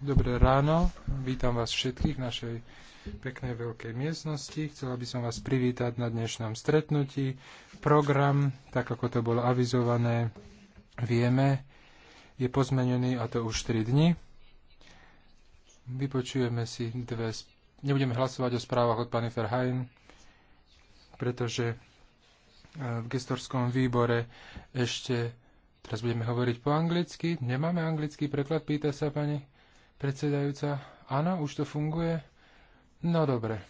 Dobré ráno, vítam vás všetkých v našej peknej veľkej miestnosti. Chcela by som vás privítať na dnešnom stretnutí. Program, tak ako to bolo avizované, vieme, je pozmenený a to už 3 dni. Vypočujeme si dve... Nebudeme hlasovať o správach od pani Ferhajn, pretože eh, v gestorskom výbore ešte Teraz budeme hovoriť po anglicky. Nemáme anglický preklad, pýta sa pani predsedajúca. Áno, už to funguje? No dobre.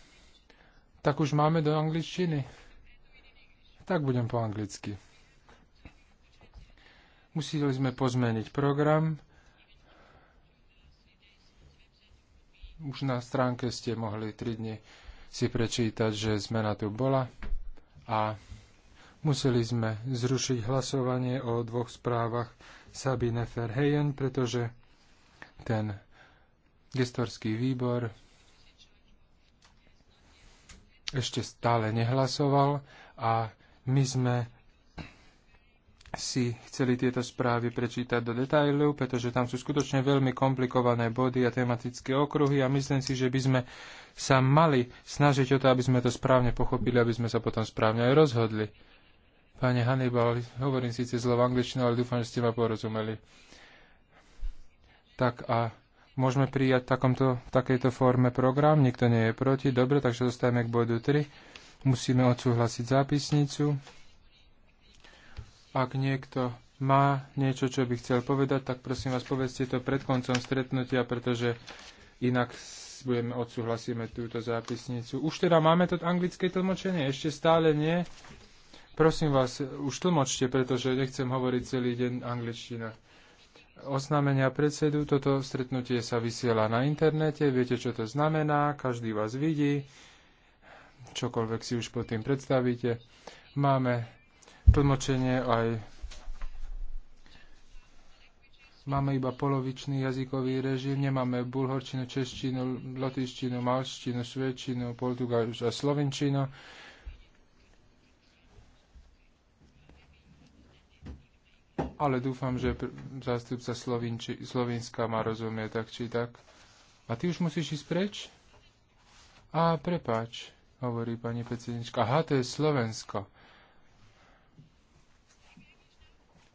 Tak už máme do angličtiny? Tak budem po anglicky. Museli sme pozmeniť program. Už na stránke ste mohli 3 dni si prečítať, že zmena tu bola. A Museli sme zrušiť hlasovanie o dvoch správach Sabine Ferheyen, pretože ten gestorský výbor ešte stále nehlasoval a my sme si chceli tieto správy prečítať do detailov, pretože tam sú skutočne veľmi komplikované body a tematické okruhy a myslím si, že by sme sa mali snažiť o to, aby sme to správne pochopili, aby sme sa potom správne aj rozhodli. Pane Hannibal, hovorím síce zlo v angličtine, ale dúfam, že ste ma porozumeli. Tak a môžeme prijať v takomto, takejto forme program, nikto nie je proti. Dobre, takže zostajeme k bodu 3. Musíme odsúhlasiť zápisnicu. Ak niekto má niečo, čo by chcel povedať, tak prosím vás, povedzte to pred koncom stretnutia, pretože inak budeme, odsúhlasíme túto zápisnicu. Už teda máme to anglické tlmočenie? Ešte stále nie? Prosím vás, už tlmočte, pretože nechcem hovoriť celý deň angličtina. Oznámenia predsedu, toto stretnutie sa vysiela na internete, viete, čo to znamená, každý vás vidí, čokoľvek si už pod tým predstavíte. Máme tlmočenie aj Máme iba polovičný jazykový režim, nemáme bulhorčinu, češtinu, lotištinu, malštinu, švedčinu, portugalčinu a slovenčinu. ale dúfam, že zástupca Slovinči, Slovinska ma rozumie tak či tak. A ty už musíš ísť preč? A prepáč, hovorí pani predsednička. Aha, to je Slovensko.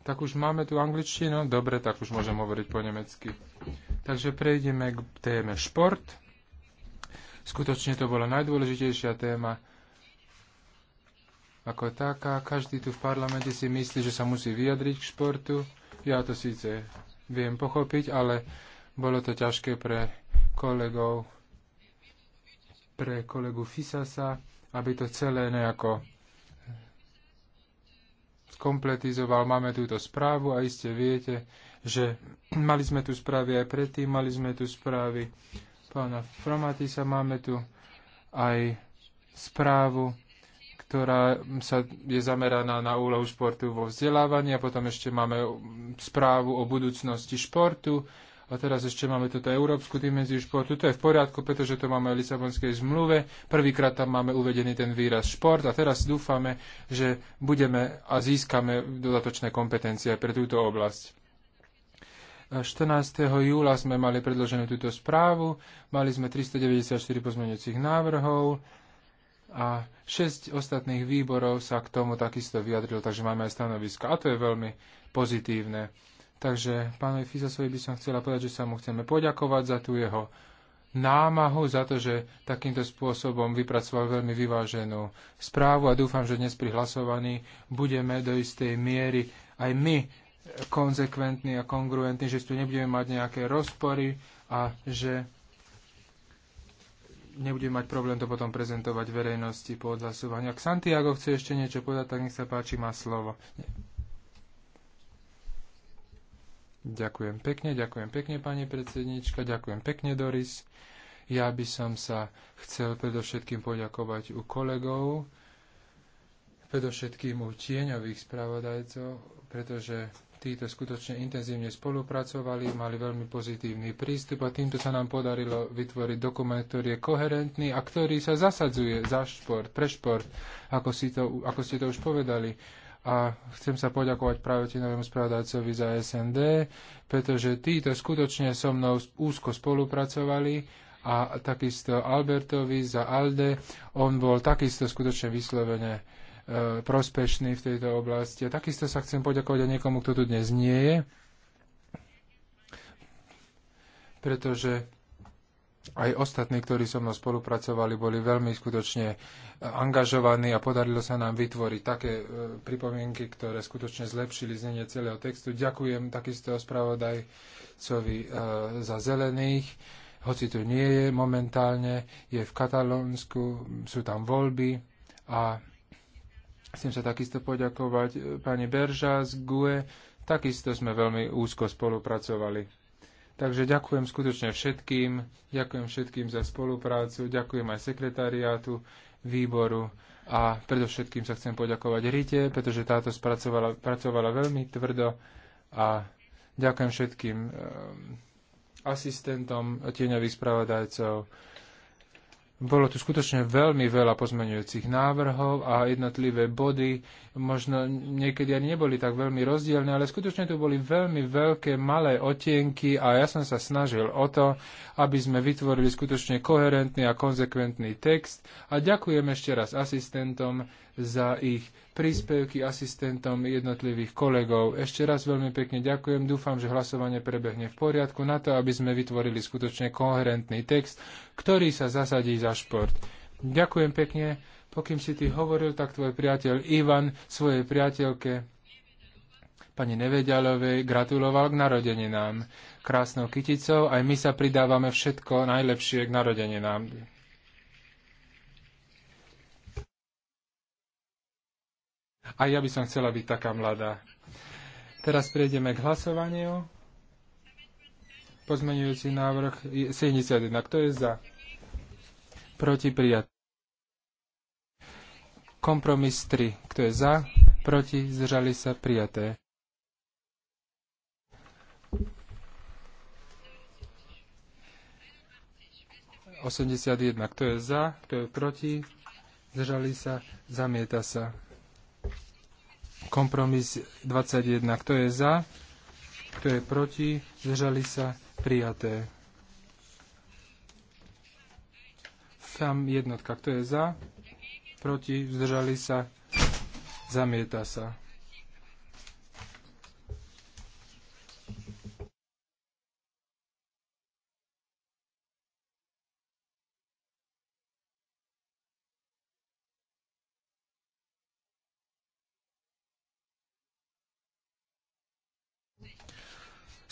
Tak už máme tu angličtinu? Dobre, tak už môžem hovoriť po nemecky. Takže prejdeme k téme šport. Skutočne to bola najdôležitejšia téma ako taká. Každý tu v parlamente si myslí, že sa musí vyjadriť k športu. Ja to síce viem pochopiť, ale bolo to ťažké pre kolegov, pre kolegu Fisasa, aby to celé nejako skompletizoval. Máme túto správu a iste viete, že mali sme tu správy aj predtým, mali sme tu správy pána Fromatisa, máme tu aj správu ktorá sa je zameraná na úlohu športu vo vzdelávaní a potom ešte máme správu o budúcnosti športu a teraz ešte máme túto európsku dimenziu športu. To je v poriadku, pretože to máme v Lisabonskej zmluve. Prvýkrát tam máme uvedený ten výraz šport a teraz dúfame, že budeme a získame dodatočné kompetencie pre túto oblasť. 14. júla sme mali predloženú túto správu, mali sme 394 pozmeňujúcich návrhov, a šesť ostatných výborov sa k tomu takisto vyjadrilo, takže máme aj stanovisko a to je veľmi pozitívne. Takže pánovi Fisasovi by som chcela povedať, že sa mu chceme poďakovať za tú jeho námahu, za to, že takýmto spôsobom vypracoval veľmi vyváženú správu a dúfam, že dnes pri hlasovaní budeme do istej miery aj my konzekventní a kongruentní, že tu nebudeme mať nejaké rozpory a že Nebudem mať problém to potom prezentovať verejnosti po odhlasovaní. Ak Santiago chce ešte niečo povedať, tak nech sa páči, má slovo. Nie. Ďakujem pekne, ďakujem pekne, pani predsednička, ďakujem pekne, Doris. Ja by som sa chcel predovšetkým poďakovať u kolegov, predovšetkým u tieňových spravodajcov, pretože Títo skutočne intenzívne spolupracovali, mali veľmi pozitívny prístup a týmto sa nám podarilo vytvoriť dokument, ktorý je koherentný a ktorý sa zasadzuje za šport, pre šport, ako, si to, ako ste to už povedali. A chcem sa poďakovať práve novému spravodajcovi za SND, pretože títo skutočne so mnou úzko spolupracovali a takisto Albertovi za Alde. On bol takisto skutočne vyslovene E, prospešný v tejto oblasti. A takisto sa chcem poďakovať aj niekomu, kto tu dnes nie je, pretože aj ostatní, ktorí so mnou spolupracovali, boli veľmi skutočne e, angažovaní a podarilo sa nám vytvoriť také e, pripomienky, ktoré skutočne zlepšili znenie celého textu. Ďakujem takisto spravodajcovi za zelených, hoci tu nie je momentálne, je v Katalónsku, sú tam voľby a Chcem sa takisto poďakovať e, pani Berža z GUE. Takisto sme veľmi úzko spolupracovali. Takže ďakujem skutočne všetkým. Ďakujem všetkým za spoluprácu. Ďakujem aj sekretariátu výboru. A predovšetkým sa chcem poďakovať Rite, pretože táto spracovala, pracovala veľmi tvrdo. A ďakujem všetkým ehm, asistentom tieňových spravodajcov bolo tu skutočne veľmi veľa pozmeňujúcich návrhov a jednotlivé body možno niekedy ani neboli tak veľmi rozdielne, ale skutočne tu boli veľmi veľké malé otienky a ja som sa snažil o to, aby sme vytvorili skutočne koherentný a konzekventný text a ďakujem ešte raz asistentom za ich príspevky asistentom jednotlivých kolegov. Ešte raz veľmi pekne ďakujem. Dúfam, že hlasovanie prebehne v poriadku na to, aby sme vytvorili skutočne koherentný text, ktorý sa zasadí za šport. Ďakujem pekne. Pokým si ty hovoril, tak tvoj priateľ Ivan svojej priateľke pani Nevedialovej gratuloval k narodeninám. Krásnou kyticou aj my sa pridávame všetko najlepšie k narodeninám. A ja by som chcela byť taká mladá. Teraz prejdeme k hlasovaniu. Pozmenujúci návrh 71. Kto je za? Proti prijat. Kompromis 3. Kto je za? Proti zdržali sa prijaté. Osemdesiat jedna. Kto je za? Kto je proti? Zdržali sa? Zamieta sa. Kompromis 21. Kto je za? Kto je proti? Zdržali sa? Prijaté. Tam jednotka. Kto je za? Proti? Zdržali sa? Zamieta sa.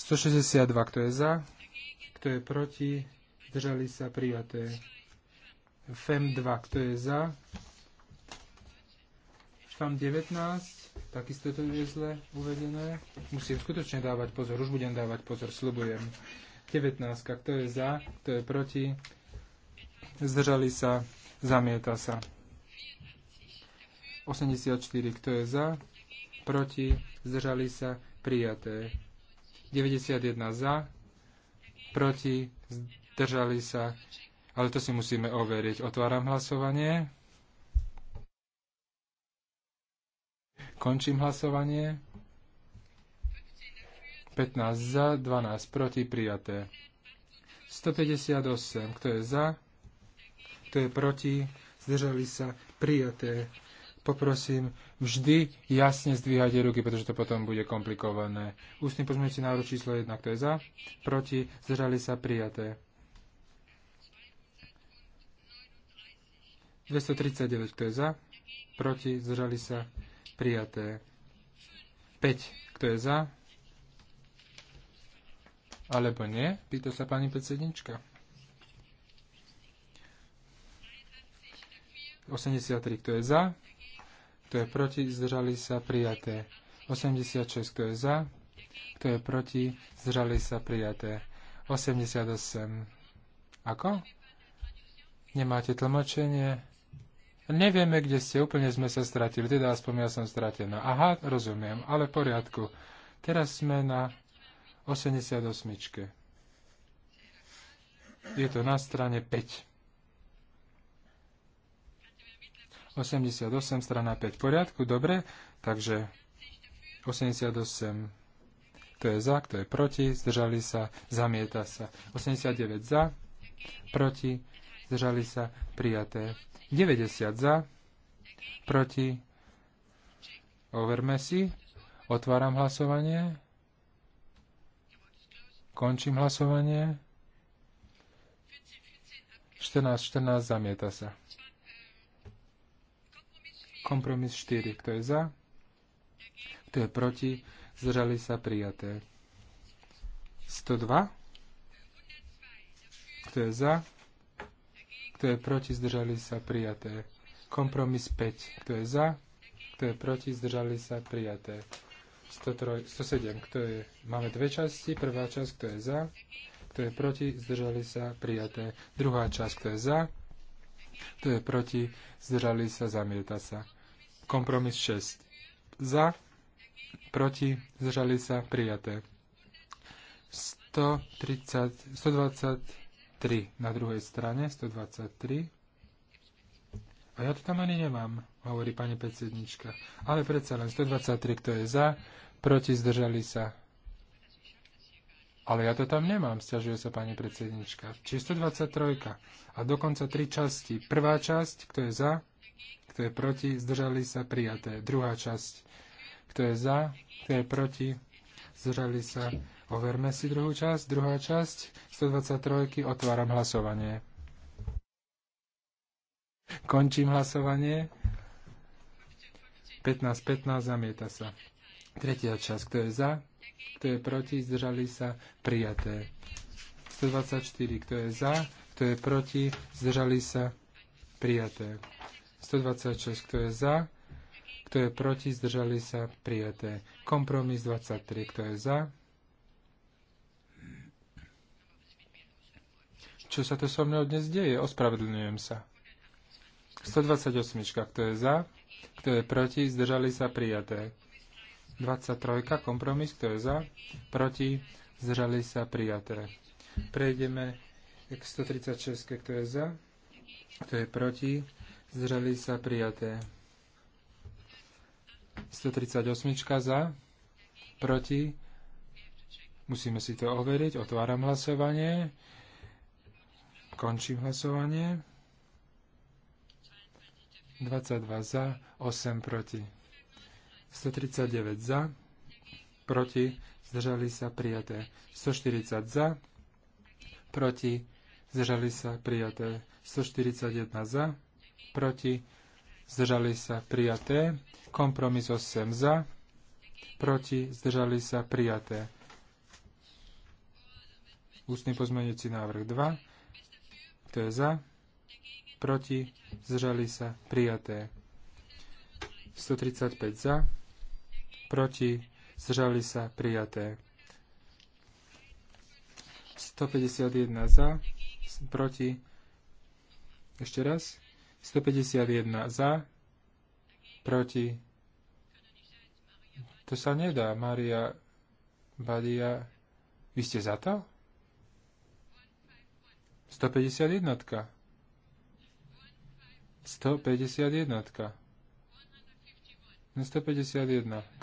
162, kto je za, kto je proti, zdržali sa prijaté. FEM 2, kto je za, FAM 19, takisto to je zle uvedené. Musím skutočne dávať pozor, už budem dávať pozor, slubujem. 19, kto je za, kto je proti, zdržali sa, zamieta sa. 84, kto je za, proti, zdržali sa, prijaté. 91 za, proti, zdržali sa, ale to si musíme overiť. Otváram hlasovanie. Končím hlasovanie. 15 za, 12 proti, prijaté. 158, kto je za, kto je proti, zdržali sa, prijaté poprosím vždy jasne zdvíhať ruky, pretože to potom bude komplikované. Ústny pozmeňujúci návrh číslo 1, kto je za, proti, zdržali sa prijaté. 239, kto je za, proti, zdržali sa prijaté. 5, kto je za, alebo nie, pýta sa pani predsednička. 83, kto je za, kto je proti, zdržali sa, prijaté. 86, kto je za, kto je proti, zdržali sa, prijaté. 88. Ako? Nemáte tlmočenie? Nevieme, kde ste, úplne sme sa stratili, teda aspoň ja som stratená. Aha, rozumiem, ale v poriadku. Teraz sme na 88. Je to na strane 5. 88, strana 5 v poriadku, dobre, takže 88, to je za, kto je proti, zdržali sa, zamieta sa. 89 za, proti, zdržali sa, prijaté. 90 za, proti, overme si, otváram hlasovanie, končím hlasovanie, 14, 14, zamieta sa. Kompromis 4. Kto je za? Kto je proti? Zdržali sa prijaté. 102. Kto je za? Kto je proti? Zdržali sa prijaté. Kompromis 5. Kto je za? Kto je proti? Zdržali sa prijaté. 103, 107. Kto je? Máme dve časti. Prvá časť, kto je za? Kto je proti? Zdržali sa prijaté. Druhá časť, kto je za? Kto je proti? Zdržali sa, zamieta sa. Kompromis 6. Za, proti, zdržali sa, prijaté. 130, 123 na druhej strane, 123. A ja to tam ani nemám, hovorí pani predsednička. Ale predsa len 123, kto je za, proti, zdržali sa. Ale ja to tam nemám, stiažuje sa pani predsednička. Či 123. A dokonca tri časti. Prvá časť, kto je za, kto je proti? Zdržali sa prijaté. Druhá časť. Kto je za? Kto je proti? Zdržali sa. Overme si druhú časť. Druhá časť 123. Otváram hlasovanie. Končím hlasovanie. 15-15 zamieta sa. Tretia časť. Kto je za? Kto je proti? Zdržali sa? Prijaté. 124. Kto je za? Kto je proti? Zdržali sa? Prijaté. 126, kto je za, kto je proti, zdržali sa, prijaté. Kompromis 23, kto je za. Čo sa to so mnou dnes deje? Ospravedlňujem sa. 128, kto je za, kto je proti, zdržali sa, prijaté. 23, kompromis, kto je za, proti, zdržali sa, prijaté. Prejdeme k 136, kto je za, kto je proti, Zreli sa prijaté. 138 za, proti, musíme si to overiť, otváram hlasovanie, končím hlasovanie, 22 za, 8 proti, 139 za, proti, zdržali sa prijaté, 140 za, proti, zdržali sa prijaté, 141 za, proti, zdržali sa prijaté. Kompromis 8 za, proti, zdržali sa prijaté. Ústny pozmeňujúci návrh 2, to je za, proti, zdržali sa prijaté. 135 za, proti, zdržali sa prijaté. 151 za, proti, ešte raz, 151 za, proti. To sa nedá, Maria Badia. Vy ste za to? 151. 151. 151.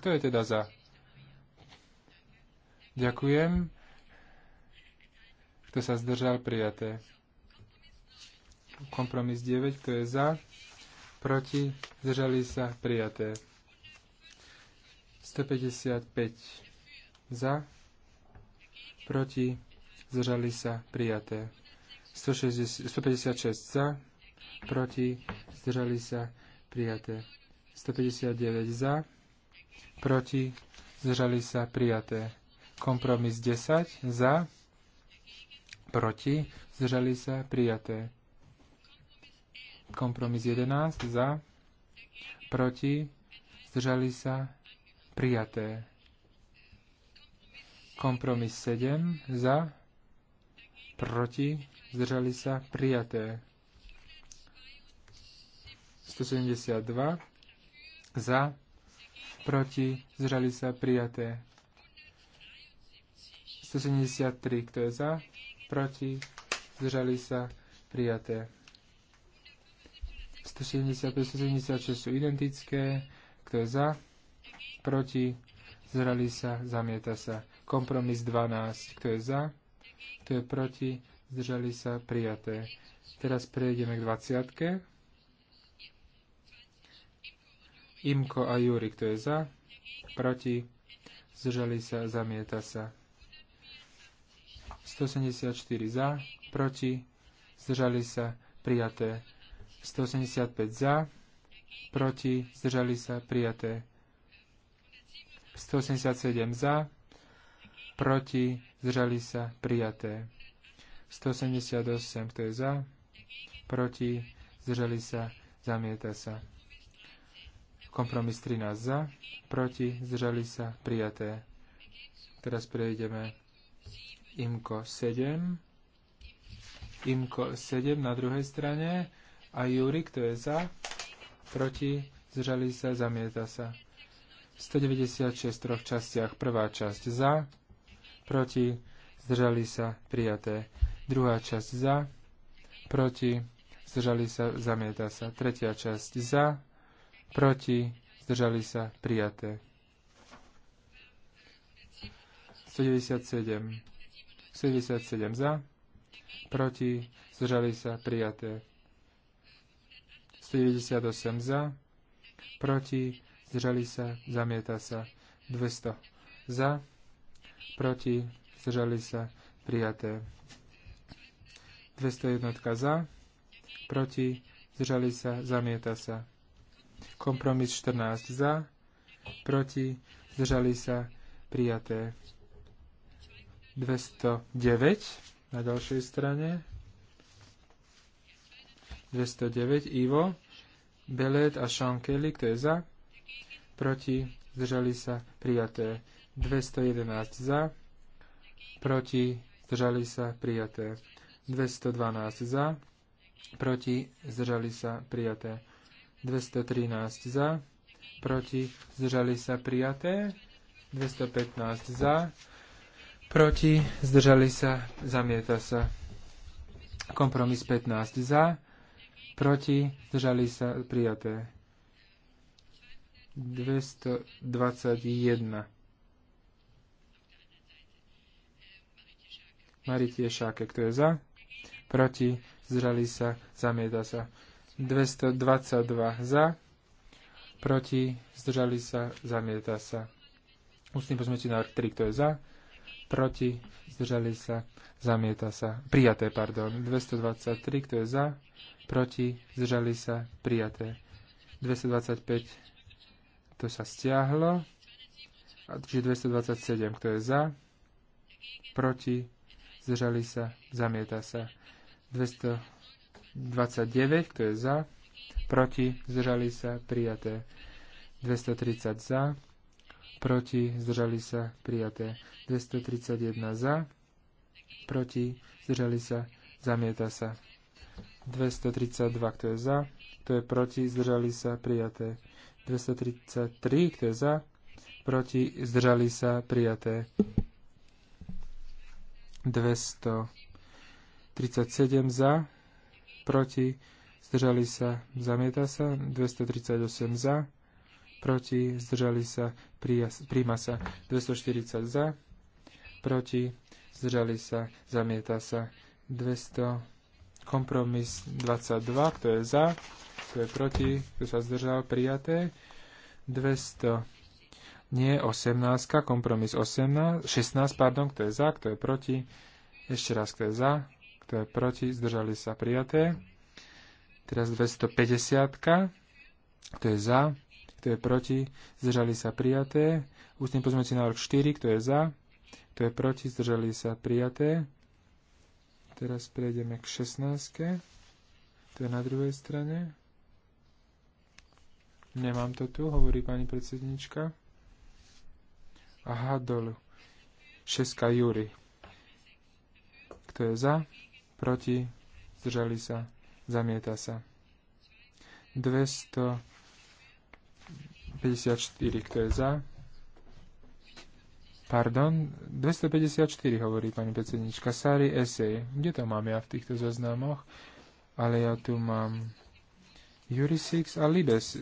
Kto je teda za? Ďakujem. Kto sa zdržal, prijaté. Kompromis 9, kto je za, proti, zdržali sa, prijaté. 155 za, proti, zdržali sa, prijaté. 156 za, proti, zdržali sa, prijaté. 159 za, proti, zdržali sa, prijaté. Kompromis 10 za, proti, zdržali sa, prijaté. Kompromis 11 za, proti, zdržali sa, prijaté. Kompromis 7 za, proti, zdržali sa, prijaté. 172 za, proti, zdržali sa, prijaté. 173, kto je za, proti, zdržali sa, prijaté. 175, 176 sú identické. Kto je za? Proti? Zrali sa? Zamieta sa. Kompromis 12. Kto je za? Kto je proti? Zdržali sa? Prijaté. Teraz prejdeme k 20. Imko a Júri, kto je za? Proti? Zdržali sa? Zamieta sa. 174 za, proti, zdržali sa, prijaté. 185 za, proti, zdržali sa, prijaté. 187 za, proti, zdržali sa, prijaté. 178, kto je za, proti, zdržali sa, zamieta sa. Kompromis 13 za, proti, zdržali sa, prijaté. Teraz prejdeme IMKO 7. IMKO 7 na druhej strane a Júri, kto je za? Proti? zžali sa? Zamieta sa. 196 troch častiach. Prvá časť za. Proti? Zdržali sa? Prijaté. Druhá časť za. Proti? Zdržali sa? Zamieta sa. Tretia časť za. Proti? Zdržali sa? Prijaté. 197. 77 za. Proti? Zdržali sa? Prijaté. 198 za, proti, zdrželi sa, zamieta sa, 200 za, proti, zdrželi sa, prijaté. 201 za, proti, zdrželi sa, zamieta sa. Kompromis 14 za, proti, zdrželi sa, prijaté. 209 na ďalšej strane 209 Ivo, Belet a Sean Kelly, kto je za, proti, zdržali sa, prijaté. 211 za, proti, zdržali sa, prijaté. 212 za, proti, zdržali sa, prijaté. 213 za, proti, zdržali sa, prijaté. 215 za, proti, zdržali sa, zamieta sa. Kompromis 15 za, proti, zdržali sa prijaté. 221. Maritie Šáke, kto je za? Proti, zdržali sa, zamieta sa. 222 za, proti, zdržali sa, zamieta sa. Ústny pozmeňujúci návrh 3, kto je za? Proti, zdržali sa, zamieta sa. Prijaté, pardon. 223, kto je za? proti, zdržali sa, prijaté. 225, to sa stiahlo. A čiže 227, kto je za, proti, zdržali sa, zamieta sa. 229, kto je za, proti, zdržali sa, prijaté. 230 za, proti, zdržali sa, prijaté. 231 za, proti, zdržali sa, zamieta sa. 232, kto je za, kto je proti, zdržali sa, prijaté. 233, kto je za, proti, zdržali sa, prijaté. 237 za, proti, zdržali sa, zamieta sa. 238 za, proti, zdržali sa, príjma sa. 240 za, proti, zdržali sa, zamieta sa. 200 Kompromis 22, kto je za, kto je proti, kto sa zdržal, prijaté. 200, nie 18, kompromis 18, 16, pardon, kto je za, kto je proti, ešte raz, kto je za, kto je proti, zdržali sa, prijaté. Teraz 250, kto je za, kto je proti, zdržali sa prijaté. Ústne pozmeňujúci návrh 4, kto je za, kto je proti, zdržali sa prijaté. Teraz prejdeme k 16. To je na druhej strane. Nemám to tu, hovorí pani predsednička. Aha, dolu. 6. Júri. Kto je za? Proti? Zdržali sa? Zamieta sa. 254. Kto je za? Pardon, 254 hovorí pani predsednička. Sari Esej. Kde to mám ja v týchto zoznamoch? Ale ja tu mám Juri 6 a Libes.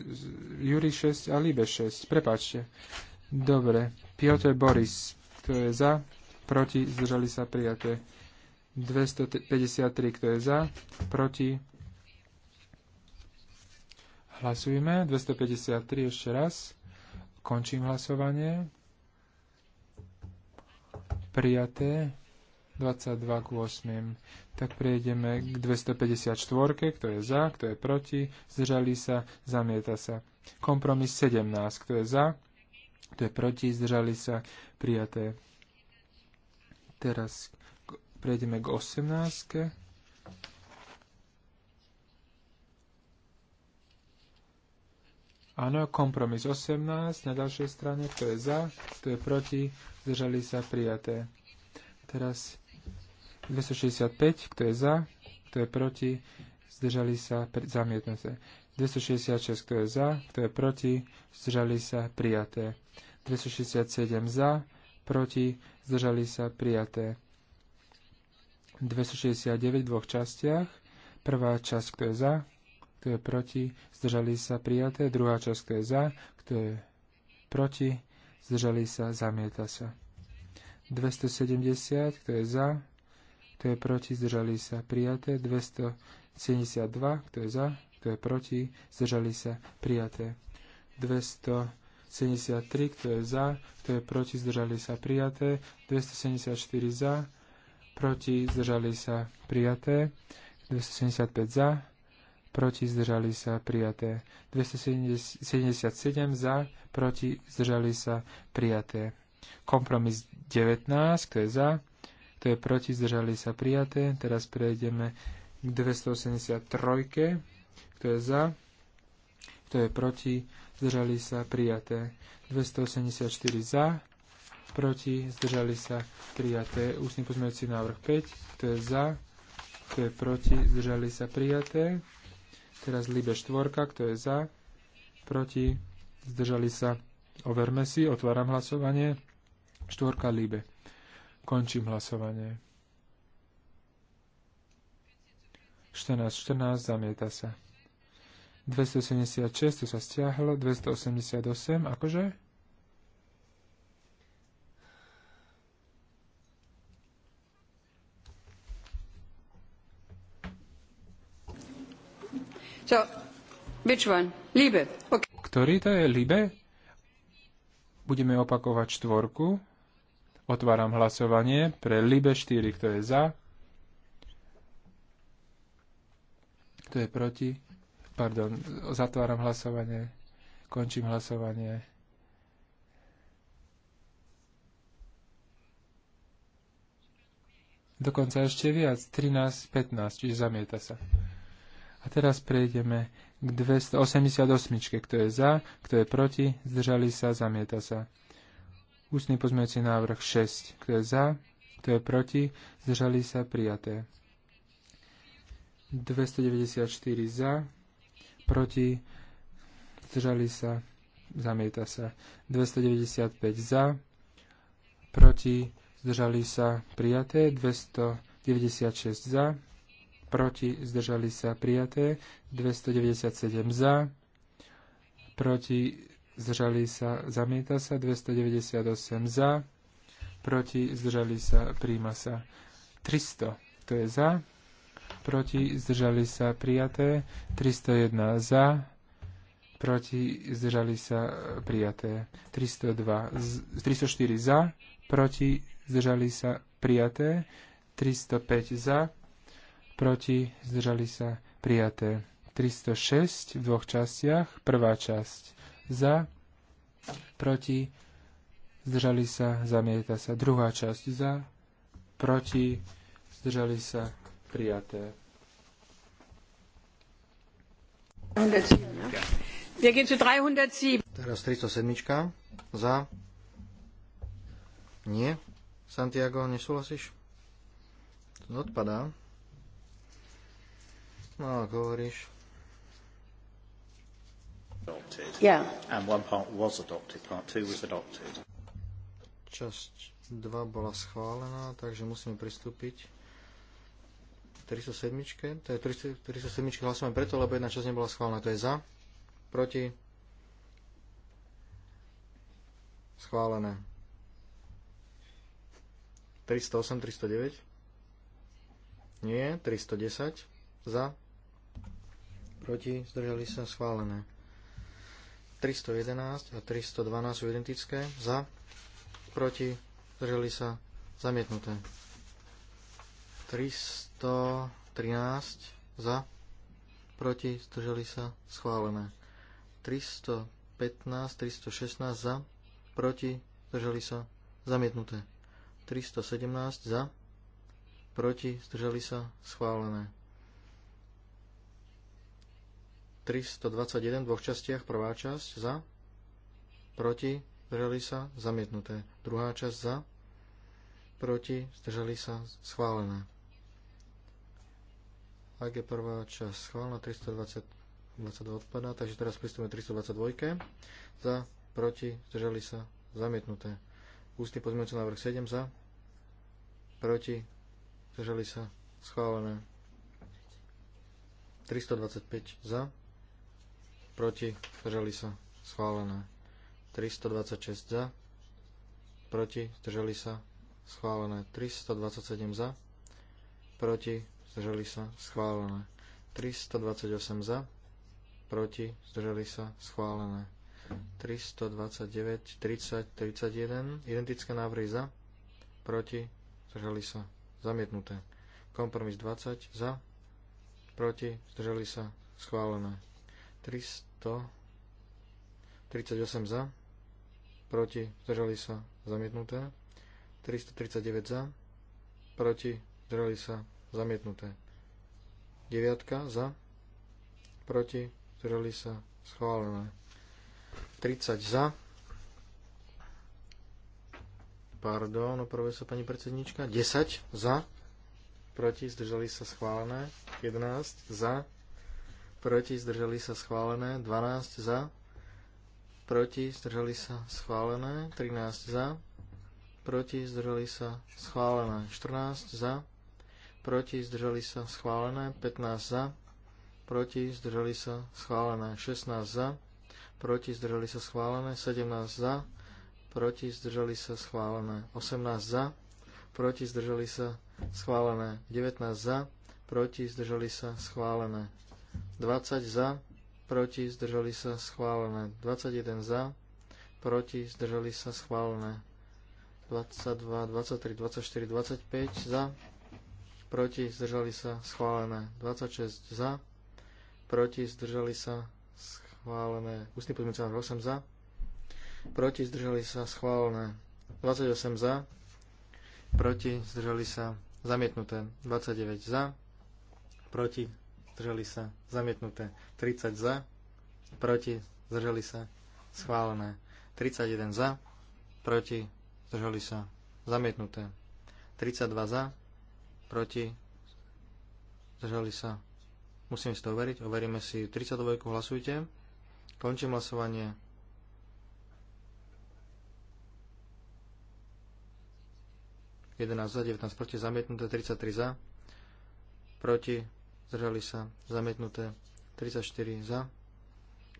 Juri 6 a Libes 6. Prepačte. Dobre. Piotr Boris. Kto je za? Proti. Zdržali sa prijaté. 253. Kto je za? Proti. Hlasujeme. 253 ešte raz. Končím hlasovanie prijaté 22 k 8. Tak prejdeme k 254, kto je za, kto je proti, zdržali sa, zamieta sa. Kompromis 17, kto je za, kto je proti, zdržali sa, prijaté. Teraz prejdeme k 18. Áno, kompromis 18 na ďalšej strane, kto je za, kto je proti, zdržali sa prijaté. Teraz 265, kto je za, kto je proti, zdržali sa zamietnuté. 266, kto je za, kto je proti, zdržali sa prijaté. 267 za, proti, zdržali sa prijaté. 269 v dvoch častiach. Prvá časť, kto je za, kto je proti, zdržali sa prijaté. Druhá časť, kto je za, kto je proti, zdržali sa, zamieta sa. 270, kto je za, kto je proti, zdržali sa, prijaté. 272, kto je za, kto je proti, zdržali sa, prijaté. 273, kto je za, kto je proti, zdržali sa, prijaté. 274 za, proti, zdržali sa, prijaté. 275 za, proti zdržali sa prijaté. 277 za, proti zdržali sa prijaté. Kompromis 19, kto je za, kto je proti, zdržali sa prijaté. Teraz prejdeme k 283, kto je za, kto je proti, zdržali sa prijaté. 284 za, proti, zdržali sa prijaté. Ústny pozmeňujúci návrh 5, kto je za, kto je proti, zdržali sa prijaté. Teraz Libe 4, kto je za, proti, zdržali sa. Overme si, otváram hlasovanie. Štvorka Libe. Končím hlasovanie. 14, 14, zamieta sa. 276, to sa stiahlo, 288, akože? So, which one? Liebe. Okay. Ktorý to je? Liebe? Budeme opakovať štvorku. Otváram hlasovanie pre Libe 4, kto je za. Kto je proti? Pardon, zatváram hlasovanie. Končím hlasovanie. Dokonca ešte viac, 13-15, čiže zamieta sa. A teraz prejdeme k 288. Kto je za, kto je proti, zdržali sa, zamieta sa. Ústny pozmeňujúci návrh 6. Kto je za, kto je proti, zdržali sa, prijaté. 294 za, proti, zdržali sa, zamieta sa. 295 za, proti, zdržali sa, prijaté. 296 za, proti, zdržali sa prijaté, 297 za, proti, zdržali sa, zamieta sa, 298 za, proti, zdržali sa, príjma sa, 300, to je za, proti, zdržali sa, prijaté, 301 za, proti, zdržali sa, prijaté, 302, 304 za, proti, zdržali sa, prijaté, 305 za, proti, zdržali sa, prijaté. 306 v dvoch častiach, prvá časť za, proti, zdržali sa, zamieta sa, druhá časť za, proti, zdržali sa, prijaté. Teraz 307 za, nie, Santiago, nesúhlasíš? Odpadá. No, ak hovoríš. Yeah. And one part was adopted, part two was adopted. Časť 2 bola schválená, takže musíme pristúpiť 307. To je 307. hlasujeme preto, lebo jedna časť nebola schválená. To je za, proti, schválené. 308, 309. Nie, 310. Za, proti, zdržali sa schválené. 311 a 312 sú identické, za, proti, zdržali sa zamietnuté. 313 za, proti, zdržali sa schválené. 315, 316 za, proti, zdržali sa zamietnuté. 317 za, proti, zdržali sa schválené. 321 v dvoch častiach. Prvá časť za, proti, zdržali sa, zamietnuté. Druhá časť za, proti, zdržali sa, schválené. Ak je prvá časť schválená, 320, 22 odpadá, takže teraz pristúpime 322. Za, proti, zdržali sa, zamietnuté. Ústny pozmeňujúci návrh 7 za, proti, zdržali sa, schválené. 325 za, proti, zdržali sa, schválené. 326 za, proti, zdržali sa, schválené. 327 za, proti, zdržali sa, schválené. 328 za, proti, zdržali sa, schválené. 329, 30, 31, identické návrhy za, proti, zdržali sa, zamietnuté. Kompromis 20 za, proti, zdržali sa, schválené. 338 za, proti, zdržali sa, zamietnuté. 339 za, proti, zdržali sa, zamietnuté. 9 za, proti, zdržali sa, schválené. 30 za, pardon, opravuje sa pani predsednička, 10 za, proti, zdržali sa, schválené. 11 za, proti, zdržali sa schválené, 12 za, proti, zdržali sa schválené, 13 za, proti, zdržali sa schválené, 14 za, proti, zdržali sa schválené, 15 za, proti, zdržali sa schválené, 16 za, proti, zdržali sa schválené, 17 za, proti, zdržali sa schválené, 18 za, proti, zdržali sa schválené, 19 za, proti, zdržali sa schválené. 20 za, proti, zdržali sa, schválené. 21 za, proti, zdržali sa, schválené. 22, 23, 24, 25 za, proti, zdržali sa, schválené. 26 za, proti, zdržali sa, schválené. Ústny podmienca 8 za, proti, zdržali sa, schválené. 28 za, proti, zdržali sa, zamietnuté. 29 za, proti, zdržali sa, zamietnuté. 30 za, proti, zdržali sa, schválené. 31 za, proti, zdržali sa, zamietnuté. 32 za, proti, zdržali sa. Musím si to overiť, overíme si 32, hlasujte. Končím hlasovanie. Jedenáct za, 19 proti, zamietnuté, 33 za, proti, zdržali sa, zamietnuté. 34 za,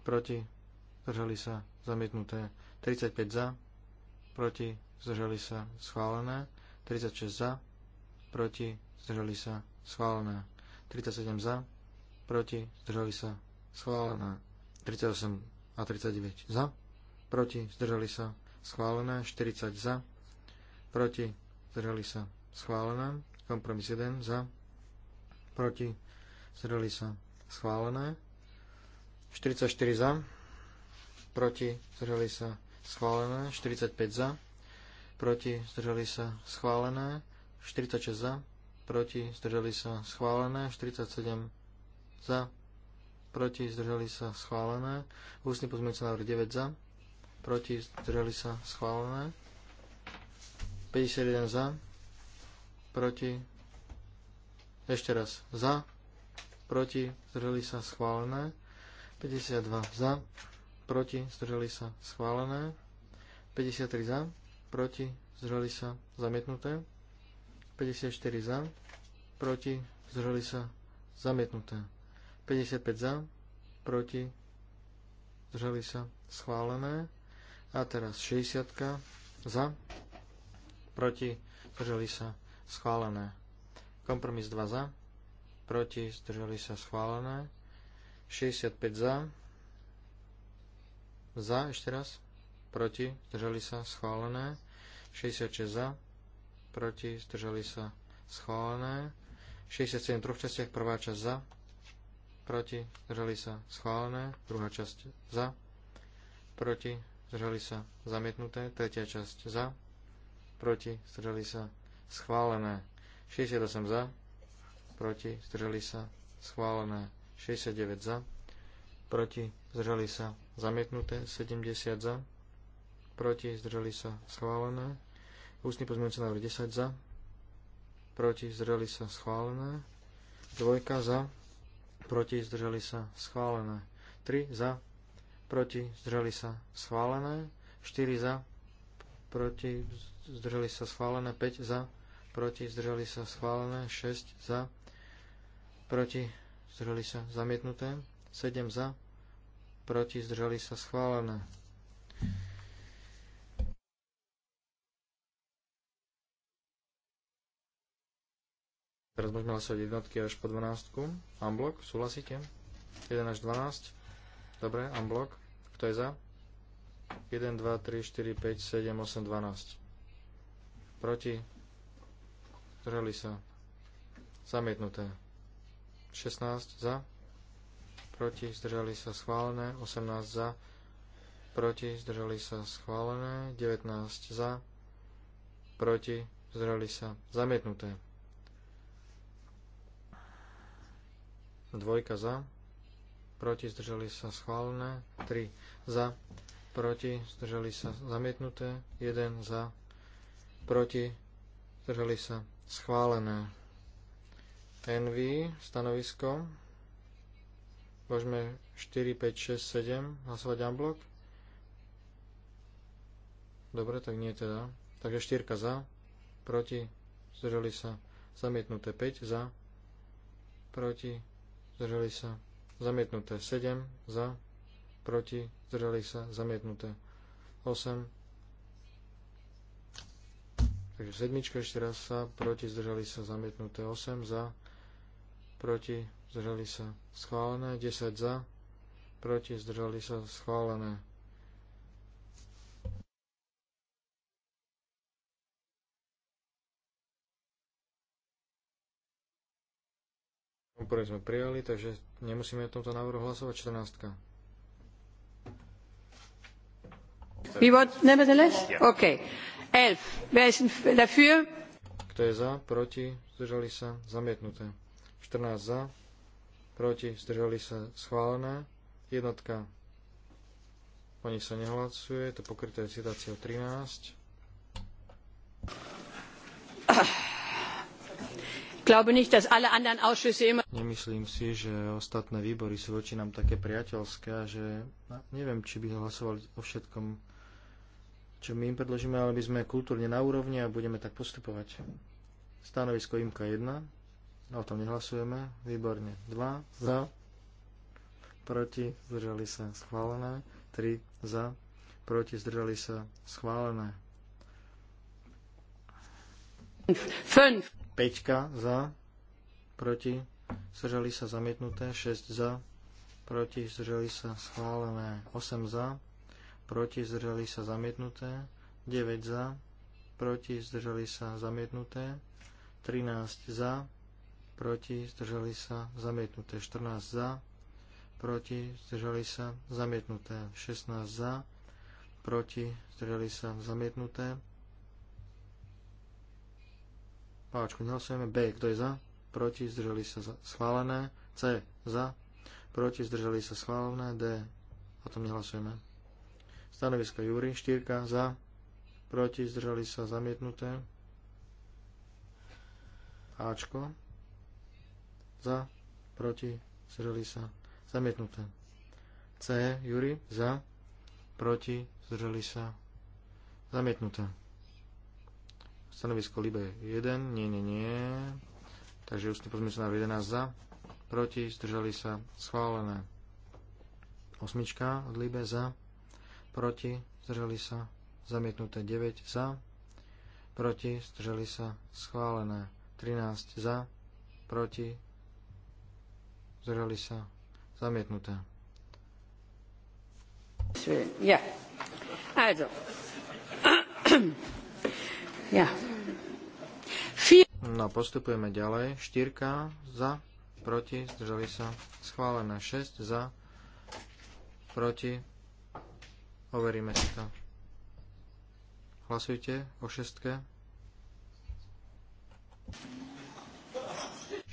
proti, zdržali sa, zamietnuté. 35 za, proti, zdržali sa, schválené. 36 za, proti, zdržali sa, schválené. 37 za, proti, zdržali sa, schválené. 38 a 39 za, proti, zdržali sa, schválené. 40 za, proti, zdržali sa, schválené. Kompromis 1 za, proti, zdržali sa schválené. 44 za, proti, zdržali sa schválené. 45 za, proti, zdržali sa schválené. 46 za, proti, zdržali sa schválené. 47 za, proti, zdržali sa schválené. Ústny pozmeňujúci návrh 9 za, proti, zdržali sa schválené. 51 za, proti, ešte raz za, proti, zdrželi sa schválené. 52 za, proti, zdrželi sa schválené. 53 za, proti, zdrželi sa zamietnuté. 54 za, proti, zdrželi sa zamietnuté. 55 za, proti, zdrželi sa schválené. A teraz 60 za, proti, zdrželi sa schválené. Kompromis 2 za, proti, zdržali sa schválené. 65 za, za, ešte raz, proti, zdržali sa schválené. 66 za, proti, zdržali sa schválené. 67 v troch častiach, prvá časť za, proti, zdržali sa schválené. Druhá časť za, proti, zdržali sa zamietnuté. Tretia časť za, proti, zdržali sa schválené. 68 za, proti, zdržali sa, schválené 69 za, proti, zdržali sa, zamietnuté 70 za, proti, zdržali sa, schválené, ústny pozmeňujúci návrh 10 za, proti, zdržali sa, schválené, dvojka za, proti, zdržali sa, schválené, 3 za, proti, zdržali sa, schválené, 4 za, proti, zdržali sa, schválené, 5 za, proti, zdržali sa, schválené, 6 za, proti, zdržali sa zamietnuté, 7 za, proti, zdržali sa schválené. Teraz môžeme hlasovať jednotky až po 12. Unblock, súhlasíte? 1 až 12. Dobre, unblock. Kto je za? 1, 2, 3, 4, 5, 7, 8, 12. Proti? Zdržali sa. Zamietnuté. 16 za, proti, zdržali sa schválené, 18 za, proti, zdržali sa schválené, 19 za, proti, zdržali sa zamietnuté. Dvojka za, proti, zdržali sa schválené, 3 za, proti, zdržali sa zamietnuté, 1 za, proti, zdržali sa schválené. NV stanovisko. Môžeme 4, 5, 6, 7 hlasovať unblock. Dobre, tak nie teda. Takže 4 za, proti, zdržali sa, zamietnuté 5 za, proti, zdržali sa, zamietnuté 7 za, proti, zdržali sa, zamietnuté 8. Takže sedmička ešte raz sa, proti, zdržali sa, zamietnuté 8 za, proti, zdržali sa schválené, 10 za, proti, zdržali sa schválené. Kompromis sme prijali, takže nemusíme o tomto návrhu hlasovať. 14. We vote nevertheless? OK. Wer ist dafür? Kto je za, proti, zdržali sa, zamietnuté. 14 za, proti, zdržali sa schválené, jednotka, o nich sa nehlasuje, je to pokryté citácia 13. Nemyslím si, že ostatné výbory sú voči nám také priateľské že neviem, či by hlasovali o všetkom, čo my im predložíme, ale by sme kultúrne na úrovni a budeme tak postupovať. Stanovisko IMKA 1. No, o tom nehlasujeme. Výborne. 2 za. Proti. Zdržali sa. Schválené. 3 za. Proti. Zdržali sa. Schválené. 5 za. Proti. Zdržali sa. Zamietnuté. 6 za. Proti. Zdržali sa. Schválené. 8 za. Proti. Zdržali sa. Zamietnuté. 9 za. Proti. Zdržali sa. Zamietnuté. 13 za proti, zdržali sa, zamietnuté 14 za, proti, zdržali sa, zamietnuté 16 za, proti, zdržali sa, zamietnuté. Páčku, nehlasujeme B, kto je za, proti, zdržali sa, schválené, C, za, proti, zdržali sa, schválené, D, o tom nehlasujeme. Stanovisko Júry, 4 za, proti, zdržali sa, zamietnuté. Ačko, za, proti, zdržali sa, zamietnuté. C, Juri, za, proti, zdržali sa, zamietnuté. Stanovisko Libe 1, nie, nie, nie. Takže ústny sa návrh 11 za, proti, zdržali sa, schválené. Osmička od Libe za, proti, zdržali sa, zamietnuté 9 za, proti, zdržali sa, schválené 13 za, proti, zdržali sa, zamietnuté. Ja. Also. Ja. No, postupujeme ďalej. 4 za, proti, zdržali sa, schválené 6 za, proti, overíme si to. Hlasujte o šestke.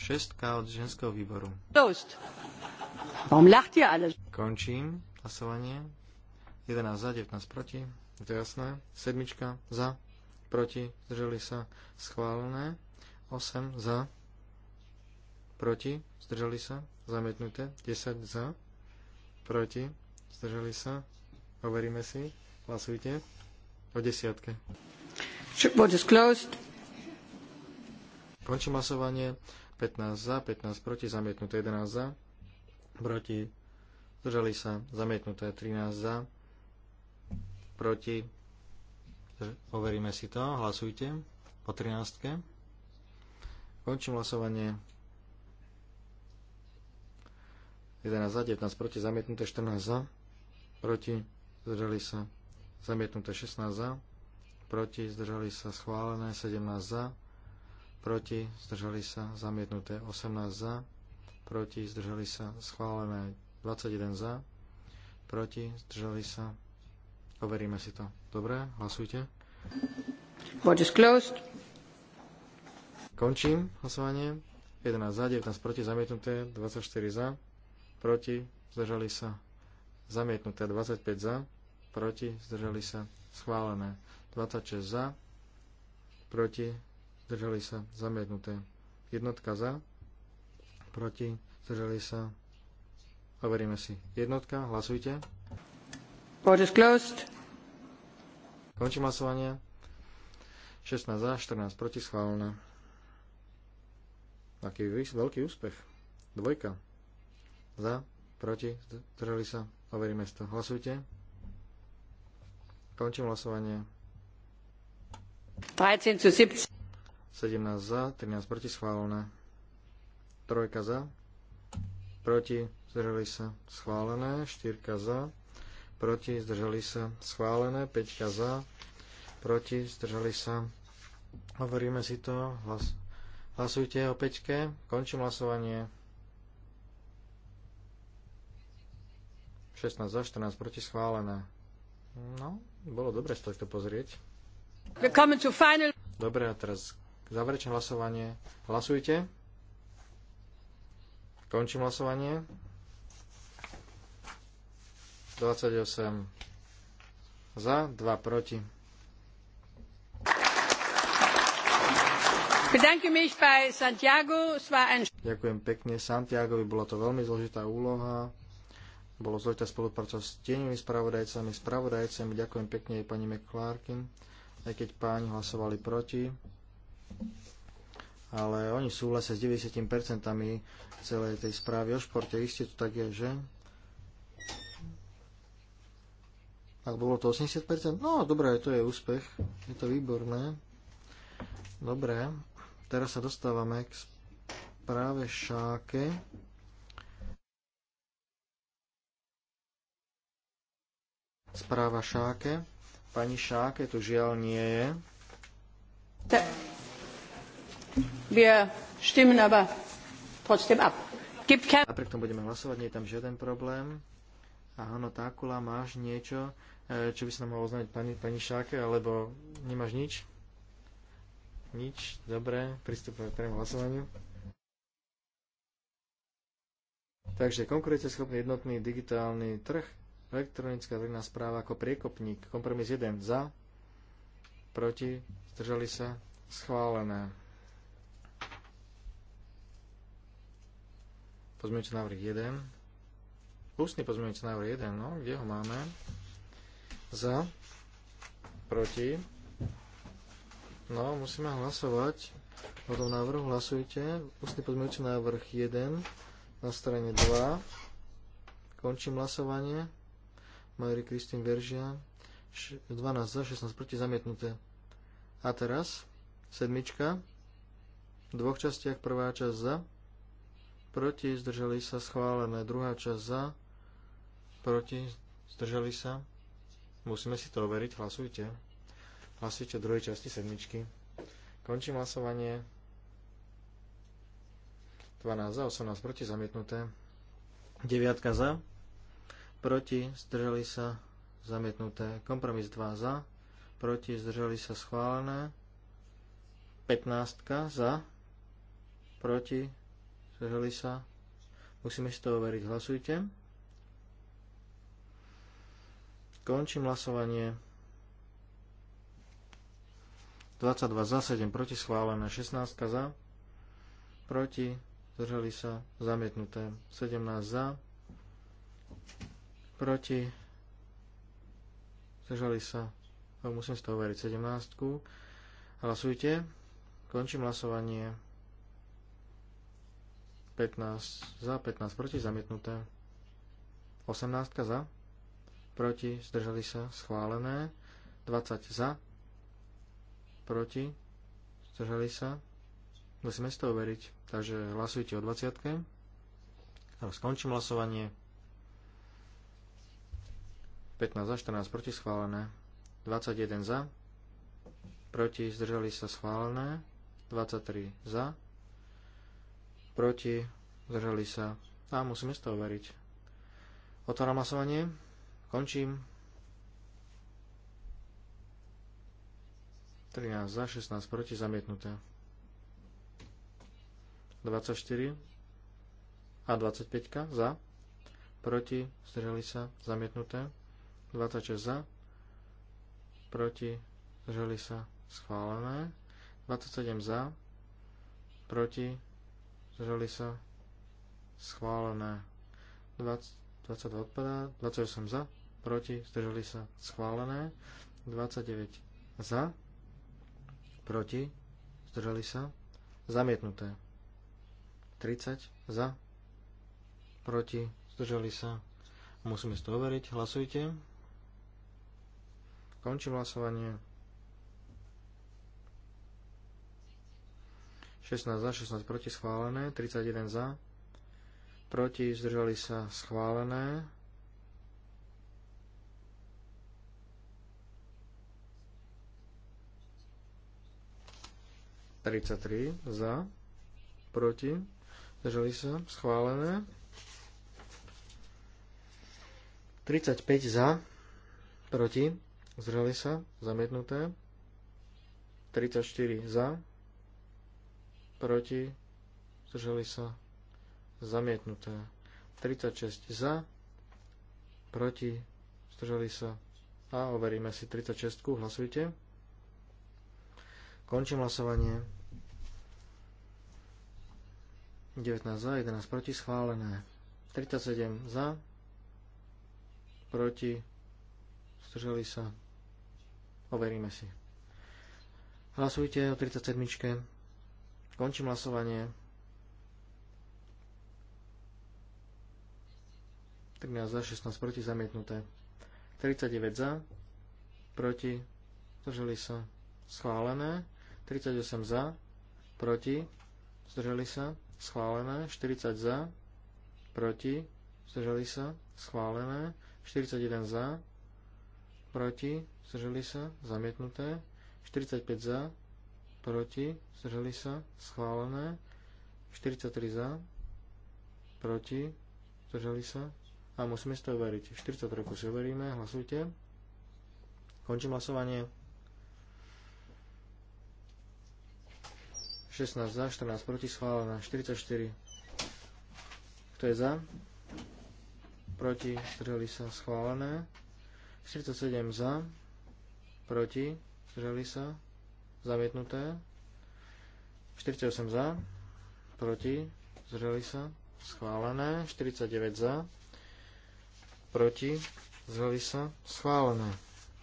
Šestka od ženského výboru. Toast. Končím hlasovanie. 11 za, 19 proti. Je to jasné. Sedmička za, proti, zdrželi sa, schválené. 8 za, proti, zdržali sa, zamietnuté. 10 za, proti, zdržali sa. Overíme si. Hlasujte. O desiatke. Končím hlasovanie. 15 za, 15 proti, zamietnuté 11 za, proti, zdržali sa, zamietnuté 13 za, proti, overíme si to, hlasujte po 13. Končím hlasovanie. 11 za, 19 proti, zamietnuté 14 za, proti, zdržali sa, zamietnuté 16 za, proti, zdržali sa, schválené 17 za, proti, zdržali sa, zamietnuté 18 za, proti, zdržali sa, schválené 21 za, proti, zdržali sa, overíme si to. Dobre, hlasujte. Vote is closed. Končím hlasovanie. 11 za, 19 proti, zamietnuté, 24 za, proti, zdržali sa, zamietnuté, 25 za, proti, zdržali sa, schválené, 26 za, proti, zdržali sa, zamietnuté. Jednotka za, proti, zdržali sa. Overíme si. Jednotka, hlasujte. Vote is closed. Končím hlasovanie. 16 za, 14 proti, schválené. Taký veľký úspech. Dvojka. Za, proti, zdržali sa. Overíme si to. Hlasujte. Končím hlasovanie. 13 zu 17. 17 za, 13 proti schválené. Trojka za, proti, zdržali sa, schválené. Štyrka za, proti, zdržali sa, schválené. Peťka za, proti, zdržali sa. Hovoríme si to, hlas, hlasujte o peťke, končím hlasovanie. 16 za, 14 proti schválené. No, bolo dobre sa to pozrieť. Dobre, a teraz Záverečné hlasovanie. Hlasujte. Končím hlasovanie. 28 za, 2 proti. Ďakujem pekne Santiagovi, bola to veľmi zložitá úloha. Bolo zložitá spolupráca s tieňovými spravodajcami, spravodajcami. Ďakujem pekne aj pani McClarkin, aj keď páni hlasovali proti ale oni sú s 90% celej tej správy o športe. Isté to tak je, že? Ak bolo to 80%? No, dobré, to je úspech. Je to výborné. Dobre, teraz sa dostávame k správe šáke. Správa šáke. Pani šáke tu žiaľ nie je. Tak. Wir stimmen aber trotzdem ab. Gibt kein... Napriek tomu budeme hlasovať, nie je tam žiaden problém. Áno, Tákula, máš niečo, e, čo by sa nám mohlo oznámiť pani, pani Šáke, alebo nemáš nič? Nič, dobre, pristupujeme k prvému hlasovaniu. Takže konkurenceschopný jednotný digitálny trh, elektronická verejná správa ako priekopník, kompromis 1 za, proti, zdržali sa, schválené. Pozmeňujúci návrh 1. Ústny pozmeňujúci návrh 1, no, kde ho máme? Za, proti. No, musíme hlasovať. O tom návrhu hlasujte. Ústny pozmeňujúci návrh 1 na strane 2. Končím hlasovanie. Mary Christine Veržia. 12 za, 16 proti, zamietnuté. A teraz sedmička. V dvoch častiach prvá časť za, proti, zdržali sa, schválené. Druhá časť za, proti, zdržali sa. Musíme si to overiť, hlasujte. Hlasujte druhej časti sedmičky. Končím hlasovanie. 12 za, 18 proti, zamietnuté. 9 za, proti, zdržali sa, zamietnuté. Kompromis 2 za, proti, zdržali sa, schválené. 15 za, proti, Zdrhli sa? Musíme si to overiť. Hlasujte. Končím hlasovanie. 22 za 7 proti schválené, 16 za, proti, zdržali sa, zamietnuté, 17 za, proti, zdrhli sa, no, musím si to overiť, 17. Hlasujte, končím hlasovanie. 15 za, 15 proti, zamietnuté. 18 za, proti, zdržali sa, schválené. 20 za, proti, zdržali sa. Musíme si to overiť. Takže hlasujte o 20. Skončím hlasovanie. 15 za, 14 proti, schválené. 21 za, proti, zdržali sa, schválené. 23 za, proti, zdržali sa. A musíme z toho veriť. Otváram hlasovanie. Končím. 13 za, 16 proti, zamietnuté. 24 a 25 za, proti, zdržali sa, zamietnuté. 26 za, proti, zdržali sa, schválené. 27 za, proti, Držali sa, schválené. 20, 22 odpadá, 28 za, proti, zdržali sa, schválené. 29 za, proti, zdržali sa, zamietnuté. 30 za, proti, zdržali sa. Musíme si to overiť, hlasujte. Končím hlasovanie. 16 za, 16 proti, schválené. 31 za, proti, zdržali sa, schválené. Tridsaťtri za, proti, zdržali sa, schválené. 35 za, proti, zdržali sa, zamietnuté. 34 za, proti, zdržali sa, zamietnuté. 36 za, proti, zdržali sa a overíme si 36, hlasujte. Končím hlasovanie. 19 za, 11 proti, schválené. 37 za, proti, zdržali sa, overíme si. Hlasujte o 37. Končím hlasovanie. 13 za, 16 proti, zamietnuté. 39 za, proti, zdržali sa, schválené. 38 za, proti, zdržali sa, schválené. 40 za, proti, zdržali sa, schválené. 41 za, proti, zdržali sa, zamietnuté. 45 za, proti, zdrželi sa, schválené, 43 za, proti, zdrželi sa, a musíme si to overiť. 43 si overíme, hlasujte. Končím hlasovanie. 16 za, 14 proti, schválené, 44. Kto je za? Proti, zdrželi sa, schválené. 47 za, proti, zdrželi sa, Zamietnuté. 48 za. Proti. Zdržali sa. Schválené. 49 za. Proti. Zdržali sa. Schválené.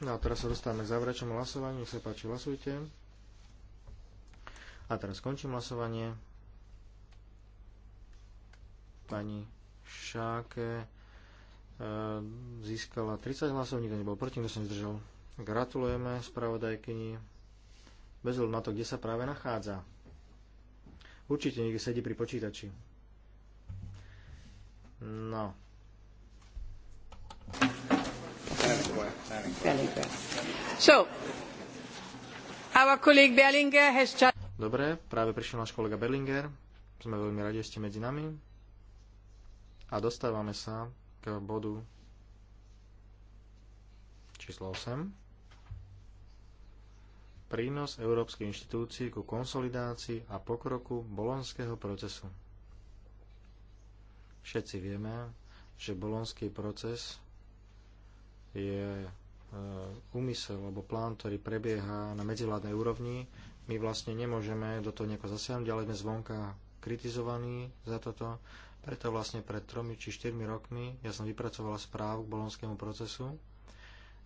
No a teraz sa dostávame k záverečnému hlasovaniu. Nech sa páči, hlasujte. A teraz skončím hlasovanie. Pani Šáke e, získala 30 hlasov, nikto nebol proti, kto sa nezdržal. Gratulujeme spravodajkyni bez hľadu na to, kde sa práve nachádza. Určite niekde sedí pri počítači. No. Dobre, práve prišiel náš kolega Berlinger. Sme veľmi radi, že ste medzi nami. A dostávame sa k bodu číslo 8 prínos Európskej inštitúcii ku konsolidácii a pokroku bolonského procesu. Všetci vieme, že bolonský proces je e, úmysel alebo plán, ktorý prebieha na medzivládnej úrovni. My vlastne nemôžeme do toho nejako zasiahnuť, ale sme zvonka kritizovaní za toto. Preto vlastne pred tromi či štyrmi rokmi ja som vypracovala správu k bolonskému procesu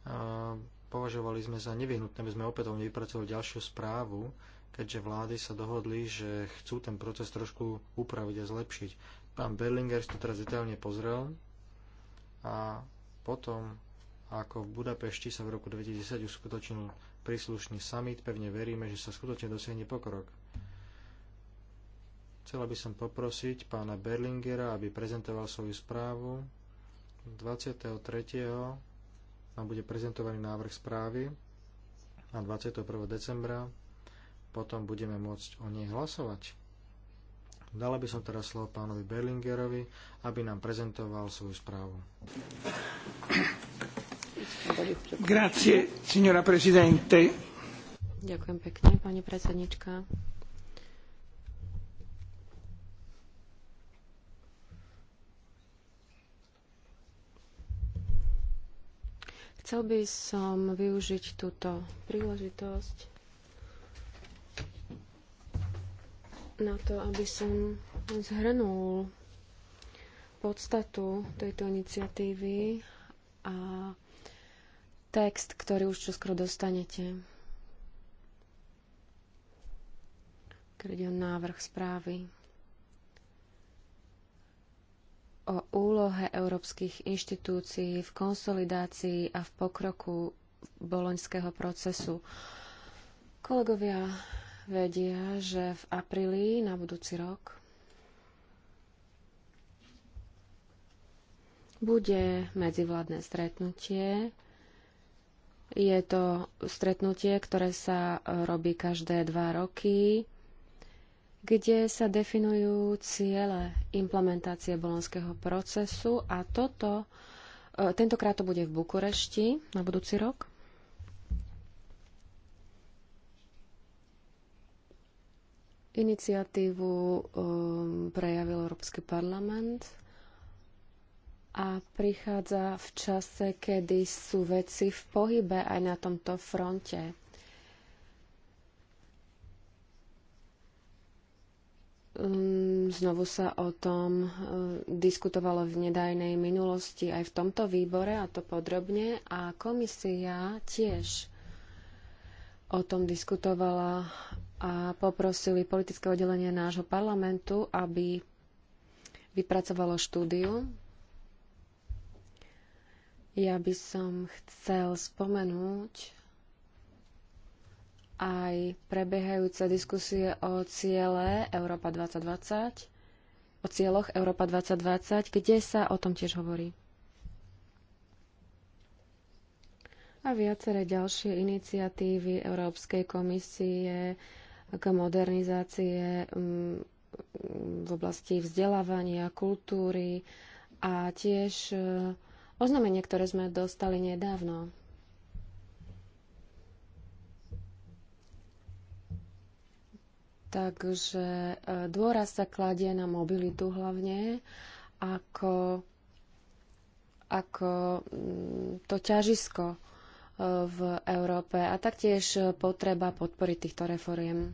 e, považovali sme za nevyhnutné, aby sme opätovne vypracovali ďalšiu správu, keďže vlády sa dohodli, že chcú ten proces trošku upraviť a zlepšiť. Pán Berlinger si to teraz detailne pozrel a potom, ako v Budapešti sa v roku 2010 uskutočnil príslušný summit, pevne veríme, že sa skutočne dosiahne pokrok. Chcela by som poprosiť pána Berlingera, aby prezentoval svoju správu 23 nám bude prezentovaný návrh správy na 21. decembra. Potom budeme môcť o nej hlasovať. Dala by som teraz slovo pánovi Berlingerovi, aby nám prezentoval svoju správu. Grazie, signora presidente. Ďakujem pekne, pani predsednička. Chcel by som využiť túto príležitosť na to, aby som zhrnul podstatu tejto iniciatívy a text, ktorý už čoskoro dostanete. Keď je návrh správy o úlohe európskych inštitúcií v konsolidácii a v pokroku boloňského procesu. Kolegovia vedia, že v apríli na budúci rok bude medzivládne stretnutie. Je to stretnutie, ktoré sa robí každé dva roky kde sa definujú ciele implementácie bolonského procesu a toto, e, tentokrát to bude v Bukurešti na budúci rok. Iniciatívu um, prejavil Európsky parlament a prichádza v čase, kedy sú veci v pohybe aj na tomto fronte. Ehm, znovu sa o tom ehm, diskutovalo v nedajnej minulosti aj v tomto výbore, a to podrobne, a komisia tiež o tom diskutovala a poprosili politické oddelenie nášho parlamentu, aby vypracovalo štúdiu. Ja by som chcel spomenúť aj prebiehajúce diskusie o ciele Európa 2020, o cieľoch Európa 2020, kde sa o tom tiež hovorí. A viaceré ďalšie iniciatívy Európskej komisie k modernizácie mm, mm, v oblasti vzdelávania, kultúry a tiež e, oznámenie, ktoré sme dostali nedávno Takže e, dôraz sa kladie na mobilitu hlavne ako, ako mm, to ťažisko e, v Európe a taktiež potreba podporiť týchto reforiem.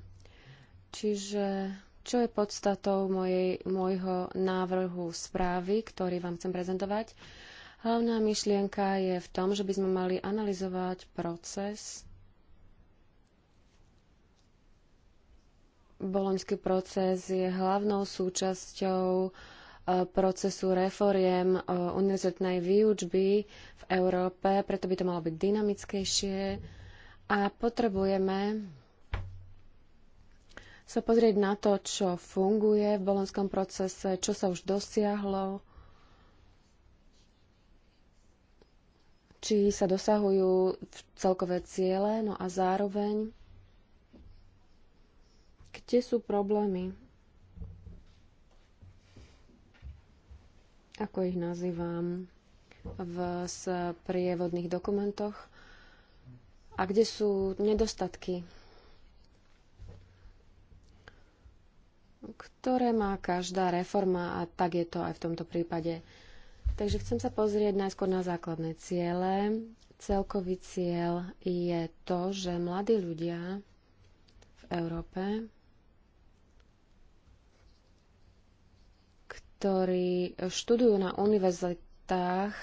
Čiže čo je podstatou mojej, môjho návrhu správy, ktorý vám chcem prezentovať? Hlavná myšlienka je v tom, že by sme mali analyzovať proces Boloňský proces je hlavnou súčasťou e, procesu reforiem e, univerzitnej výučby v Európe, preto by to malo byť dynamickejšie a potrebujeme sa pozrieť na to, čo funguje v bolonskom procese, čo sa už dosiahlo, či sa dosahujú celkové ciele, no a zároveň kde sú problémy? Ako ich nazývam v prievodných dokumentoch? A kde sú nedostatky? ktoré má každá reforma a tak je to aj v tomto prípade. Takže chcem sa pozrieť najskôr na základné ciele. Celkový cieľ je to, že mladí ľudia v Európe ktorí študujú na univerzitách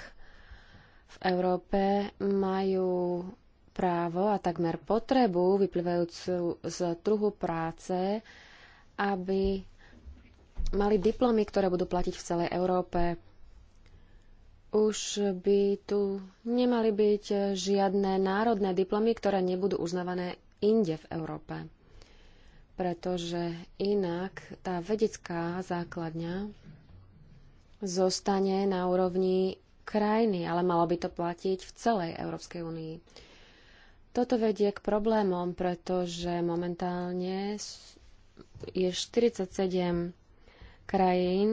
v Európe, majú právo a takmer potrebu vyplývajúcu z trhu práce, aby mali diplomy, ktoré budú platiť v celej Európe. Už by tu nemali byť žiadne národné diplomy, ktoré nebudú uznávané inde v Európe. Pretože inak tá vedecká základňa zostane na úrovni krajiny, ale malo by to platiť v celej Európskej únii. Toto vedie k problémom, pretože momentálne je 47 krajín,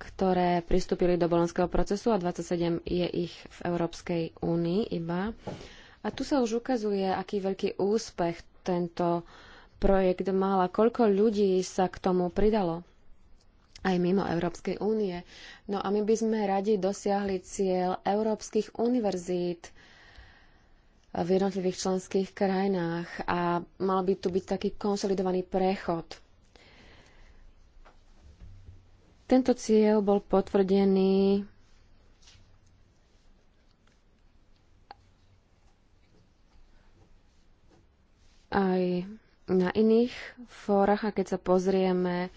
ktoré pristúpili do bolonského procesu a 27 je ich v Európskej únii iba. A tu sa už ukazuje, aký veľký úspech tento projekt mal a koľko ľudí sa k tomu pridalo aj mimo Európskej únie. No a my by sme radi dosiahli cieľ európskych univerzít v jednotlivých členských krajinách a mal by tu byť taký konsolidovaný prechod. Tento cieľ bol potvrdený aj na iných fórach a keď sa pozrieme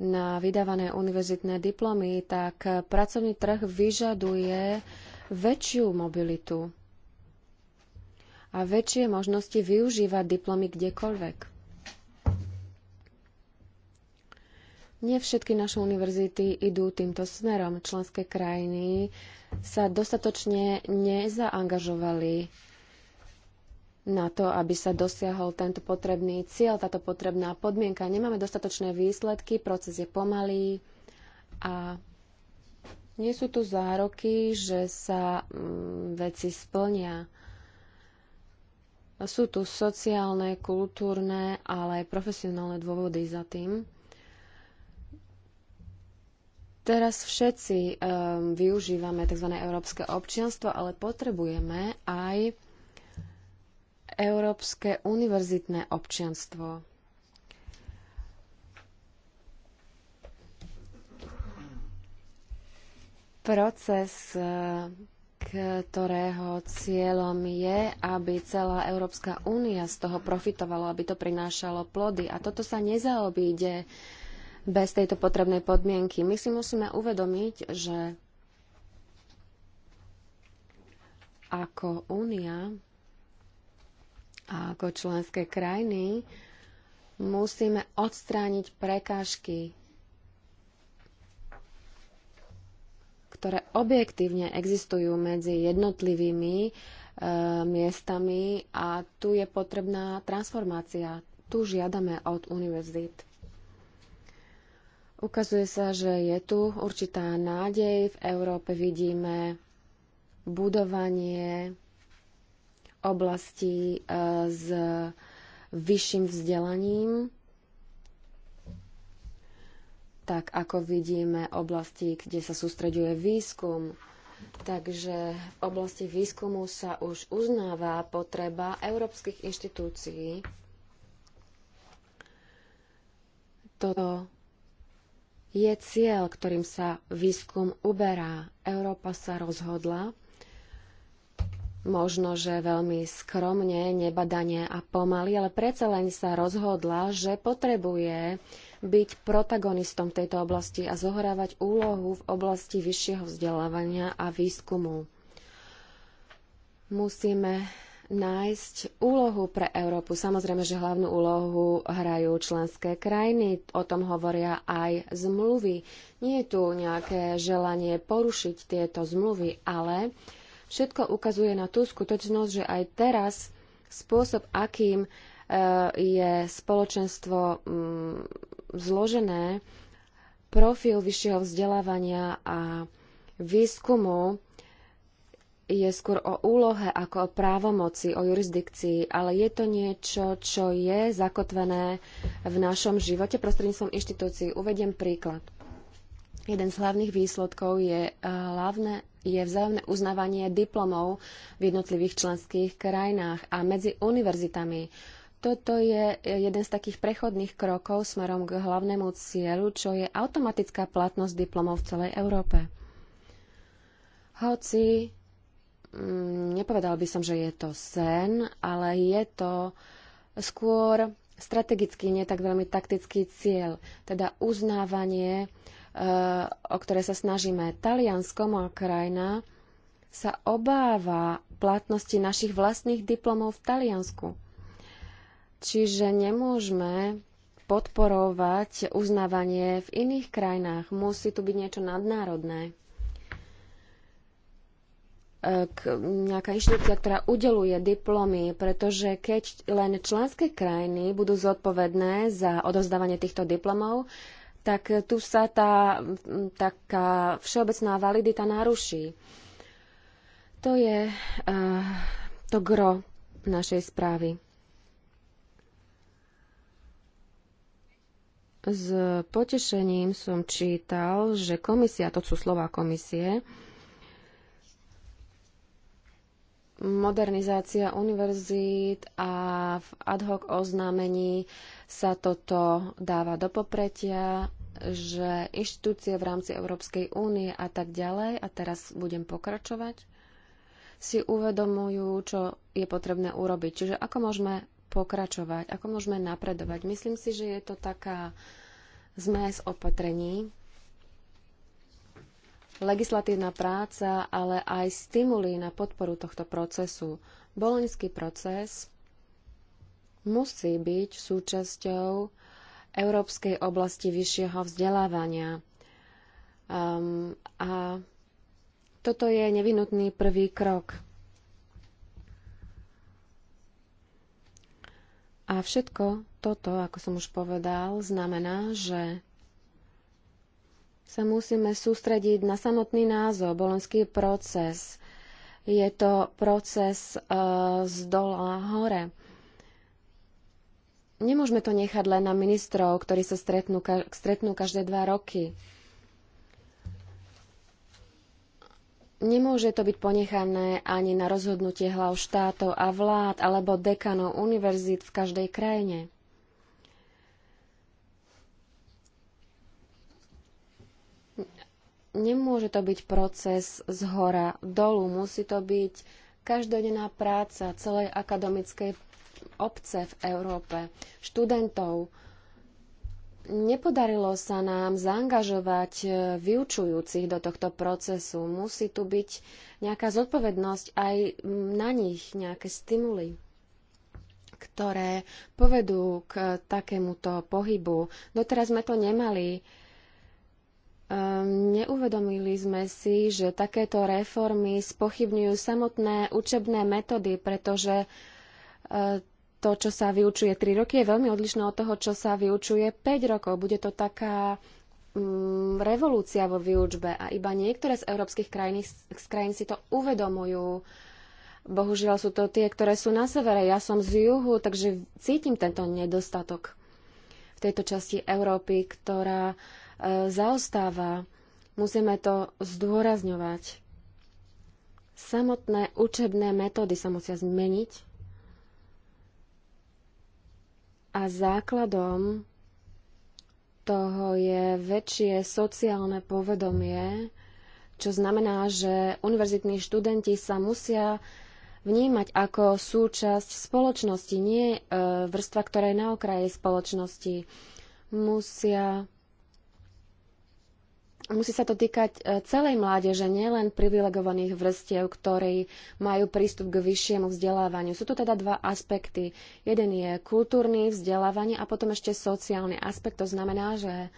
na vydávané univerzitné diplomy, tak pracovný trh vyžaduje väčšiu mobilitu a väčšie možnosti využívať diplomy kdekoľvek. Nie všetky naše univerzity idú týmto smerom. Členské krajiny sa dostatočne nezaangažovali na to, aby sa dosiahol tento potrebný cieľ, táto potrebná podmienka. Nemáme dostatočné výsledky, proces je pomalý a nie sú tu zároky, že sa mm, veci splnia. Sú tu sociálne, kultúrne, ale aj profesionálne dôvody za tým. Teraz všetci um, využívame tzv. európske občianstvo, ale potrebujeme aj Európske univerzitné občianstvo. Proces, eh, ktorého cieľom je, aby celá Európska únia z toho profitovala, aby to prinášalo plody. A toto sa nezaobíde bez tejto potrebnej podmienky. My si musíme uvedomiť, že ako únia a ako členské krajiny musíme odstrániť prekážky, ktoré objektívne existujú medzi jednotlivými e, miestami a tu je potrebná transformácia. Tu žiadame od univerzít. Ukazuje sa, že je tu určitá nádej. V Európe vidíme budovanie oblasti e, s vyšším vzdelaním, tak ako vidíme oblasti, kde sa sústreďuje výskum. Takže v oblasti výskumu sa už uznáva potreba európskych inštitúcií toto je cieľ, ktorým sa výskum uberá. Európa sa rozhodla možno, že veľmi skromne, nebadane a pomaly, ale predsa len sa rozhodla, že potrebuje byť protagonistom tejto oblasti a zohrávať úlohu v oblasti vyššieho vzdelávania a výskumu. Musíme nájsť úlohu pre Európu. Samozrejme, že hlavnú úlohu hrajú členské krajiny, o tom hovoria aj zmluvy. Nie je tu nejaké želanie porušiť tieto zmluvy, ale Všetko ukazuje na tú skutočnosť, že aj teraz spôsob, akým e, je spoločenstvo mm, zložené, profil vyššieho vzdelávania a výskumu je skôr o úlohe ako o právomoci, o jurisdikcii, ale je to niečo, čo je zakotvené v našom živote prostredníctvom inštitúcií. Uvediem príklad. Jeden z hlavných výsledkov je e, hlavné je vzájomné uznávanie diplomov v jednotlivých členských krajinách a medzi univerzitami. Toto je jeden z takých prechodných krokov smerom k hlavnému cieľu, čo je automatická platnosť diplomov v celej Európe. Hoci mm, nepovedal by som, že je to sen, ale je to skôr strategický, nie tak veľmi taktický cieľ, teda uznávanie Eh, o ktoré sa snažíme. Taliansko, moja krajina, sa obáva platnosti našich vlastných diplomov v Taliansku. Čiže nemôžeme podporovať uznávanie v iných krajinách. Musí tu byť niečo nadnárodné. Eh, k, nejaká inštitúcia, ktorá udeluje diplomy, pretože keď len členské krajiny budú zodpovedné za odozdávanie týchto diplomov, tak tu sa tá taká všeobecná validita naruší. To je uh, to gro našej správy. S potešením som čítal, že komisia, to sú slova komisie, modernizácia univerzít a v ad hoc oznámení sa toto dáva do popretia že inštitúcie v rámci Európskej únie a tak ďalej, a teraz budem pokračovať, si uvedomujú, čo je potrebné urobiť. Čiže ako môžeme pokračovať, ako môžeme napredovať. Myslím si, že je to taká zmes opatrení, legislatívna práca, ale aj stimuly na podporu tohto procesu. Boloňský proces musí byť súčasťou európskej oblasti vyššieho vzdelávania. Um, a toto je nevinutný prvý krok. A všetko toto, ako som už povedal, znamená, že sa musíme sústrediť na samotný názov, bolenský proces. Je to proces uh, z dola hore. Nemôžeme to nechať len na ministrov, ktorí sa stretnú, ka- stretnú každé dva roky. Nemôže to byť ponechané ani na rozhodnutie hlav štátov a vlád alebo dekanov univerzít v každej krajine. Nemôže to byť proces z hora dolu, musí to byť každodenná práca celej akademickej obce v Európe, študentov. Nepodarilo sa nám zaangažovať e, vyučujúcich do tohto procesu. Musí tu byť nejaká zodpovednosť aj na nich, nejaké stimuly ktoré povedú k e, takémuto pohybu. Doteraz sme to nemali. E, neuvedomili sme si, že takéto reformy spochybňujú samotné učebné metódy, pretože to, čo sa vyučuje 3 roky, je veľmi odlišné od toho, čo sa vyučuje 5 rokov. Bude to taká mm, revolúcia vo výučbe a iba niektoré z európskych krajín, z krajín si to uvedomujú. Bohužiaľ sú to tie, ktoré sú na severe. Ja som z juhu, takže cítim tento nedostatok v tejto časti Európy, ktorá e, zaostáva. Musíme to zdôrazňovať. Samotné učebné metódy sa musia zmeniť a základom toho je väčšie sociálne povedomie, čo znamená, že univerzitní študenti sa musia vnímať ako súčasť spoločnosti, nie e, vrstva, ktorá je na okraji spoločnosti. Musia Musí sa to týkať e, celej mládeže, nielen privilegovaných vrstiev, ktorí majú prístup k vyššiemu vzdelávaniu. Sú tu teda dva aspekty. Jeden je kultúrny vzdelávanie a potom ešte sociálny aspekt. To znamená, že e,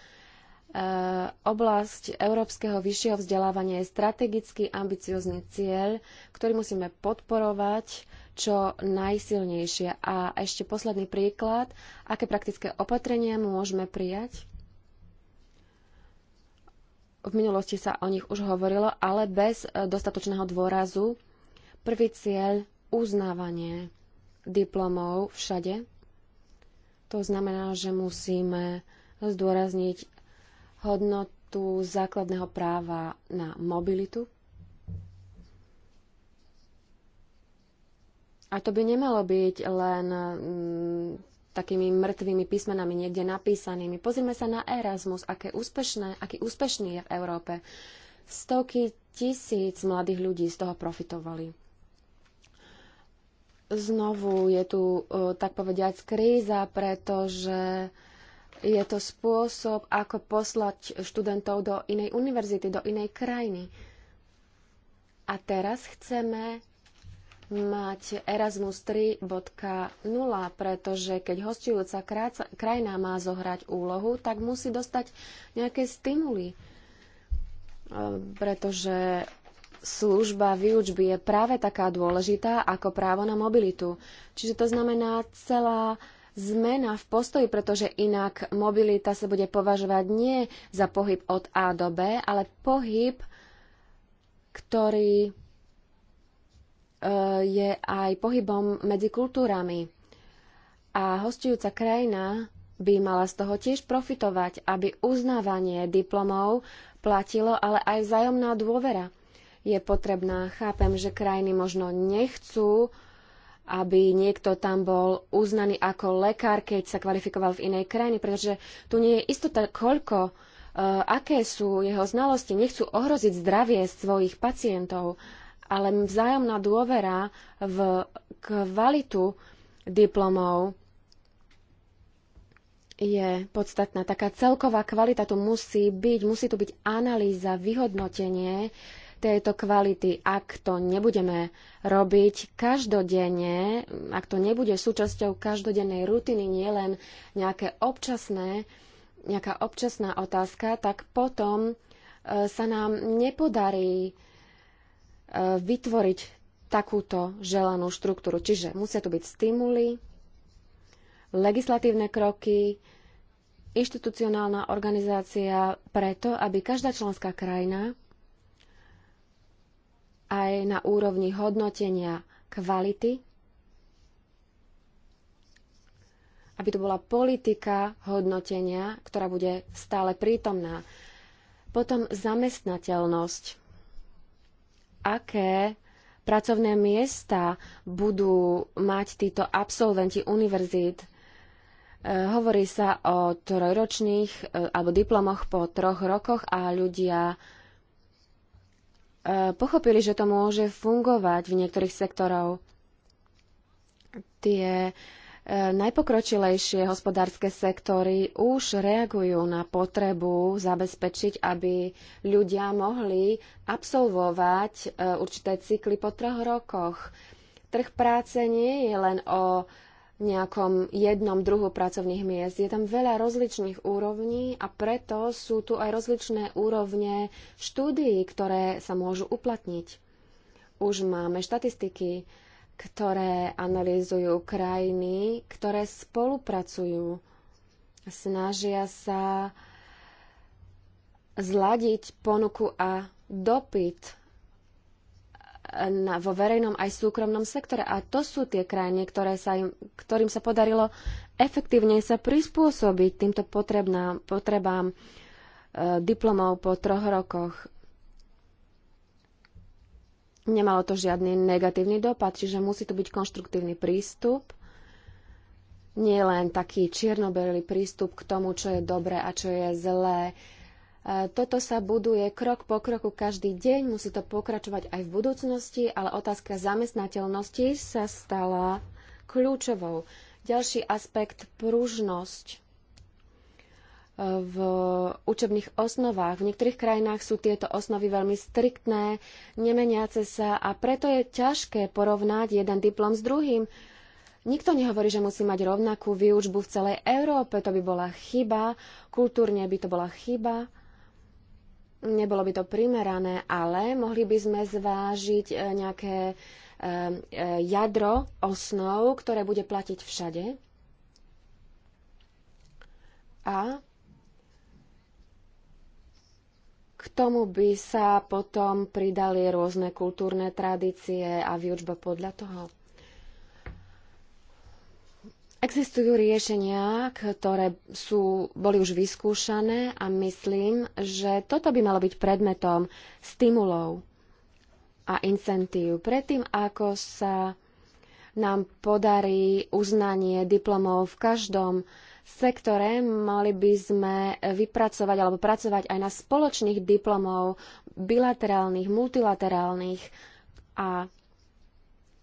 oblasť európskeho vyššieho vzdelávania je strategicky ambiciózny cieľ, ktorý musíme podporovať čo najsilnejšie. A ešte posledný príklad, aké praktické opatrenia môžeme prijať v minulosti sa o nich už hovorilo, ale bez e, dostatočného dôrazu. Prvý cieľ uznávanie diplomov všade. To znamená, že musíme zdôrazniť hodnotu základného práva na mobilitu. A to by nemalo byť len mm, takými mŕtvými písmenami niekde napísanými. Pozrime sa na Erasmus, aké úspešné, aký úspešný je v Európe. Stovky tisíc mladých ľudí z toho profitovali. Znovu je tu, e, tak povediať, kríza, pretože je to spôsob, ako poslať študentov do inej univerzity, do inej krajiny. A teraz chceme mať Erasmus 3.0, pretože keď hostujúca krajina má zohrať úlohu, tak musí dostať nejaké stimuly, e, pretože služba výučby je práve taká dôležitá ako právo na mobilitu. Čiže to znamená celá zmena v postoji, pretože inak mobilita sa bude považovať nie za pohyb od A do B, ale pohyb, ktorý Eh, je aj pohybom medzi kultúrami. A hostujúca krajina by mala z toho tiež profitovať, aby uznávanie diplomov platilo, ale aj vzájomná dôvera je potrebná. Chápem, že krajiny možno nechcú, aby niekto tam bol uznaný ako lekár, keď sa kvalifikoval v inej krajine, pretože tu nie je istota, koľko, uh, aké sú jeho znalosti. Nechcú ohroziť zdravie svojich pacientov ale vzájomná dôvera v kvalitu diplomov je podstatná. Taká celková kvalita tu musí byť, musí tu byť analýza, vyhodnotenie tejto kvality. Ak to nebudeme robiť každodenne, ak to nebude súčasťou každodennej rutiny, nie len nejaké občasné, nejaká občasná otázka, tak potom e, sa nám nepodarí E, vytvoriť takúto želanú štruktúru. Čiže musia tu byť stimuly, legislatívne kroky, inštitucionálna organizácia preto, aby každá členská krajina aj na úrovni hodnotenia kvality, aby to bola politika hodnotenia, ktorá bude stále prítomná. Potom zamestnateľnosť aké pracovné miesta budú mať títo absolventi univerzít. E, hovorí sa o trojročných e, alebo diplomoch po troch rokoch a ľudia e, pochopili, že to môže fungovať v niektorých sektoroch. Tie uh, najpokročilejšie hospodárske sektory už reagujú na potrebu zabezpečiť, aby ľudia mohli absolvovať e, určité cykly po troch rokoch. Trh práce nie je len o nejakom jednom druhu pracovných miest. Je tam veľa rozličných úrovní a preto sú tu aj rozličné úrovne štúdií, ktoré sa môžu uplatniť. Už máme štatistiky ktoré analýzujú krajiny, ktoré spolupracujú. Snažia sa zladiť ponuku a dopyt eh, na, vo verejnom aj súkromnom sektore. A to sú tie krajiny, ktoré sa im, ktorým sa podarilo efektívne sa prispôsobiť týmto potrebnám, potrebám e, diplomov po troch rokoch. Nemalo to žiadny negatívny dopad, čiže musí to byť konštruktívny prístup. Nie len taký čierno prístup k tomu, čo je dobré a čo je zlé. E, toto sa buduje krok po kroku každý deň, musí to pokračovať aj v budúcnosti, ale otázka zamestnateľnosti sa stala kľúčovou. Ďalší aspekt, pružnosť v učebných osnovách. V niektorých krajinách sú tieto osnovy veľmi striktné, nemeniace sa a preto je ťažké porovnať jeden diplom s druhým. Nikto nehovorí, že musí mať rovnakú výučbu v celej Európe. To by bola chyba, kultúrne by to bola chyba. Nebolo by to primerané, ale mohli by sme zvážiť eh, nejaké eh, eh, jadro osnov, ktoré bude platiť všade. A tomu by sa potom pridali rôzne kultúrne tradície a výučba podľa toho. Existujú riešenia, ktoré sú, boli už vyskúšané a myslím, že toto by malo byť predmetom stimulov a incentív. Predtým, ako sa nám podarí uznanie diplomov v každom sektore mali by sme vypracovať alebo pracovať aj na spoločných diplomov bilaterálnych, multilaterálnych a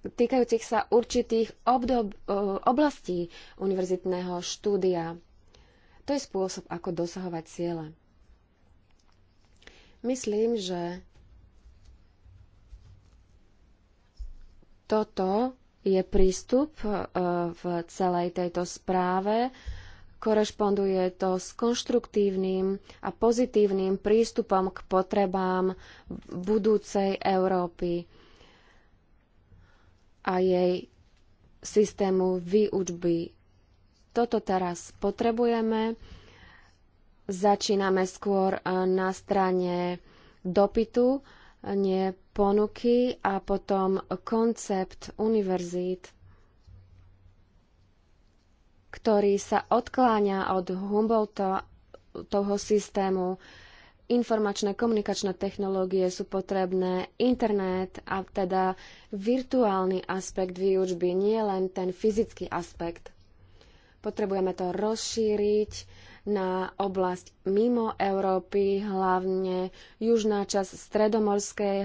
týkajúcich sa určitých obdob, e, oblastí univerzitného štúdia. To je spôsob, ako dosahovať ciele. Myslím, že toto je prístup e, v celej tejto správe korešponduje to s konštruktívnym a pozitívnym prístupom k potrebám budúcej Európy a jej systému výučby. Toto teraz potrebujeme. Začíname skôr e, na strane dopytu, e, nie ponuky a potom koncept univerzít ktorý sa odkláňa od toho systému. Informačné komunikačné technológie sú potrebné, internet a teda virtuálny aspekt výučby, nie len ten fyzický aspekt. Potrebujeme to rozšíriť na oblasť mimo Európy, hlavne južná časť stredomorskej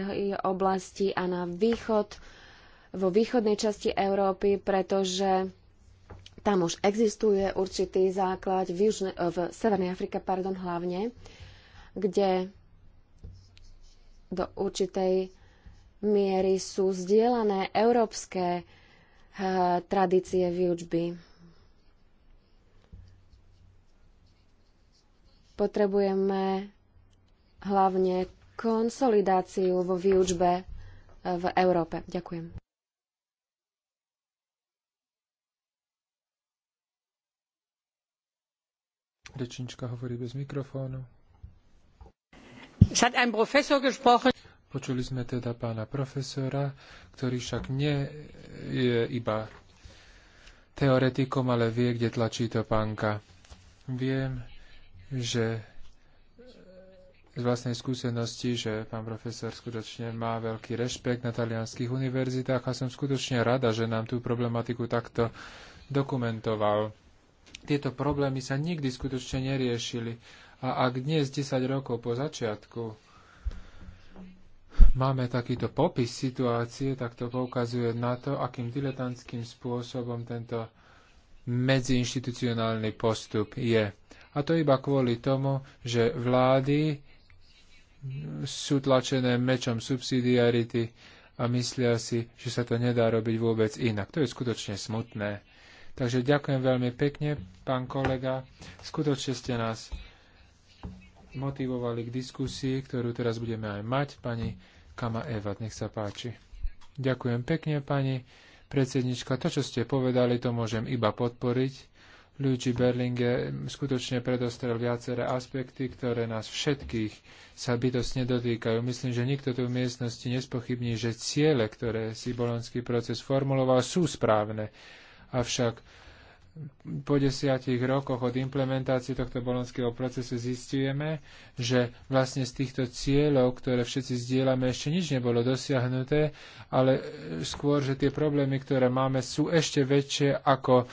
oblasti a na východ, vo východnej časti Európy, pretože tam už existuje určitý základ v, Južne, v Severnej Afrike pardon, hlavne, kde do určitej miery sú zdieľané európske uh, tradície výučby. Potrebujeme hlavne konsolidáciu vo výučbe eh, v Európe. Ďakujem. Rečnička hovorí bez mikrofónu. Počuli sme teda pána profesora, ktorý však nie je iba teoretikom, ale vie, kde tlačí to pánka. Viem, že z vlastnej skúsenosti, že pán profesor skutočne má veľký rešpekt na talianských univerzitách a som skutočne rada, že nám tú problematiku takto dokumentoval tieto problémy sa nikdy skutočne neriešili. A ak dnes, 10 rokov po začiatku, máme takýto popis situácie, tak to poukazuje na to, akým diletantským spôsobom tento medziinstitucionálny postup je. A to iba kvôli tomu, že vlády sú tlačené mečom subsidiarity a myslia si, že sa to nedá robiť vôbec inak. To je skutočne smutné. Takže ďakujem veľmi pekne, pán kolega. Skutočne ste nás motivovali k diskusii, ktorú teraz budeme aj mať. Pani Kama Eva, nech sa páči. Ďakujem pekne, pani predsednička. To, čo ste povedali, to môžem iba podporiť. Luigi Berlinge skutočne predostrel viaceré aspekty, ktoré nás všetkých sa bytostne dotýkajú. Myslím, že nikto tu v miestnosti nespochybní, že ciele, ktoré si bolonský proces formuloval, sú správne. Avšak po desiatich rokoch od implementácie tohto bolonského procesu zistujeme, že vlastne z týchto cieľov, ktoré všetci zdieľame, ešte nič nebolo dosiahnuté, ale skôr, že tie problémy, ktoré máme, sú ešte väčšie ako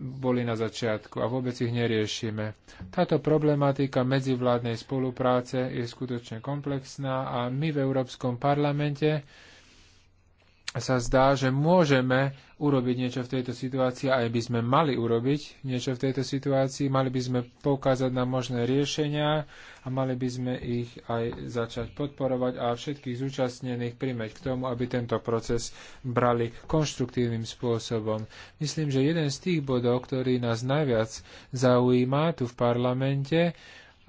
boli na začiatku a vôbec ich neriešime. Táto problematika medzivládnej spolupráce je skutočne komplexná a my v Európskom parlamente sa zdá, že môžeme urobiť niečo v tejto situácii, aj by sme mali urobiť niečo v tejto situácii, mali by sme poukázať na možné riešenia a mali by sme ich aj začať podporovať a všetkých zúčastnených primeť k tomu, aby tento proces brali konštruktívnym spôsobom. Myslím, že jeden z tých bodov, ktorý nás najviac zaujíma tu v parlamente,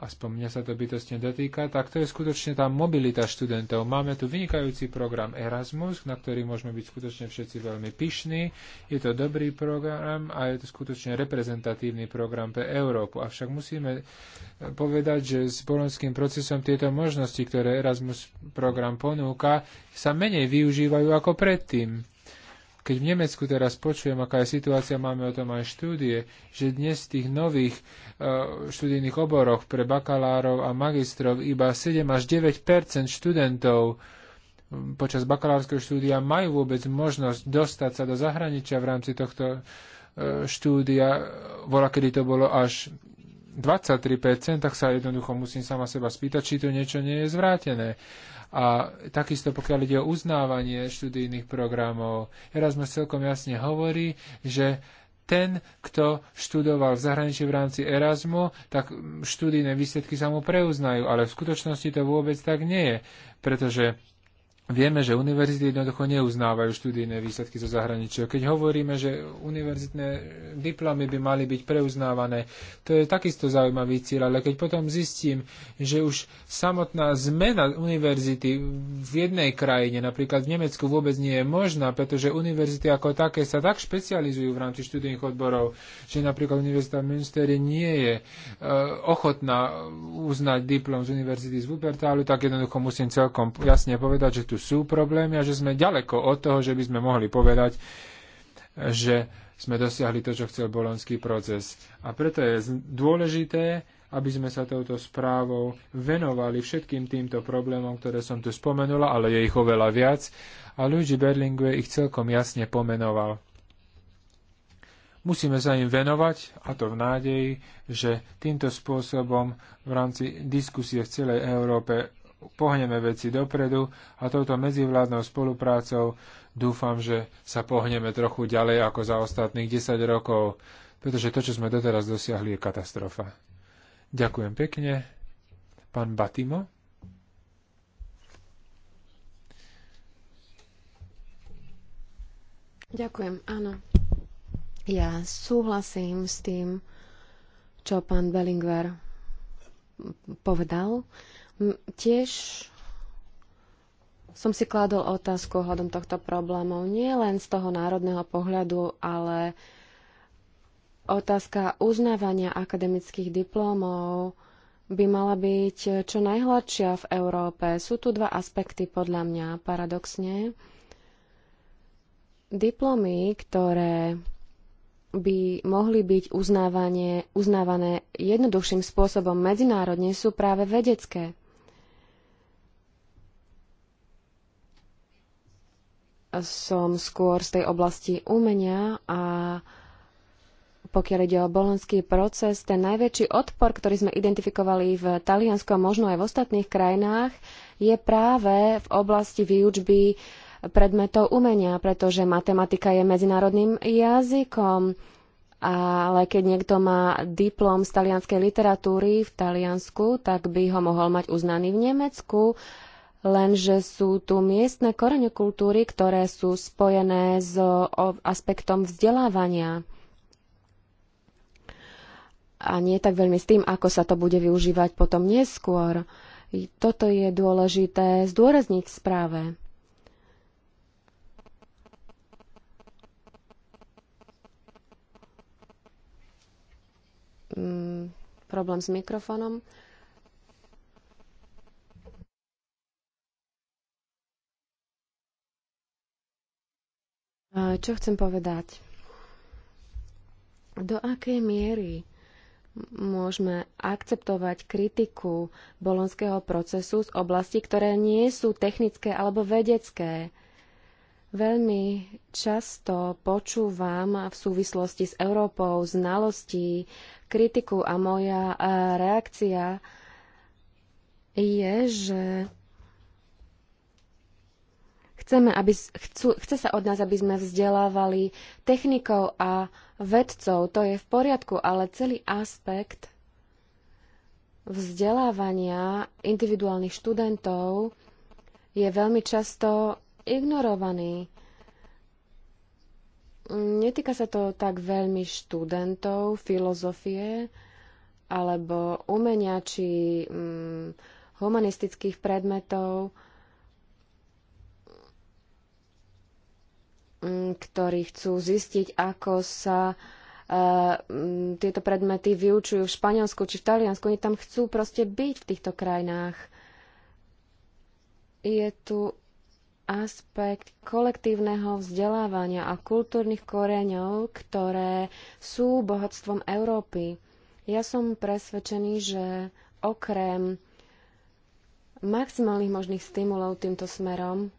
aspoň mňa sa to bytostne dotýka, tak to je skutočne tá mobilita študentov. Máme tu vynikajúci program Erasmus, na ktorý môžeme byť skutočne všetci veľmi pyšní. Je to dobrý program a je to skutočne reprezentatívny program pre Európu. Avšak musíme e, povedať, že s bolonským procesom tieto možnosti, ktoré Erasmus program ponúka, sa menej využívajú ako predtým. Keď v Nemecku teraz počujem, aká je situácia, máme o tom aj štúdie, že dnes v tých nových eh, študijných oboroch pre bakalárov a magistrov iba 7 až 9 študentov hm, počas bakalárskeho štúdia majú vôbec možnosť dostať sa do zahraničia v rámci tohto eh, štúdia. Vola, kedy to bolo až 23%, tak sa jednoducho musím sama seba spýtať, či to niečo nie je zvrátené. A takisto pokiaľ ide o uznávanie študijných programov, Erasmus celkom jasne hovorí, že ten, kto študoval v zahraničí v rámci Erasmu, tak študijné výsledky sa mu preuznajú, ale v skutočnosti to vôbec tak nie je, pretože Vieme, že univerzity jednoducho neuznávajú študijné výsledky zo zahraničia. Keď hovoríme, že univerzitné diplomy by mali byť preuznávané, to je takisto zaujímavý cieľ, ale keď potom zistím, že už samotná zmena univerzity v jednej krajine, napríklad v Nemecku, vôbec nie je možná, pretože univerzity ako také sa tak špecializujú v rámci študijných odborov, že napríklad univerzita v Münsteri nie je e, ochotná uznať diplom z univerzity z Wuppertalu, tak jednoducho musím celkom jasne povedať, že tu sú problémy a že sme ďaleko od toho, že by sme mohli povedať, že sme dosiahli to, čo chcel bolonský proces. A preto je dôležité, aby sme sa touto správou venovali všetkým týmto problémom, ktoré som tu spomenula, ale je ich oveľa viac a Luigi Berlingue ich celkom jasne pomenoval. Musíme sa im venovať, a to v nádeji, že týmto spôsobom v rámci diskusie v celej Európe pohneme veci dopredu a touto medzivládnou spoluprácou dúfam, že sa pohneme trochu ďalej ako za ostatných 10 rokov, pretože to, čo sme doteraz dosiahli, je katastrofa. Ďakujem pekne. Pán Batimo. Ďakujem, áno. Ja súhlasím s tým, čo pán Bellingwer povedal. Uh, tiež som si kladol otázku ohľadom tohto problémov nie len z toho národného pohľadu, ale otázka uznávania akademických diplomov by mala byť čo najhladšia v Európe. Sú tu dva aspekty podľa mňa, paradoxne. Diplomy, ktoré by mohli byť uznávané jednoduchším spôsobom medzinárodne, sú práve vedecké som skôr z tej oblasti umenia a pokiaľ ide o bolonský proces, ten najväčší odpor, ktorý sme identifikovali v Taliansku a možno aj v ostatných krajinách, je práve v oblasti výučby predmetov umenia, pretože matematika je medzinárodným jazykom. Ale keď niekto má diplom z talianskej literatúry v Taliansku, tak by ho mohol mať uznaný v Nemecku, lenže sú tu miestne kultúry, ktoré sú spojené s aspektom vzdelávania a nie tak veľmi s tým, ako sa to bude využívať potom neskôr. Toto je dôležité zdôrazniť v správe. Mm, problém s mikrofónom. Eh, čo chcem povedať? Do akej miery môžeme akceptovať kritiku bolonského procesu z oblasti, ktoré nie sú technické alebo vedecké? Veľmi často počúvam v súvislosti s Európou znalostí, kritiku a moja eh, reakcia je, že Chceme, aby, chcú, chce sa od nás, aby sme vzdelávali technikov a vedcov. To je v poriadku, ale celý aspekt vzdelávania individuálnych študentov je veľmi často ignorovaný. Netýka sa to tak veľmi študentov filozofie alebo umenia či hm, humanistických predmetov. ktorí chcú zistiť, ako sa e, tieto predmety vyučujú v Španielsku či v Taliansku. Oni tam chcú proste byť v týchto krajinách. Je tu aspekt kolektívneho vzdelávania a kultúrnych koreňov, ktoré sú bohatstvom Európy. Ja som presvedčený, že okrem maximálnych možných stimulov týmto smerom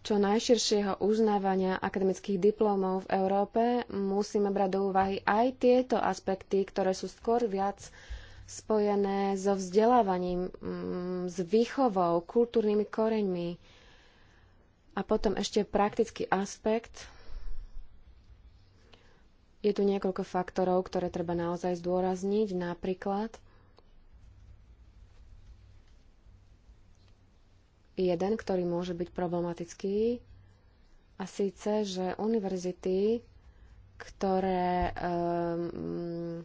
čo najširšieho uznávania akademických diplomov v Európe musíme brať do úvahy aj tieto aspekty, ktoré sú skôr viac spojené so vzdelávaním, mm, s výchovou, kultúrnymi koreňmi. A potom ešte praktický aspekt. Je tu niekoľko faktorov, ktoré treba naozaj zdôrazniť, napríklad – jeden, ktorý môže byť problematický, a síce, že univerzity, ktoré um,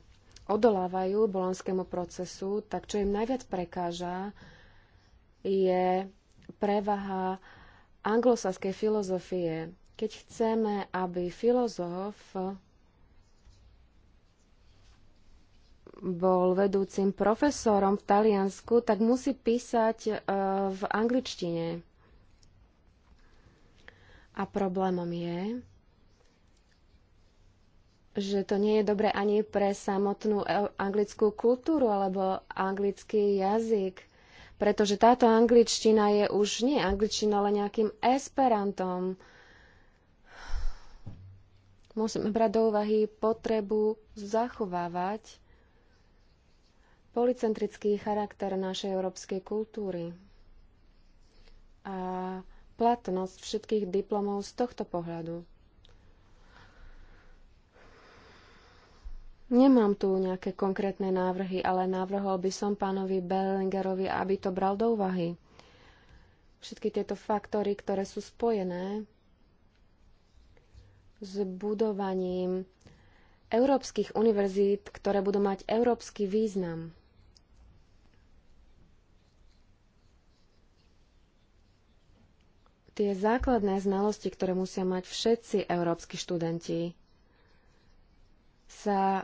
odolávajú bolonskému procesu, tak čo im najviac prekáža, je prevaha anglosaskej filozofie. Keď chceme, aby filozof bol vedúcim profesorom v Taliansku, tak musí písať e, v angličtine. A problémom je, že to nie je dobré ani pre samotnú e- anglickú kultúru alebo anglický jazyk, pretože táto angličtina je už nie angličtina, ale nejakým esperantom. Musíme brať do úvahy potrebu zachovávať policentrický charakter našej európskej kultúry a platnosť všetkých diplomov z tohto pohľadu. Nemám tu nejaké konkrétne návrhy, ale návrhol by som pánovi Bellingerovi, aby to bral do úvahy. Všetky tieto faktory, ktoré sú spojené s budovaním európskych univerzít, ktoré budú mať európsky význam. tie základné znalosti, ktoré musia mať všetci európsky študenti, sa e,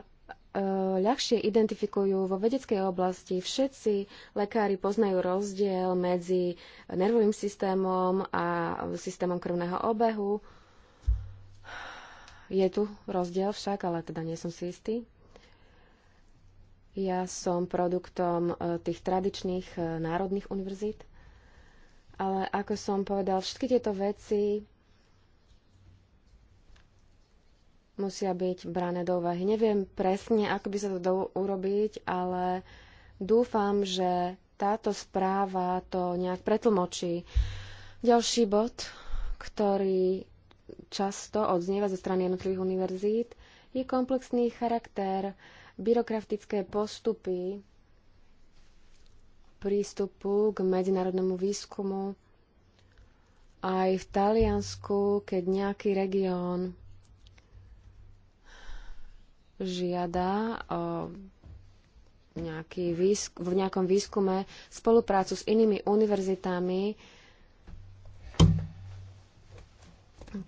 ľahšie identifikujú vo vedeckej oblasti. Všetci lekári poznajú rozdiel medzi nervovým systémom a systémom krvného obehu. Je tu rozdiel však, ale teda nie som si istý. Ja som produktom e, tých tradičných e, národných univerzít. Ale ako som povedal, všetky tieto veci musia byť brané do úvahy. Neviem presne, ako by sa to dalo urobiť, ale dúfam, že táto správa to nejak pretlmočí. Ďalší bod, ktorý často odznieva zo strany jednotlivých univerzít, je komplexný charakter, byrokratické postupy, prístupu k medzinárodnému výskumu. Aj v Taliansku, keď nejaký región žiada o nejaký výsk- v nejakom výskume spoluprácu s inými univerzitami,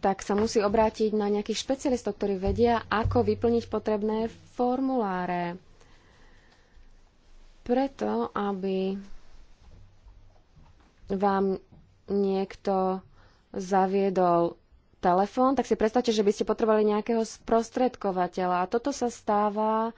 tak sa musí obrátiť na nejakých špecialistov, ktorí vedia, ako vyplniť potrebné formuláre preto, aby vám niekto zaviedol telefón, tak si predstavte, že by ste potrebovali nejakého sprostredkovateľa. A toto sa stáva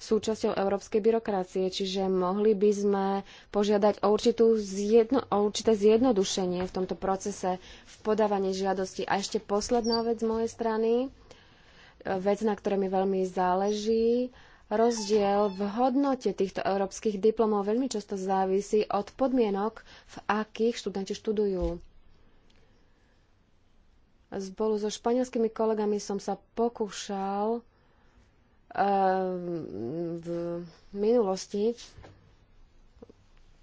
súčasťou európskej byrokracie, čiže mohli by sme požiadať o, určitú zjedno, o určité zjednodušenie v tomto procese v podávaní žiadosti. A ešte posledná vec z mojej strany, vec, na ktorej mi veľmi záleží, rozdiel v hodnote týchto európskych diplomov veľmi často závisí od podmienok, v akých študenti študujú. Spolu so španielskými kolegami som sa pokúšal ehm, v minulosti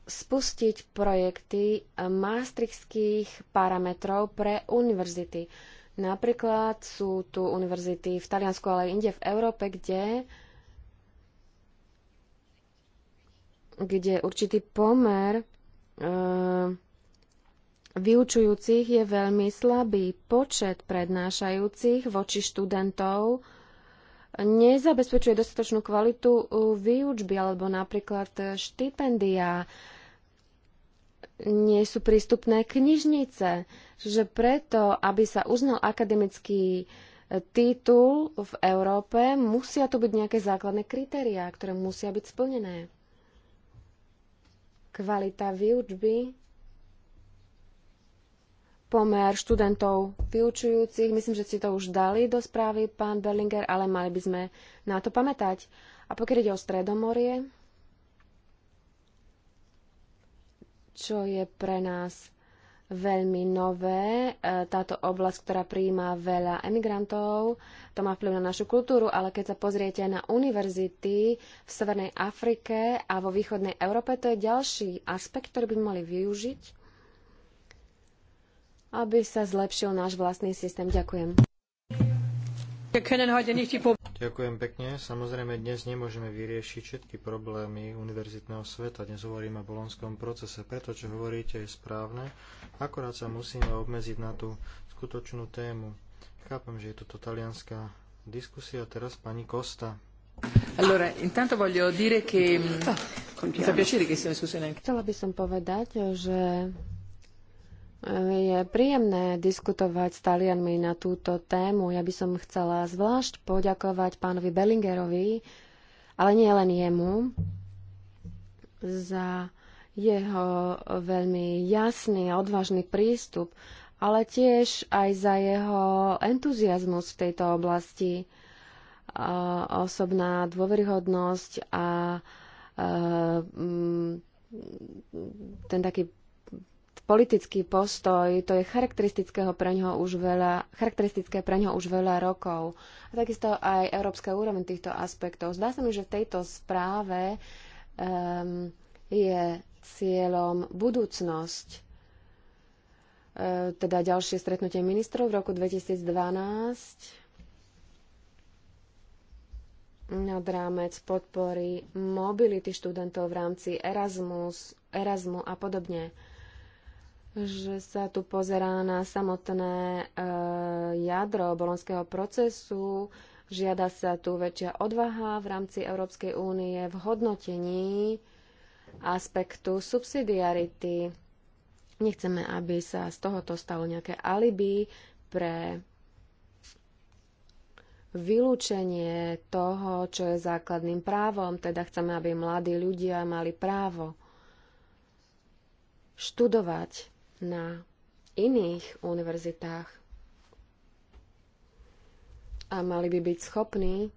spustiť projekty maastrichtských parametrov pre univerzity. Napríklad sú tu univerzity v Taliansku, ale aj inde v Európe, kde kde určitý pomer e, vyučujúcich je veľmi slabý. Počet prednášajúcich voči študentov nezabezpečuje dostatočnú kvalitu eh, výučby alebo napríklad eh, štipendia. Nie sú prístupné knižnice. že preto, aby sa uznal akademický titul v Európe, musia tu byť nejaké základné kritériá, ktoré musia byť splnené. Kvalita výučby, pomer študentov vyučujúcich. Myslím, že ste to už dali do správy, pán Berlinger, ale mali by sme na to pamätať. A pokiaľ ide o Stredomorie, čo je pre nás veľmi nové. E, táto oblasť, ktorá prijíma veľa emigrantov, to má vplyv na našu kultúru, ale keď sa pozriete na univerzity v Severnej Afrike a vo východnej Európe, to je ďalší aspekt, ktorý by mali využiť, aby sa zlepšil náš vlastný systém. Ďakujem. Ďakujem pekne. Samozrejme, dnes nemôžeme vyriešiť všetky problémy univerzitného sveta. Dnes hovoríme o bolonskom procese. Preto, čo hovoríte, je správne. Akorát sa musíme obmedziť na tú skutočnú tému. Chápem, že je to talianská diskusia. Teraz pani Kosta. Allora, intanto voglio dire che... Ah, Chcela by som povedať, že je príjemné diskutovať s Talianmi na túto tému. Ja by som chcela zvlášť poďakovať pánovi Bellingerovi, ale nie len jemu, za jeho veľmi jasný a odvážny prístup, ale tiež aj za jeho entuziasmus v tejto oblasti, a osobná dôveryhodnosť a, e, ten taký politický postoj, to je charakteristického pre ňoho už veľa, charakteristické pre ňoho už veľa rokov. A takisto aj európska úroveň týchto aspektov. Zdá sa mi, že v tejto správe um, je cieľom budúcnosť, e, teda ďalšie stretnutie ministrov v roku 2012 nad rámec podpory mobility študentov v rámci Erasmus, Erasmu a podobne že sa tu pozerá na samotné e, jadro bolonského procesu, žiada sa tu väčšia odvaha v rámci Európskej únie v hodnotení aspektu subsidiarity. Nechceme, aby sa z tohoto stalo nejaké alibi pre vylúčenie toho, čo je základným právom, teda chceme, aby mladí ľudia mali právo študovať na iných univerzitách a mali by byť schopní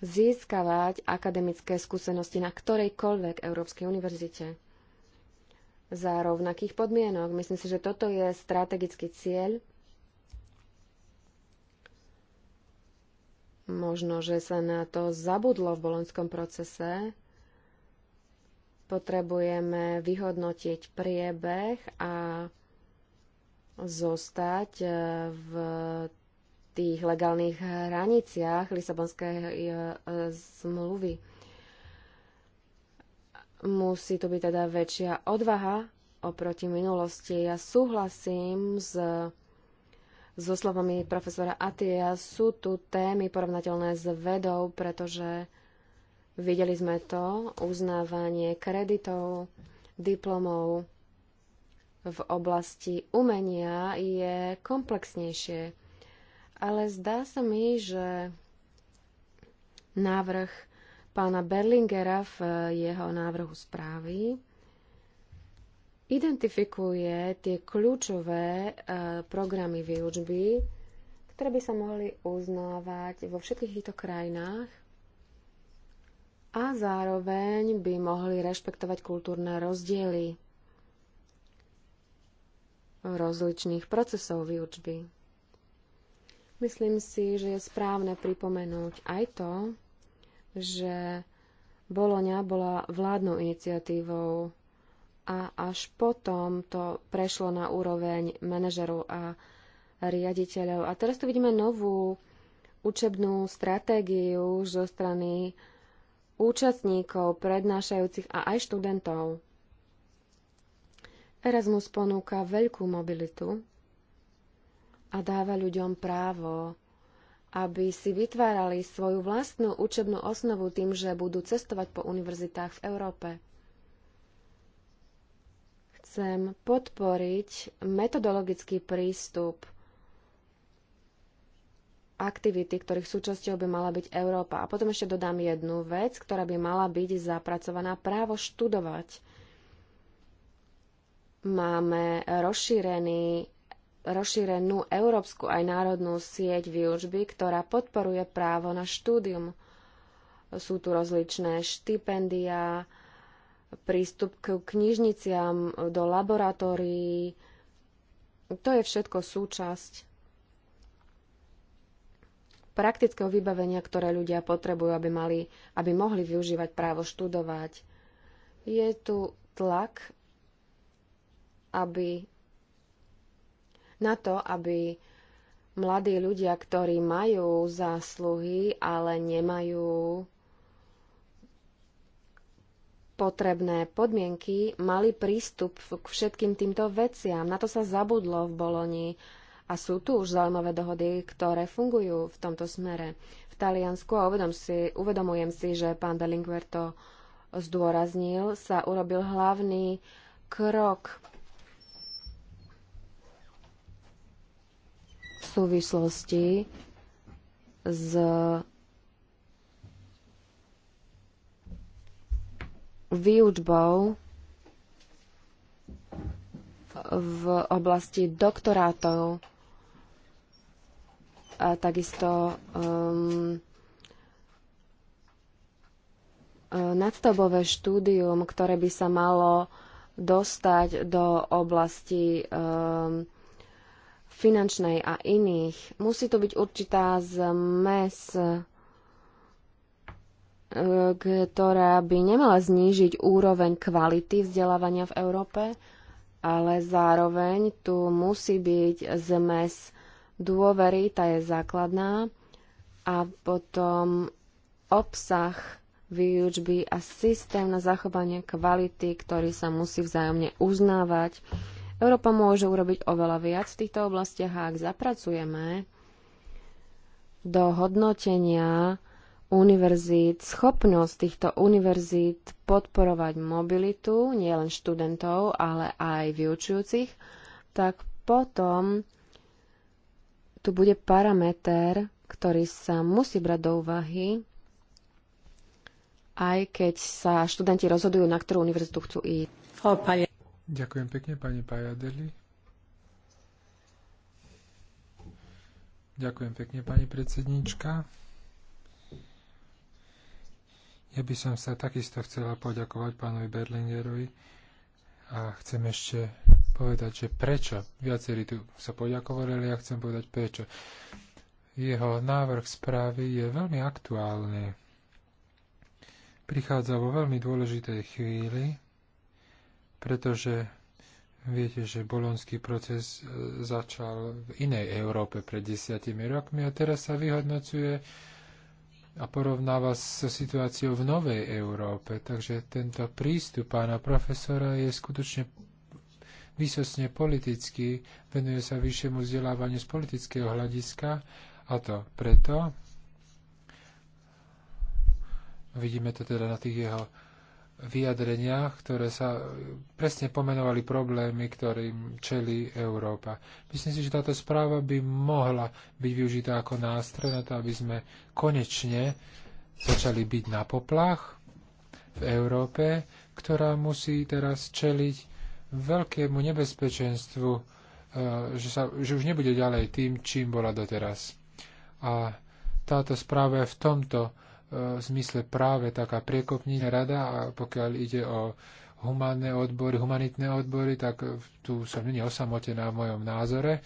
získavať akademické skúsenosti na ktorejkoľvek európskej univerzite za rovnakých podmienok. Myslím si, že toto je strategický cieľ. Možno, že sa na to zabudlo v bolonskom procese, Potrebujeme vyhodnotiť priebeh a zostať e, v tých legálnych hraniciach Lisabonskej e, e, zmluvy. Musí to byť teda väčšia odvaha oproti minulosti. Ja súhlasím s so slovami profesora Atia. Sú tu témy porovnateľné s vedou, pretože Videli sme to, uznávanie kreditov, diplomov v oblasti umenia je komplexnejšie. Ale zdá sa mi, že návrh pána Berlingera v jeho návrhu správy identifikuje tie kľúčové e, programy výučby, ktoré by sa mohli uznávať vo všetkých týchto krajinách a zároveň by mohli rešpektovať kultúrne rozdiely rozličných procesov výučby. Myslím si, že je správne pripomenúť aj to, že Boloňa bola vládnou iniciatívou a až potom to prešlo na úroveň manažerov a riaditeľov. A teraz tu vidíme novú učebnú stratégiu zo strany účastníkov, prednášajúcich a aj študentov. Erasmus ponúka veľkú mobilitu a dáva ľuďom právo, aby si vytvárali svoju vlastnú učebnú osnovu tým, že budú cestovať po univerzitách v Európe. Chcem podporiť metodologický prístup – aktivity, ktorých súčasťou by mala byť Európa. A potom ešte dodám jednu vec, ktorá by mala byť zapracovaná právo študovať. Máme rozšírený rozšírenú európsku aj národnú sieť výučby, ktorá podporuje právo na štúdium. Sú tu rozličné štipendia, prístup k knižniciam, do laboratórií. To je všetko súčasť praktického vybavenia, ktoré ľudia potrebujú, aby, mali, aby mohli využívať právo študovať. Je tu tlak aby, na to, aby mladí ľudia, ktorí majú zásluhy, ale nemajú potrebné podmienky, mali prístup k všetkým týmto veciam. Na to sa zabudlo v Boloni a sú tu už zaujímavé dohody, ktoré fungujú v tomto smere v Taliansku a uvedom si, uvedomujem si, že pán Delinguer to zdôraznil, sa urobil hlavný krok v súvislosti s výučbou v oblasti doktorátov a takisto um, e, nadstavové štúdium, ktoré by sa malo dostať do oblasti um, finančnej a iných. Musí to byť určitá zmes, e, ktorá by nemala znížiť úroveň kvality vzdelávania v Európe, ale zároveň tu musí byť zmes dôvery, tá je základná, a potom obsah výučby a systém na zachovanie kvality, ktorý sa musí vzájomne uznávať. Európa môže urobiť oveľa viac v týchto oblastiach a ak zapracujeme do hodnotenia univerzít, schopnosť týchto univerzít podporovať mobilitu nielen študentov, ale aj vyučujúcich, tak potom tu bude parameter, ktorý sa musí brať do úvahy, aj keď sa študenti rozhodujú, na ktorú univerzitu chcú ísť. Ďakujem pekne, pani Pajadeli. Ďakujem pekne, pani predsednička. Ja by som sa takisto chcela poďakovať pánovi Berlingerovi a chcem ešte povedať, že prečo. Viacerí tu sa poďakovali, ale ja chcem povedať prečo. Jeho návrh správy je veľmi aktuálny. Prichádza vo veľmi dôležitej chvíli, pretože viete, že bolonský proces e, začal v inej Európe pred desiatimi rokmi a teraz sa vyhodnocuje a porovnáva so situáciou v Novej Európe. Takže tento prístup pána profesora je skutočne výsostne politicky, venuje sa vyššiemu vzdelávaniu z politického hľadiska a to preto, vidíme to teda na tých jeho vyjadreniach, ktoré sa presne pomenovali problémy, ktorým čelí Európa. Myslím si, že táto správa by mohla byť využitá ako nástroj na to, aby sme konečne začali byť na poplach v Európe, ktorá musí teraz čeliť veľkému nebezpečenstvu, e, že, sa, že už nebude ďalej tým, čím bola doteraz. A táto správa je v tomto e, zmysle práve taká priekopníka rada a pokiaľ ide o humánne odbory, humanitné odbory, tak tu som nie osamotená v mojom názore.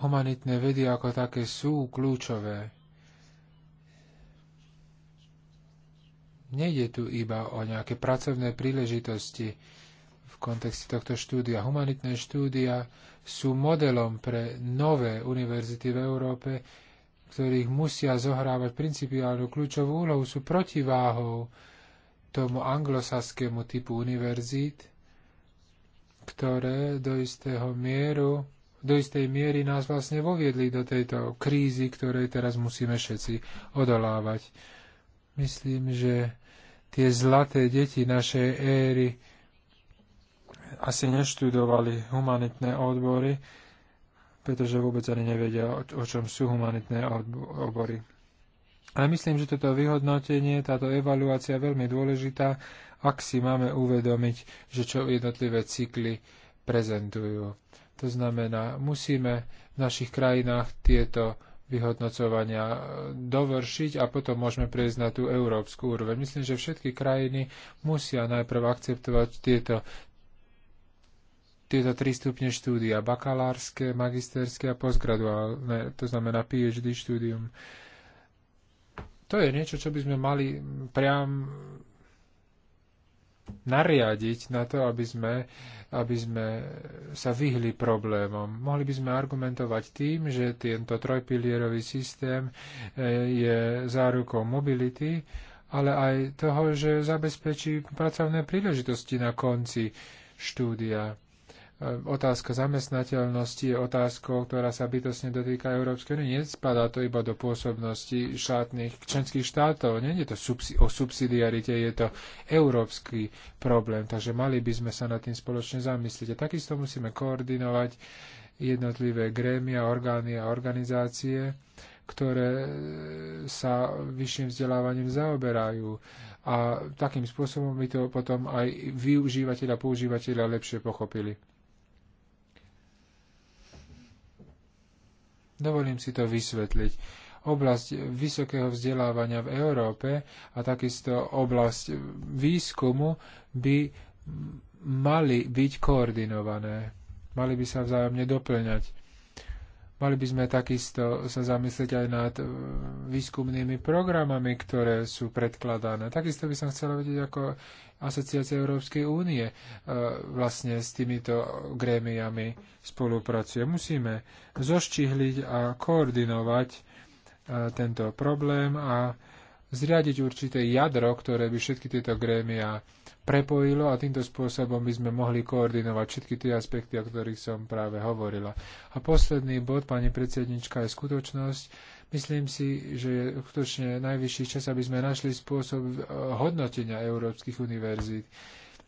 Humanitné vedy ako také sú kľúčové Nejde tu iba o nejaké pracovné príležitosti v kontexte tohto štúdia. Humanitné štúdia sú modelom pre nové univerzity v Európe, ktorých musia zohrávať principiálnu kľúčovú úlohu, sú protiváhou tomu anglosaskému typu univerzít, ktoré do istého mieru do istej miery nás vlastne voviedli do tejto krízy, ktorej teraz musíme všetci odolávať. Myslím, že tie zlaté deti našej éry asi neštudovali humanitné odbory, pretože vôbec ani nevedia, o čom sú humanitné odbory. Ale myslím, že toto vyhodnotenie, táto evaluácia je veľmi dôležitá, ak si máme uvedomiť, že čo jednotlivé cykly prezentujú. To znamená, musíme v našich krajinách tieto vyhodnocovania e, dovršiť a potom môžeme prejsť na tú európsku úroveň. Myslím, že všetky krajiny musia najprv akceptovať tieto tieto tri stupne štúdia, bakalárske, magisterské a postgraduálne, to znamená PhD štúdium. To je niečo, čo by sme mali priam nariadiť na to, aby sme, aby sme sa vyhli problémom. Mohli by sme argumentovať tým, že tento trojpilierový systém e, je zárukou mobility, ale aj toho, že zabezpečí pracovné príležitosti na konci štúdia otázka zamestnateľnosti je otázkou, ktorá sa bytosne dotýka Európskej únie. Nespadá to iba do pôsobnosti štátnych členských štátov. Nie je to subsi- o subsidiarite, je to európsky problém. Takže mali by sme sa nad tým spoločne zamyslieť. A takisto musíme koordinovať jednotlivé grémia, orgány a organizácie, ktoré sa vyšším vzdelávaním zaoberajú a takým spôsobom by to potom aj využívateľa a používateľa lepšie pochopili. Dovolím si to vysvetliť. Oblasť vysokého vzdelávania v Európe a takisto oblasť výskumu by mali byť koordinované. Mali by sa vzájomne doplňať. Mali by sme takisto sa zamyslieť aj nad e, výskumnými programami, ktoré sú predkladané. Takisto by som chcela vedieť, ako Asociácia Európskej únie e, vlastne s týmito grémiami spolupracuje. Musíme zoštihliť a koordinovať e, tento problém a zriadiť určité jadro, ktoré by všetky tieto grémia prepojilo a týmto spôsobom by sme mohli koordinovať všetky tie aspekty, o ktorých som práve hovorila. A posledný bod, pani predsednička, je skutočnosť, Myslím si, že je skutočne najvyšší čas, aby sme našli spôsob hodnotenia európskych univerzít.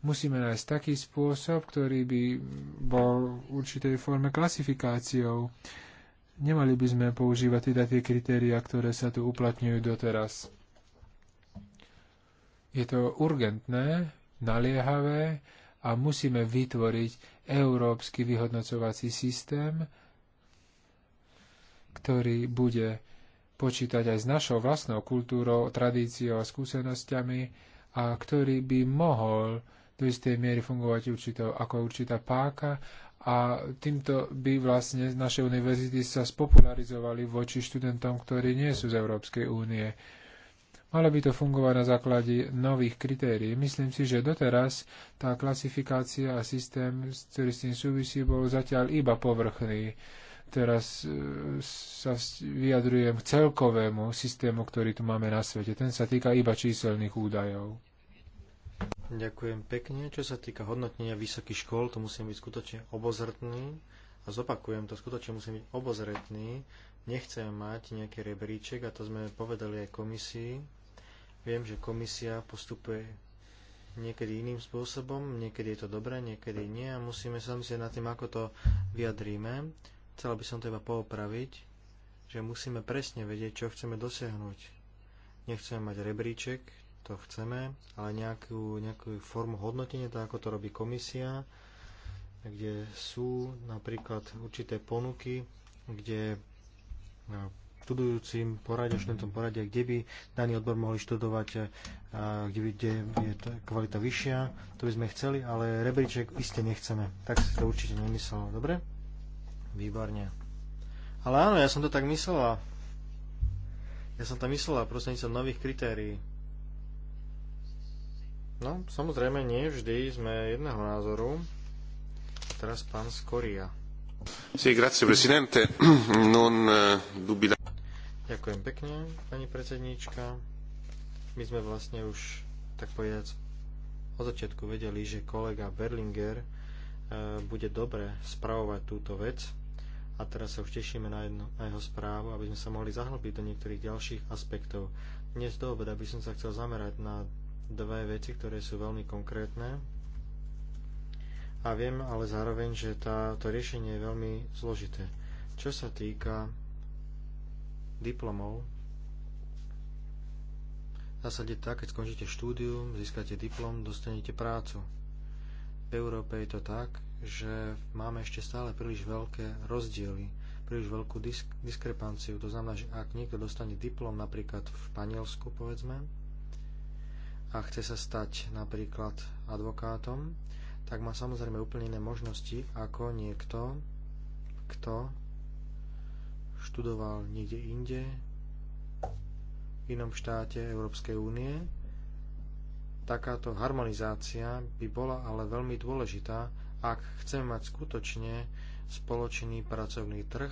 Musíme nájsť taký spôsob, ktorý by bol v určitej forme klasifikáciou. Nemali by sme používať teda tie kritéria, ktoré sa tu uplatňujú doteraz. Je to urgentné, naliehavé a musíme vytvoriť európsky vyhodnocovací systém, ktorý bude počítať aj s našou vlastnou kultúrou, tradíciou a skúsenosťami, a ktorý by mohol do istej miery fungovať určito, ako určitá páka a týmto by vlastne naše univerzity sa spopularizovali voči študentom, ktorí nie sú z Európskej únie. Malo by to fungovať na základe nových kritérií. Myslím si, že doteraz tá klasifikácia a systém, ktorý s tým súvisí, bol zatiaľ iba povrchný teraz e, sa vyjadrujem k celkovému systému, ktorý tu máme na svete. Ten sa týka iba číselných údajov. Ďakujem pekne. Čo sa týka hodnotenia vysokých škôl, to musím byť skutočne obozretný. A zopakujem to, skutočne musím byť obozretný. Nechcem mať nejaký rebríček a to sme povedali aj komisii. Viem, že komisia postupuje niekedy iným spôsobom, niekedy je to dobré, niekedy nie a musíme sa myslieť nad tým, ako to vyjadríme. Chcela by som to iba poopraviť, že musíme presne vedieť, čo chceme dosiahnuť. Nechceme mať rebríček, to chceme, ale nejakú, nejakú formu hodnotenia, tak ako to robí komisia, kde sú napríklad určité ponuky, kde no, študujúcim poradia, študentom poradia, kde by daný odbor mohli študovať, kde, by, kde je kvalita vyššia. To by sme chceli, ale rebríček iste nechceme. Tak si to určite nemyslel. Dobre? Výborne. Ale áno, ja som to tak myslela. Ja som to myslela prostredníctvom nových kritérií. No, samozrejme, nie vždy sme jedného názoru. Teraz pán Skoria. Sí, grazie, presidente. Non eh, dubida. Ďakujem pekne, pani predsedníčka. My sme vlastne už, tak povedať, od začiatku vedeli, že kolega Berlinger eh, bude dobre spravovať túto vec a teraz sa už tešíme na, jedno, na jeho správu, aby sme sa mohli zahlbiť do niektorých ďalších aspektov. Dnes do obeda by som sa chcel zamerať na dve veci, ktoré sú veľmi konkrétne. A viem ale zároveň, že tá, to riešenie je veľmi zložité. Čo sa týka diplomov, v zásade tak, keď skončíte štúdium, získate diplom, dostanete prácu. V Európe je to tak, že máme ešte stále príliš veľké rozdiely, príliš veľkú disk- diskrepanciu. To znamená, že ak niekto dostane diplom napríklad v Španielsku, povedzme, a chce sa stať napríklad advokátom, tak má samozrejme úplne iné možnosti ako niekto, kto študoval niekde inde, v inom štáte Európskej únie. Takáto harmonizácia by bola ale veľmi dôležitá ak chceme mať skutočne spoločný pracovný trh,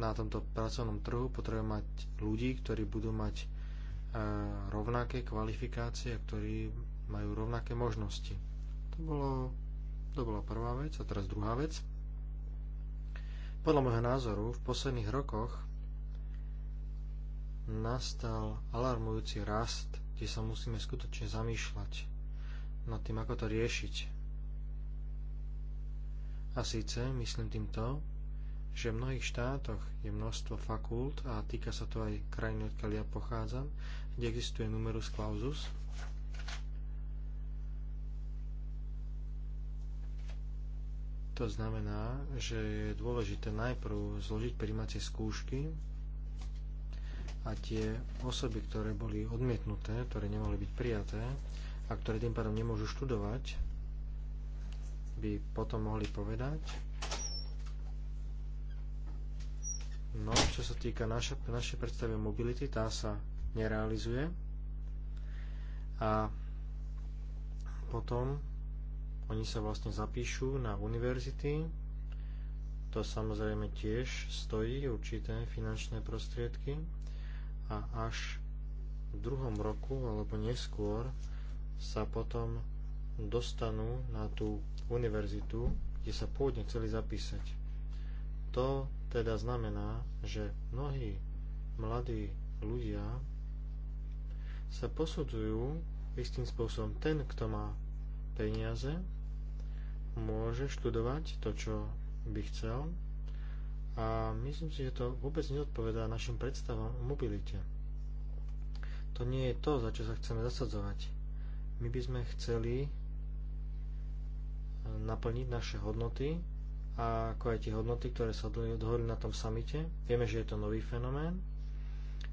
na tomto pracovnom trhu potrebujeme mať ľudí, ktorí budú mať e, rovnaké kvalifikácie, ktorí majú rovnaké možnosti. To, bolo, to bola prvá vec a teraz druhá vec. Podľa môjho názoru v posledných rokoch nastal alarmujúci rast, kde sa musíme skutočne zamýšľať nad tým, ako to riešiť. A síce myslím týmto, že v mnohých štátoch je množstvo fakult a týka sa to aj krajiny, odkiaľ ja pochádzam, kde existuje numerus clausus. To znamená, že je dôležité najprv zložiť príjmacie skúšky, a tie osoby, ktoré boli odmietnuté, ktoré nemohli byť prijaté a ktoré tým pádom nemôžu študovať, by potom mohli povedať. No, čo sa týka naša, našej predstavy mobility, tá sa nerealizuje. A potom oni sa vlastne zapíšu na univerzity. To samozrejme tiež stojí určité finančné prostriedky. A až v druhom roku alebo neskôr sa potom dostanú na tú univerzitu, kde sa pôvodne chceli zapísať. To teda znamená, že mnohí mladí ľudia sa posudzujú istým spôsobom. Ten, kto má peniaze, môže študovať to, čo by chcel a myslím si, že to vôbec neodpovedá našim predstavám o mobilite. To nie je to, za čo sa chceme zasadzovať. My by sme chceli naplniť naše hodnoty, a ako aj tie hodnoty, ktoré sa dohodli na tom samite. Vieme, že je to nový fenomén,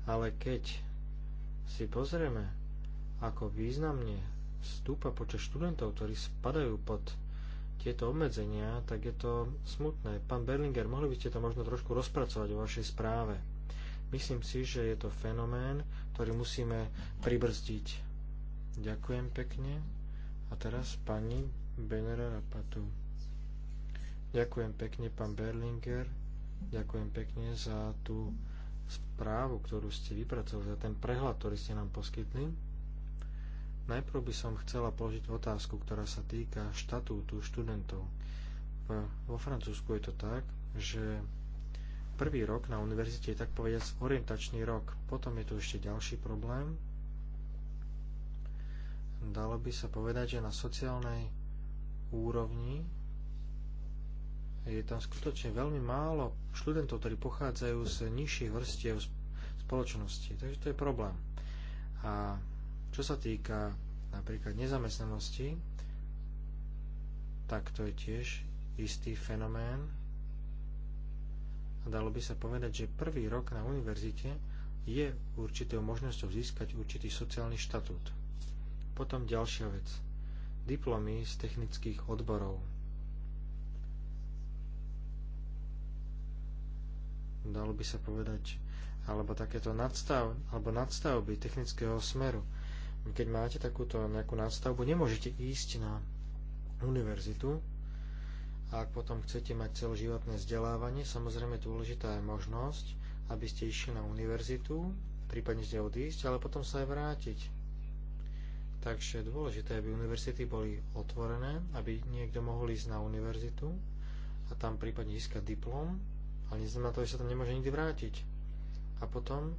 ale keď si pozrieme, ako významne vstúpa počet študentov, ktorí spadajú pod tieto obmedzenia, tak je to smutné. Pán Berlinger, mohli by ste to možno trošku rozpracovať o vašej správe. Myslím si, že je to fenomén, ktorý musíme pribrzdiť. Ďakujem pekne. A teraz pani Benera a Patu. Ďakujem pekne, pán Berlinger. Ďakujem pekne za tú správu, ktorú ste vypracovali, za ten prehľad, ktorý ste nám poskytli. Najprv by som chcela položiť otázku, ktorá sa týka štatútu študentov. Vo Francúzsku je to tak, že prvý rok na univerzite je tak povediať orientačný rok. Potom je tu ešte ďalší problém. Dalo by sa povedať, že na sociálnej úrovni je tam skutočne veľmi málo študentov, ktorí pochádzajú z nižších vrstiev spoločnosti. Takže to je problém. A čo sa týka napríklad nezamestnanosti, tak to je tiež istý fenomén. A dalo by sa povedať, že prvý rok na univerzite je určitou možnosťou získať určitý sociálny štatút. Potom ďalšia vec – diplomy z technických odborov. Dalo by sa povedať, alebo takéto nadstav, alebo nadstavby technického smeru. Keď máte takúto nejakú nadstavbu, nemôžete ísť na univerzitu, a ak potom chcete mať celoživotné vzdelávanie, samozrejme dôležitá je možnosť, aby ste išli na univerzitu, prípadne ste odísť, ale potom sa aj vrátiť. Takže dôležité, aby univerzity boli otvorené, aby niekto mohol ísť na univerzitu a tam prípadne získať diplom, ale neznamená to, že sa tam nemôže nikdy vrátiť. A potom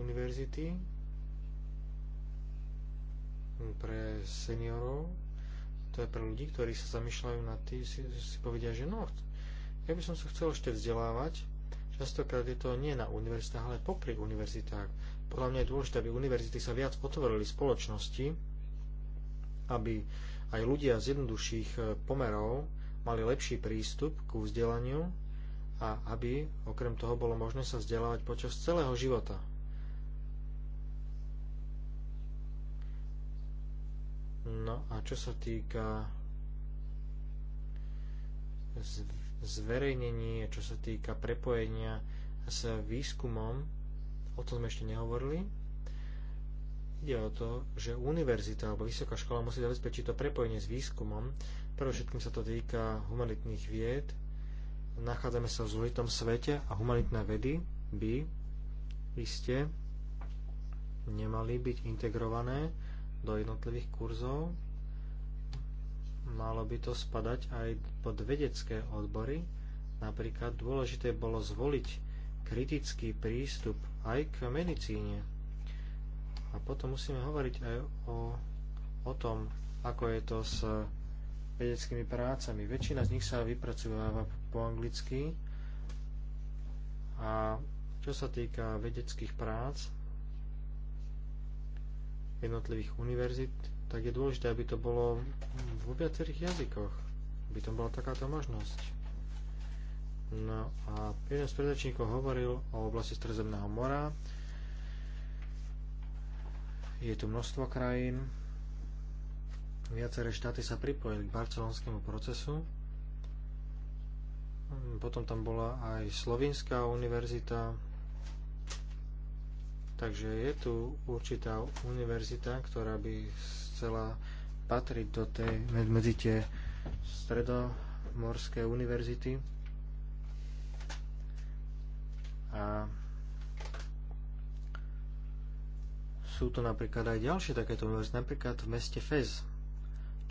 univerzity pre seniorov, to je pre ľudí, ktorí sa zamýšľajú nad tým, si, si povedia, že no, ja by som sa chcel ešte vzdelávať, častokrát je to nie na univerzitách, ale popri univerzitách podľa mňa je dôležité, aby univerzity sa viac otvorili spoločnosti, aby aj ľudia z jednoduchších eh, pomerov mali lepší prístup ku vzdelaniu a aby okrem toho bolo možné sa vzdelávať počas celého života. No a čo sa týka zverejnení, čo sa týka prepojenia s výskumom, o tom sme ešte nehovorili. Ide o to, že univerzita alebo vysoká škola musí zabezpečiť to prepojenie s výskumom. prvo všetkým sa to týka humanitných vied. Nachádzame sa v zlitom svete a humanitné vedy by iste nemali byť integrované do jednotlivých kurzov. Malo by to spadať aj pod vedecké odbory. Napríklad dôležité bolo zvoliť kritický prístup aj k medicíne. A potom musíme hovoriť aj o, o tom, ako je to s vedeckými prácami. Väčšina z nich sa vypracováva po anglicky a čo sa týka vedeckých prác jednotlivých univerzit, tak je dôležité, aby to bolo v viacerých jazykoch, aby to bola takáto možnosť. No a jeden z predrečníkov hovoril o oblasti Stredozemného mora. Je tu množstvo krajín. Viaceré štáty sa pripojili k barcelonskému procesu. Potom tam bola aj Slovinská univerzita. Takže je tu určitá univerzita, ktorá by chcela patriť do tej, medzi tie stredomorské univerzity a sú to napríklad aj ďalšie takéto univerzity, napríklad v meste Fez.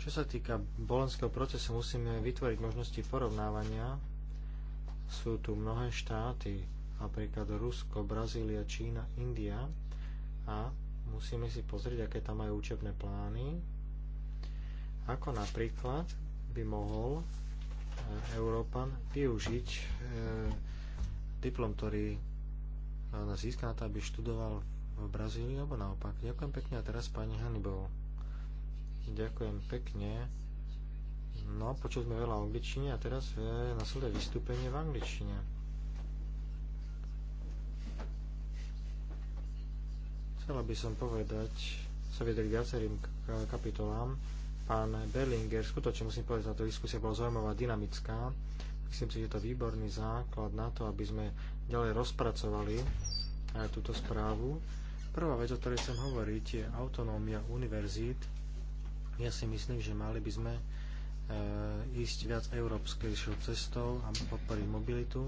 Čo sa týka bolenského procesu, musíme vytvoriť možnosti porovnávania. Sú tu mnohé štáty, napríklad Rusko, Brazília, Čína, India a musíme si pozrieť, aké tam majú učebné plány. Ako napríklad by mohol eh, Európan využiť e, diplom, ktorý e, nás získa na to, aby študoval v Brazílii alebo naopak. Ďakujem pekne a teraz pani Hannibal. Ďakujem pekne. No, počuli sme veľa o angličtine a teraz je nasleduje vystúpenie v angličtine. Chcela by som povedať, sa vedeli viacerým kapitolám, pán Berlinger, skutočne musím povedať, táto diskusia bola zaujímavá, dynamická. Myslím si, že je to výborný základ na to, aby sme ďalej rozpracovali aj eh, túto správu. Prvá vec, o ktorej chcem hovoriť, je autonómia univerzít. Ja si myslím, že mali by sme e, ísť viac európskejšou cestou a podporiť mobilitu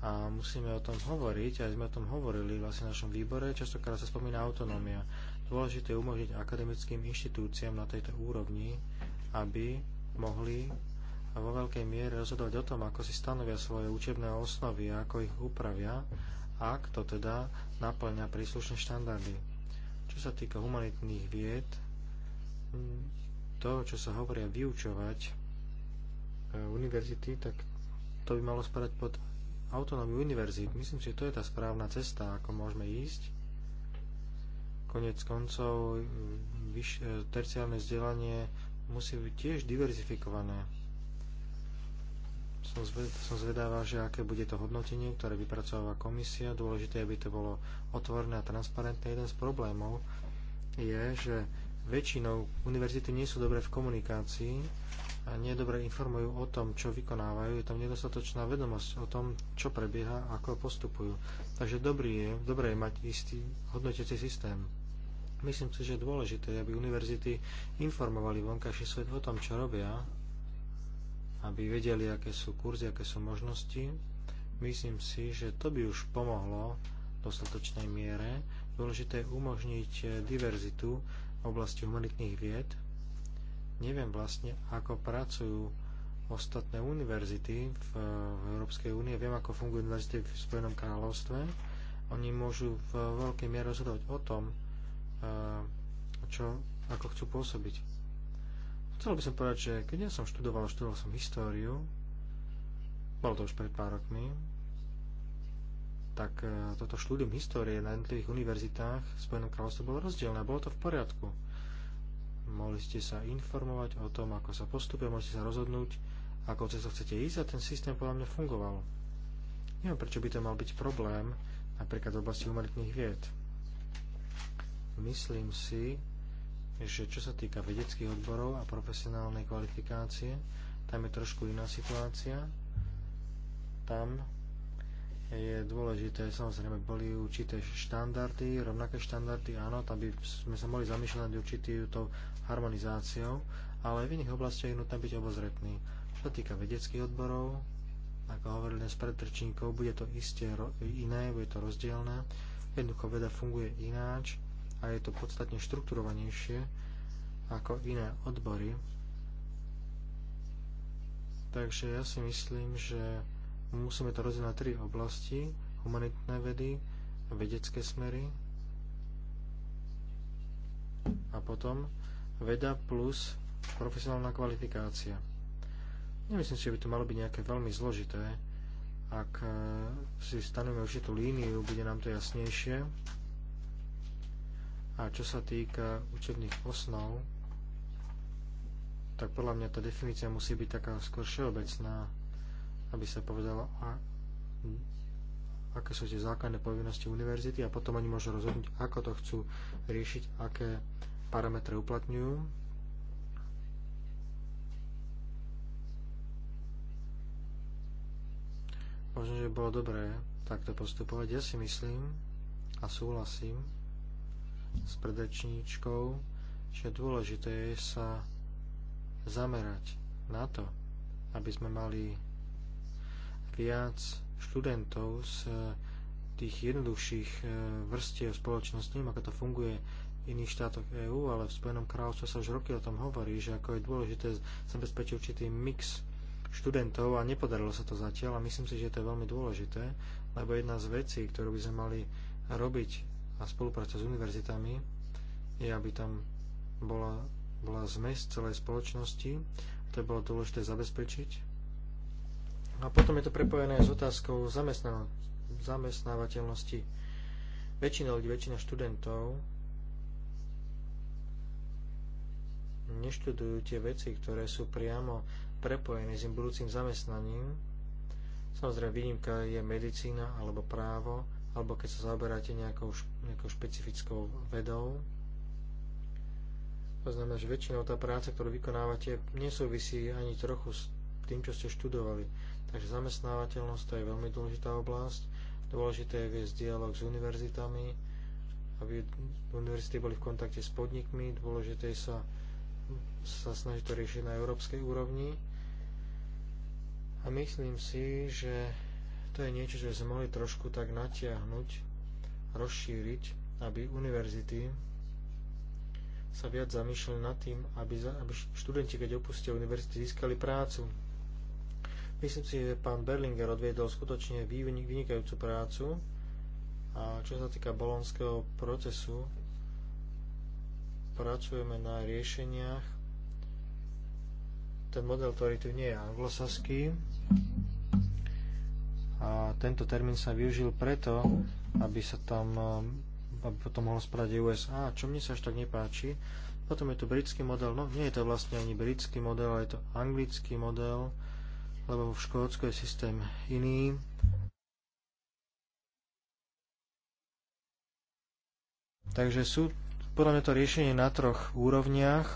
a musíme o tom hovoriť, aj sme o tom hovorili vlastne v našom výbore, častokrát sa spomína autonómia. Dôležité je umožniť akademickým inštitúciám na tejto úrovni, aby mohli a vo veľkej miere rozhodovať o tom, ako si stanovia svoje učebné osnovy a ako ich upravia, ak to teda naplňa príslušné štandardy. Čo sa týka humanitných vied, to, čo sa hovoria vyučovať e, univerzity, tak to by malo spadať pod autonómiu univerzít. Myslím si, že to je tá správna cesta, ako môžeme ísť. Konec koncov, e, terciálne vzdelanie musí byť tiež diverzifikované som, zved, som zvedavá, že aké bude to hodnotenie, ktoré vypracováva komisia. Dôležité, aby to bolo otvorené a transparentné. Jeden z problémov je, že väčšinou univerzity nie sú dobre v komunikácii a nedobre informujú o tom, čo vykonávajú. Je tam nedostatočná vedomosť o tom, čo prebieha a ako postupujú. Takže dobrý je, dobré je mať istý hodnotiaci systém. Myslím si, že je dôležité, aby univerzity informovali vonkajší svet o tom, čo robia aby vedeli, aké sú kurzy, aké sú možnosti. Myslím si, že to by už pomohlo v dostatočnej miere. Dôležité je umožniť diverzitu v oblasti humanitných vied. Neviem vlastne, ako pracujú ostatné univerzity v, Európskej únie. Viem, ako fungujú univerzity v Spojenom kráľovstve. Oni môžu v veľkej miere rozhodovať o tom, eh, čo, ako chcú pôsobiť. Chcel by som povedať, že keď ja som študoval, študoval som históriu, bolo to už pred pár rokmi, tak e, toto štúdium histórie na jednotlivých univerzitách v Spojenom kráľovstve bolo rozdielne a bolo to v poriadku. Mohli ste sa informovať o tom, ako sa postupuje, mohli ste sa rozhodnúť, ako to chcete ísť a ten systém podľa mňa fungoval. Neviem, prečo by to mal byť problém, napríklad v oblasti humanitných vied. Myslím si, že čo sa týka vedeckých odborov a profesionálnej kvalifikácie, tam je trošku iná situácia. Tam je dôležité, samozrejme, boli určité štandardy, rovnaké štandardy, áno, tam by sme sa mohli zamýšľať nad určitou harmonizáciou, ale v iných oblastiach je nutné byť obozretný. Čo sa týka vedeckých odborov, ako hovorili dnes predtrčníkov, bude to isté iné, bude to rozdielne. Jednoducho veda funguje ináč, a je to podstatne štrukturovanejšie ako iné odbory. Takže ja si myslím, že musíme to rozdeliť na tri oblasti. Humanitné vedy, vedecké smery a potom veda plus profesionálna kvalifikácia. Nemyslím si, že by to malo byť nejaké veľmi zložité. Ak eh, si stanovíme určitú líniu, bude nám to jasnejšie. A čo sa týka učebných osnov, tak podľa mňa tá definícia musí byť taká skôr všeobecná, aby sa povedalo, a, aké sú tie základné povinnosti univerzity a potom oni môžu rozhodnúť, ako to chcú riešiť, aké parametre uplatňujú. Možno, že bolo dobré takto postupovať. Ja si myslím a súhlasím, s predrečníčkou, že dôležité je sa zamerať na to, aby sme mali viac študentov z tých jednoduchších e, vrstiev spoločnosti, ako to funguje v iných štátoch EÚ, ale v Spojenom kráľovstve sa už roky o tom hovorí, že ako je dôležité zabezpečiť určitý mix študentov a nepodarilo sa to zatiaľ a myslím si, že to je veľmi dôležité, lebo jedna z vecí, ktorú by sme mali robiť a spolupráca s univerzitami je, aby tam bola, bola zmes celej spoločnosti. To je bolo dôležité zabezpečiť. A potom je to prepojené s otázkou zamestnávateľnosti. Väčšina ľudí, väčšina študentov neštudujú tie veci, ktoré sú priamo prepojené s im budúcim zamestnaním. Samozrejme, výnimka je medicína alebo právo, alebo keď sa zaoberáte nejakou, nejakou špecifickou vedou. To znamená, že väčšinou tá práca, ktorú vykonávate, nesúvisí ani trochu s tým, čo ste študovali. Takže zamestnávateľnosť to je veľmi dôležitá oblasť. Dôležité je viesť dialog s univerzitami, aby univerzity boli v kontakte s podnikmi, dôležité je sa, sa snažiť to riešiť na európskej úrovni. A myslím si, že to je niečo, čo sme mohli trošku tak natiahnuť, rozšíriť, aby univerzity sa viac zamýšľali nad tým, aby, za, aby študenti, keď opustia univerzity, získali prácu. Myslím si, že pán Berlinger odviedol skutočne vynikajúcu prácu a čo sa týka bolonského procesu, pracujeme na riešeniach. Ten model, ktorý tu nie je anglosaský, a tento termín sa využil preto, aby sa tam e, aby potom mohol spravať USA, čo mne sa až tak nepáči. Potom je tu britský model, no nie je to vlastne ani britský model, ale je to anglický model, lebo v Škótsku je systém iný. Takže sú podľa mňa to riešenie na troch úrovniach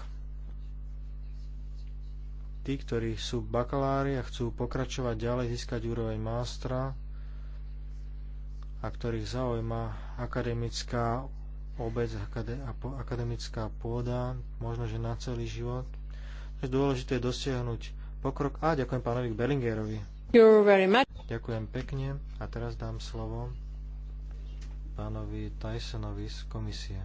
tí, ktorí sú bakalári a chcú pokračovať ďalej, získať úroveň mástra a ktorých zaujíma akademická obec, akademická pôda, možno, že na celý život. Takže dôležité je dosiahnuť pokrok. A ďakujem pánovi Bellingerovi. Ďakujem pekne a teraz dám slovo pánovi Tysonovi z komisie.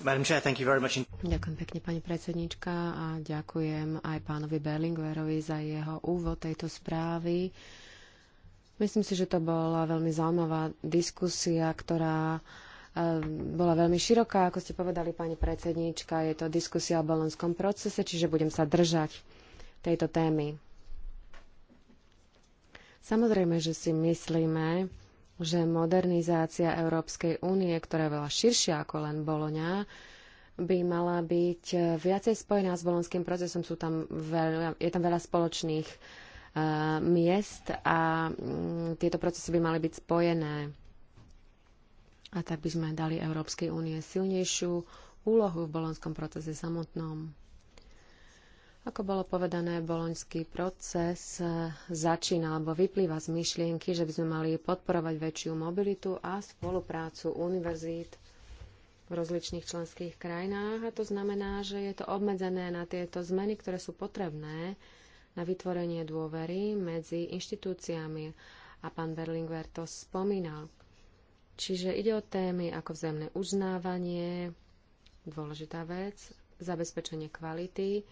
Ďakujem pekne, pani predsednička, a ďakujem aj pánovi Berlinguerovi za jeho úvod tejto správy. Myslím si, že to bola veľmi zaujímavá diskusia, ktorá e, bola veľmi široká, ako ste povedali, pani predsedníčka. Je to diskusia o bolonskom procese, čiže budem sa držať tejto témy. Samozrejme, že si myslíme, že modernizácia Európskej únie, ktorá je veľa širšia ako len Boloňa, by mala byť viacej spojená s bolonským procesom. Sú tam veľa, je tam veľa spoločných uh, miest a um, tieto procesy by mali byť spojené. A tak by sme dali Európskej únie silnejšiu úlohu v bolonskom procese samotnom. Ako bolo povedané, boloňský proces e, začína alebo vyplýva z myšlienky, že by sme mali podporovať väčšiu mobilitu a spoluprácu univerzít v rozličných členských krajinách. A to znamená, že je to obmedzené na tieto zmeny, ktoré sú potrebné na vytvorenie dôvery medzi inštitúciami. A pán Berlinguer to spomínal. Čiže ide o témy ako vzájomné uznávanie, dôležitá vec, zabezpečenie kvality,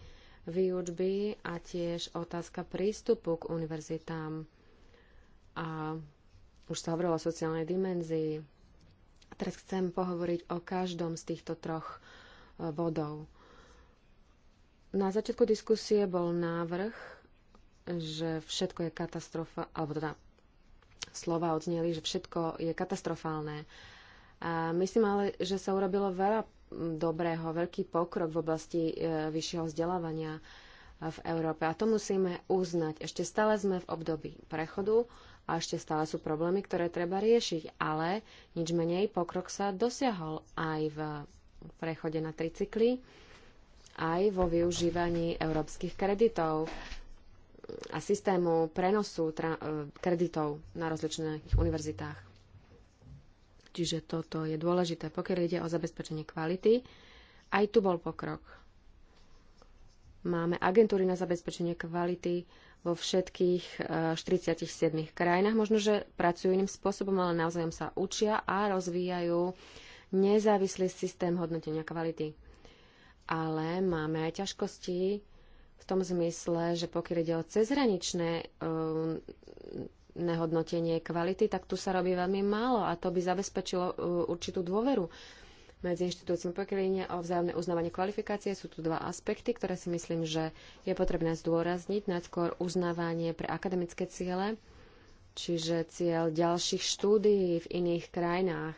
výučby a tiež otázka prístupu k univerzitám. A už sa hovorilo o sociálnej dimenzii. A teraz chcem pohovoriť o každom z týchto troch e, bodov. Na začiatku diskusie bol návrh, že všetko je katastrofa, alebo teda slova odzneli, že všetko je katastrofálne. A myslím ale, že sa urobilo veľa dobrého, veľký pokrok v oblasti e, vyššieho vzdelávania e, v Európe. A to musíme uznať. Ešte stále sme v období prechodu a ešte stále sú problémy, ktoré treba riešiť. Ale nič menej pokrok sa dosiahol aj v prechode na tricykly, aj vo využívaní európskych kreditov a systému prenosu e, kreditov na rozličných univerzitách. Čiže toto je dôležité. Pokiaľ ide o zabezpečenie kvality, aj tu bol pokrok. Máme agentúry na zabezpečenie kvality vo všetkých 47 eh, krajinách. Možno, že pracujú iným spôsobom, ale naozaj sa učia a rozvíjajú nezávislý systém hodnotenia kvality. Ale máme aj ťažkosti v tom zmysle, že pokiaľ ide o cezhraničné eh, nehodnotenie kvality, tak tu sa robí veľmi málo a to by zabezpečilo uh, určitú dôveru medzi inštitúciami. Pokiaľ ide o vzájomné uznávanie kvalifikácie, sú tu dva aspekty, ktoré si myslím, že je potrebné zdôrazniť. Najskôr uznávanie pre akademické ciele, čiže cieľ ďalších štúdií v iných krajinách.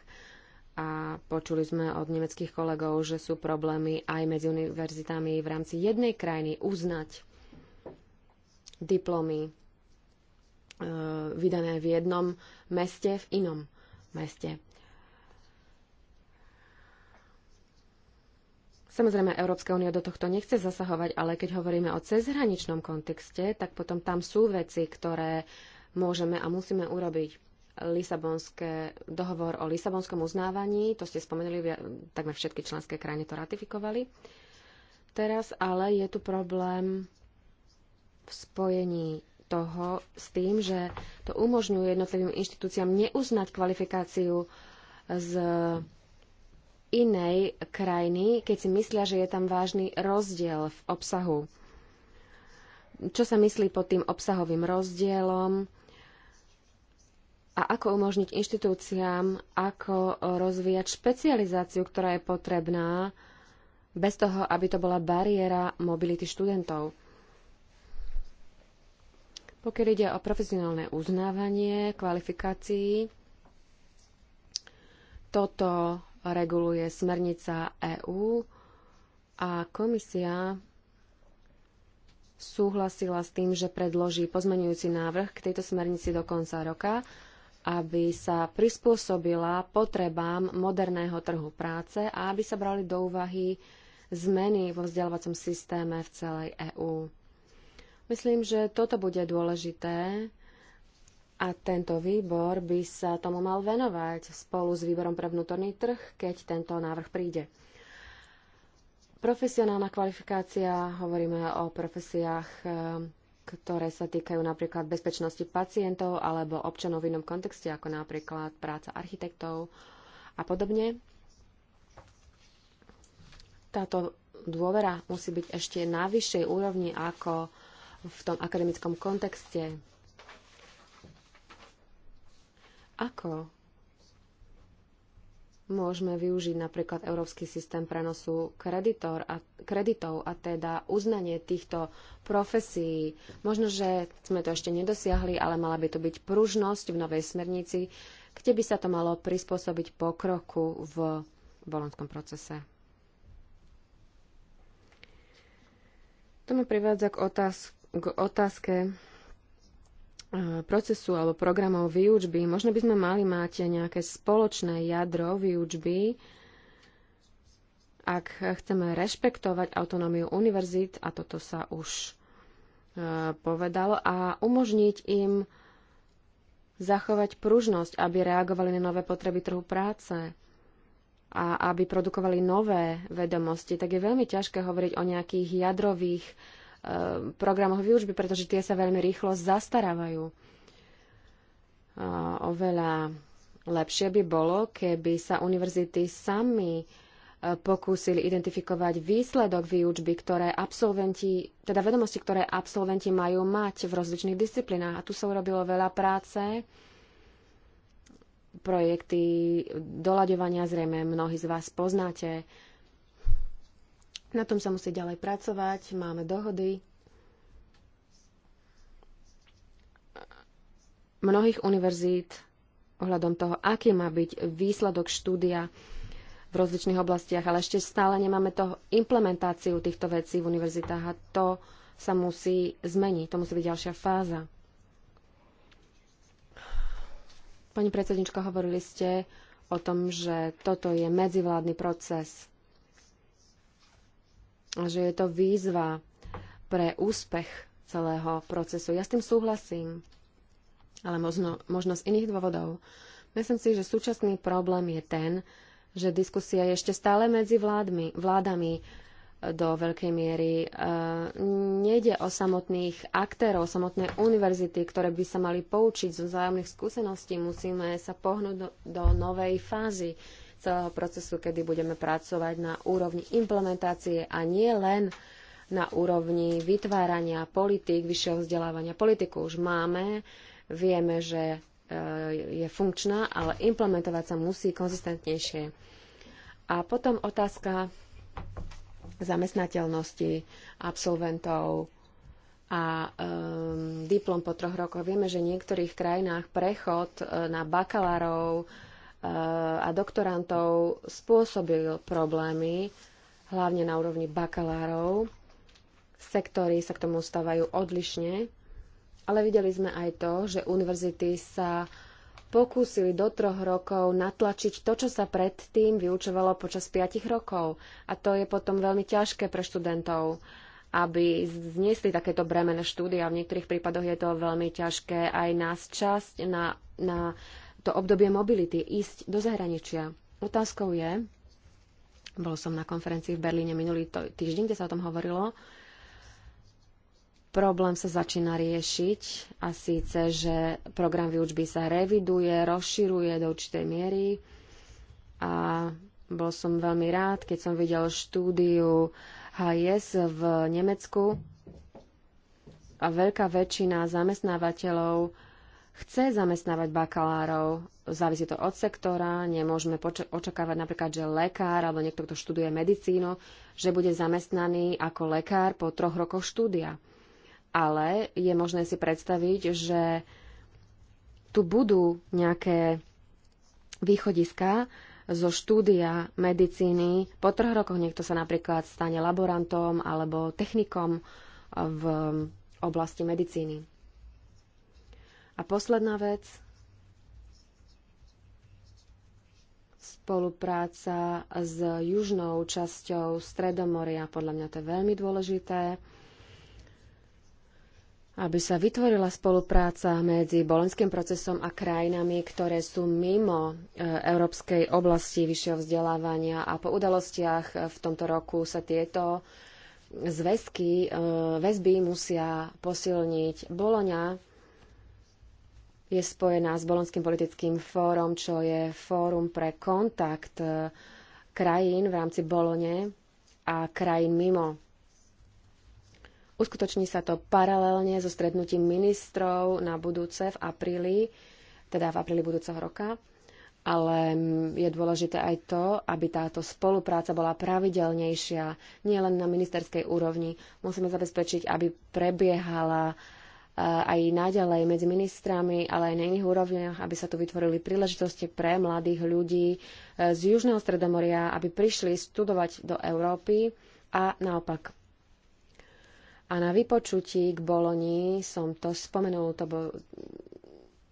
A počuli sme od nemeckých kolegov, že sú problémy aj medzi univerzitami v rámci jednej krajiny uznať diplomy E, vydané v jednom meste, v inom meste. Samozrejme, Európska únia do tohto nechce zasahovať, ale keď hovoríme o cezhraničnom kontexte, tak potom tam sú veci, ktoré môžeme a musíme urobiť. Lisabonské, dohovor o Lisabonskom uznávaní, to ste spomenuli, takmer všetky členské krajiny to ratifikovali. Teraz ale je tu problém v spojení toho s tým, že to umožňuje jednotlivým inštitúciám neuznať kvalifikáciu z inej krajiny, keď si myslia, že je tam vážny rozdiel v obsahu. Čo sa myslí pod tým obsahovým rozdielom a ako umožniť inštitúciám, ako rozvíjať špecializáciu, ktorá je potrebná, bez toho, aby to bola bariéra mobility študentov. Pokiaľ ide o profesionálne uznávanie kvalifikácií, toto reguluje smernica EÚ a komisia súhlasila s tým, že predloží pozmenujúci návrh k tejto smernici do konca roka, aby sa prispôsobila potrebám moderného trhu práce a aby sa brali do úvahy zmeny vo vzdelávacom systéme v celej EÚ. Myslím, že toto bude dôležité a tento výbor by sa tomu mal venovať spolu s výborom pre vnútorný trh, keď tento návrh príde. Profesionálna kvalifikácia, hovoríme o profesiách, eh, ktoré sa týkajú napríklad bezpečnosti pacientov alebo občanov v inom kontexte, ako napríklad práca architektov a podobne. Táto dôvera musí byť ešte na vyššej úrovni ako v tom akademickom kontexte. Ako môžeme využiť napríklad Európsky systém prenosu kreditor a, kreditov a teda uznanie týchto profesí. Možno, že sme to ešte nedosiahli, ale mala by to byť pružnosť v novej smernici, kde by sa to malo prispôsobiť pokroku v bolonskom procese. To ma privádza k otázke k otázke e, procesu alebo programov výučby. Možno by sme mali mať nejaké spoločné jadro výučby, ak chceme rešpektovať autonómiu univerzít, a toto sa už e, povedalo, a umožniť im zachovať pružnosť, aby reagovali na nové potreby trhu práce a aby produkovali nové vedomosti, tak je veľmi ťažké hovoriť o nejakých jadrových Eh, programoch výučby, pretože tie sa veľmi rýchlo zastarávajú. Eh, oveľa lepšie by bolo, keby sa univerzity sami eh, pokúsili identifikovať výsledok výučby, ktoré absolventi, teda vedomosti, ktoré absolventi majú mať v rozličných disciplinách. A tu sa urobilo veľa práce, projekty doľaďovania zrejme mnohí z vás poznáte. Na tom sa musí ďalej pracovať, máme dohody. Mnohých univerzít ohľadom toho, aký má byť výsledok štúdia v rozličných oblastiach, ale ešte stále nemáme to implementáciu týchto vecí v univerzitách a to sa musí zmeniť, to musí byť ďalšia fáza. Pani predsednička, hovorili ste o tom, že toto je medzivládny proces že je to výzva pre úspech celého procesu. Ja s tým súhlasím, ale možno, možno z iných dôvodov. Myslím si, že súčasný problém je ten, že diskusia je ešte stále medzi vládmi, vládami do veľkej miery. E, nejde o samotných aktérov, samotné univerzity, ktoré by sa mali poučiť zo vzájomných skúseností. Musíme sa pohnúť do, do novej fázy celého procesu, kedy budeme pracovať na úrovni implementácie a nie len na úrovni vytvárania politík, vyššieho vzdelávania. Politiku už máme, vieme, že e, je funkčná, ale implementovať sa musí konzistentnejšie. A potom otázka zamestnateľnosti absolventov a um, diplom po troch rokoch. Vieme, že v niektorých krajinách prechod e, na bakalárov a doktorantov spôsobil problémy, hlavne na úrovni bakalárov. Sektory sa k tomu stávajú odlišne, ale videli sme aj to, že univerzity sa pokúsili do troch rokov natlačiť to, čo sa predtým vyučovalo počas piatich rokov. A to je potom veľmi ťažké pre študentov, aby zniesli takéto bremené štúdia. V niektorých prípadoch je to veľmi ťažké aj nás časť na, na to obdobie mobility, ísť do zahraničia. Otázkou je, bol som na konferencii v Berlíne minulý týždeň, kde sa o tom hovorilo, problém sa začína riešiť a síce, že program výučby sa reviduje, rozširuje do určitej miery a bol som veľmi rád, keď som videl štúdiu HIS v Nemecku a veľká väčšina zamestnávateľov chce zamestnávať bakalárov. Závisí to od sektora. Nemôžeme očakávať napríklad, že lekár alebo niekto, kto študuje medicínu, že bude zamestnaný ako lekár po troch rokoch štúdia. Ale je možné si predstaviť, že tu budú nejaké východiska zo štúdia medicíny. Po troch rokoch niekto sa napríklad stane laborantom alebo technikom v oblasti medicíny. A posledná vec. Spolupráca s južnou časťou Stredomoria. Podľa mňa to je veľmi dôležité aby sa vytvorila spolupráca medzi bolenským procesom a krajinami, ktoré sú mimo e, európskej oblasti vyššieho vzdelávania. A po udalostiach v tomto roku sa tieto zväzky, e, väzby musia posilniť. Boloňa je spojená s Bolonským politickým fórom, čo je fórum pre kontakt e, krajín v rámci Bolone a krajín mimo. Uskutoční sa to paralelne so strednutím ministrov na budúce v apríli, teda v apríli budúceho roka. Ale je dôležité aj to, aby táto spolupráca bola pravidelnejšia, nielen na ministerskej úrovni. Musíme zabezpečiť, aby prebiehala aj naďalej medzi ministrami, ale aj na iných úrovniach, aby sa tu vytvorili príležitosti pre mladých ľudí eh, z Južného Stredomoria, aby prišli studovať do Európy a naopak. A na vypočutí k Boloni som to spomenul, to bo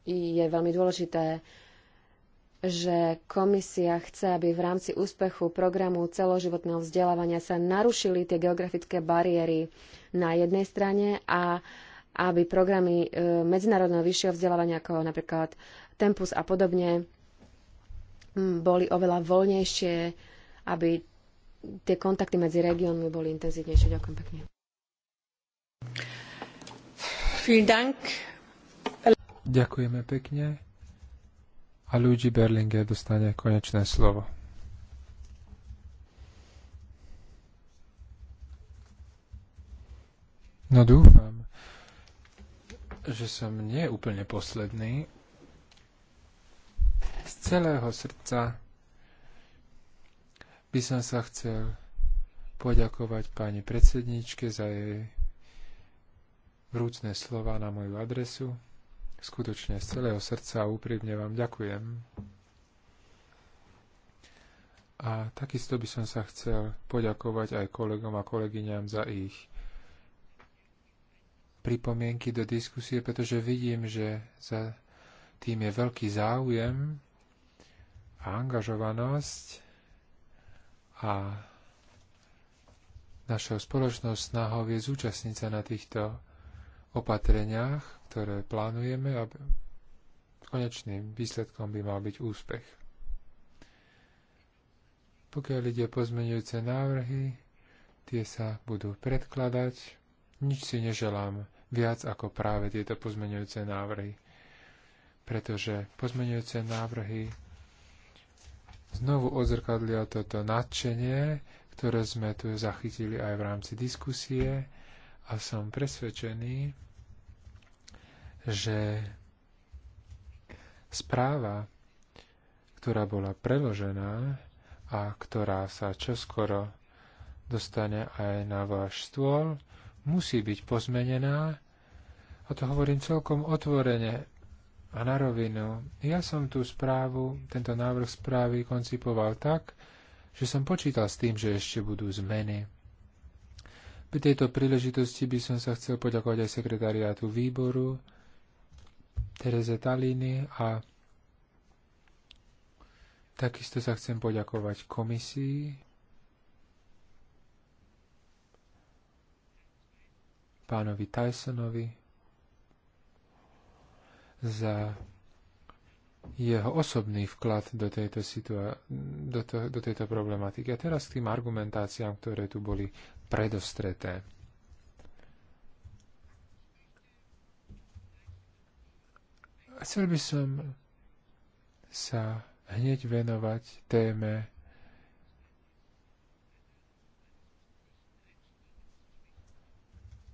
je veľmi dôležité, že komisia chce, aby v rámci úspechu programu celoživotného vzdelávania sa narušili tie geografické bariéry na jednej strane a uh, aby programy e, medzinárodného vyššieho vzdelávania ako napríklad Tempus a podobne boli oveľa voľnejšie, aby tie kontakty medzi regiónmi boli intenzívnejšie. Ďakujem pekne. Ďakujeme pekne. A Luigi Berlinger dostane konečné slovo. No dúfam, že som nie úplne posledný. Z celého srdca by som sa chcel poďakovať pani predsedničke za jej vrúcne slova na moju adresu. Skutočne z celého srdca a úprimne vám ďakujem. A takisto by som sa chcel poďakovať aj kolegom a kolegyňam za ich pripomienky do diskusie, pretože vidím, že za tým je veľký záujem a angažovanosť a našou spoločnou snahou je zúčastniť sa na týchto opatreniach, ktoré plánujeme a konečným výsledkom by mal byť úspech. Pokiaľ ide pozmenujúce návrhy, tie sa budú predkladať nič si neželám viac ako práve tieto pozmeňujúce návrhy, pretože pozmeňujúce návrhy znovu odzrkadlia toto nadšenie, ktoré sme tu zachytili aj v rámci diskusie a som presvedčený, že správa, ktorá bola preložená a ktorá sa čoskoro dostane aj na váš stôl, musí byť pozmenená a to hovorím celkom otvorene a na rovinu. Ja som tú správu, tento návrh správy koncipoval tak, že som počítal s tým, že ešte budú zmeny. Pri tejto príležitosti by som sa chcel poďakovať aj sekretariátu výboru, Tereze Taliny a takisto sa chcem poďakovať komisii, pánovi Tysonovi za jeho osobný vklad do tejto, situa- do, to- do tejto problematiky. A teraz k tým argumentáciám, ktoré tu boli predostreté. Chcel by som sa hneď venovať téme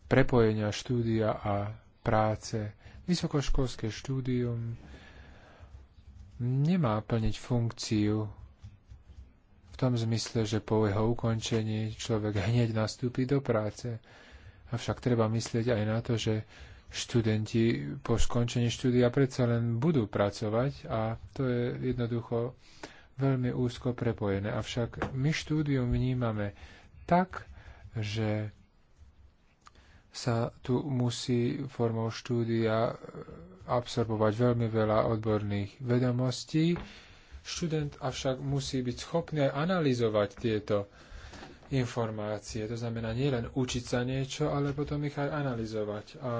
prepojenia štúdia a práce. Vysokoškolské štúdium nemá plniť funkciu v tom zmysle, že po jeho ukončení človek hneď nastúpi do práce. Avšak treba myslieť aj na to, že študenti po skončení štúdia predsa len budú pracovať a to je jednoducho veľmi úzko prepojené. Avšak my štúdium vnímame tak, že sa tu musí formou štúdia e, absorbovať veľmi veľa odborných vedomostí. Študent avšak musí byť schopný analyzovať tieto informácie. To znamená nielen učiť sa niečo, ale potom ich aj analyzovať. A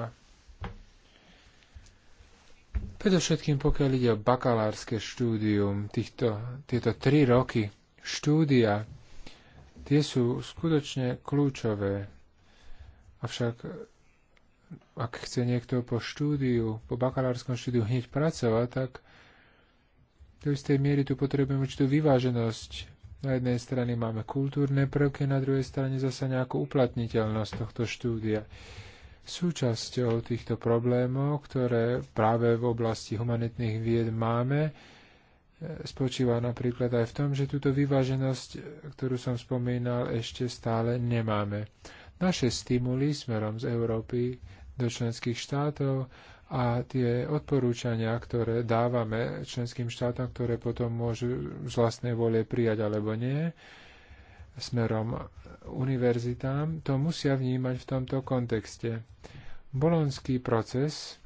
Predovšetkým pokiaľ ide o bakalárske štúdium, týchto, tieto tri roky štúdia, tie sú skutočne kľúčové. Avšak ak chce niekto po štúdiu, po bakalárskom štúdiu hneď pracovať, tak do istej miery tu potrebujeme určitú vyváženosť. Na jednej strane máme kultúrne prvky, na druhej strane zase nejakú uplatniteľnosť tohto štúdia. Súčasťou týchto problémov, ktoré práve v oblasti humanitných vied máme, e, spočíva napríklad aj v tom, že túto vyváženosť, ktorú som spomínal, ešte stále nemáme naše stimuly smerom z Európy do členských štátov a tie odporúčania, ktoré dávame členským štátom, ktoré potom môžu z vlastnej vole prijať alebo nie, smerom univerzitám, to musia vnímať v tomto kontexte. Bolonský proces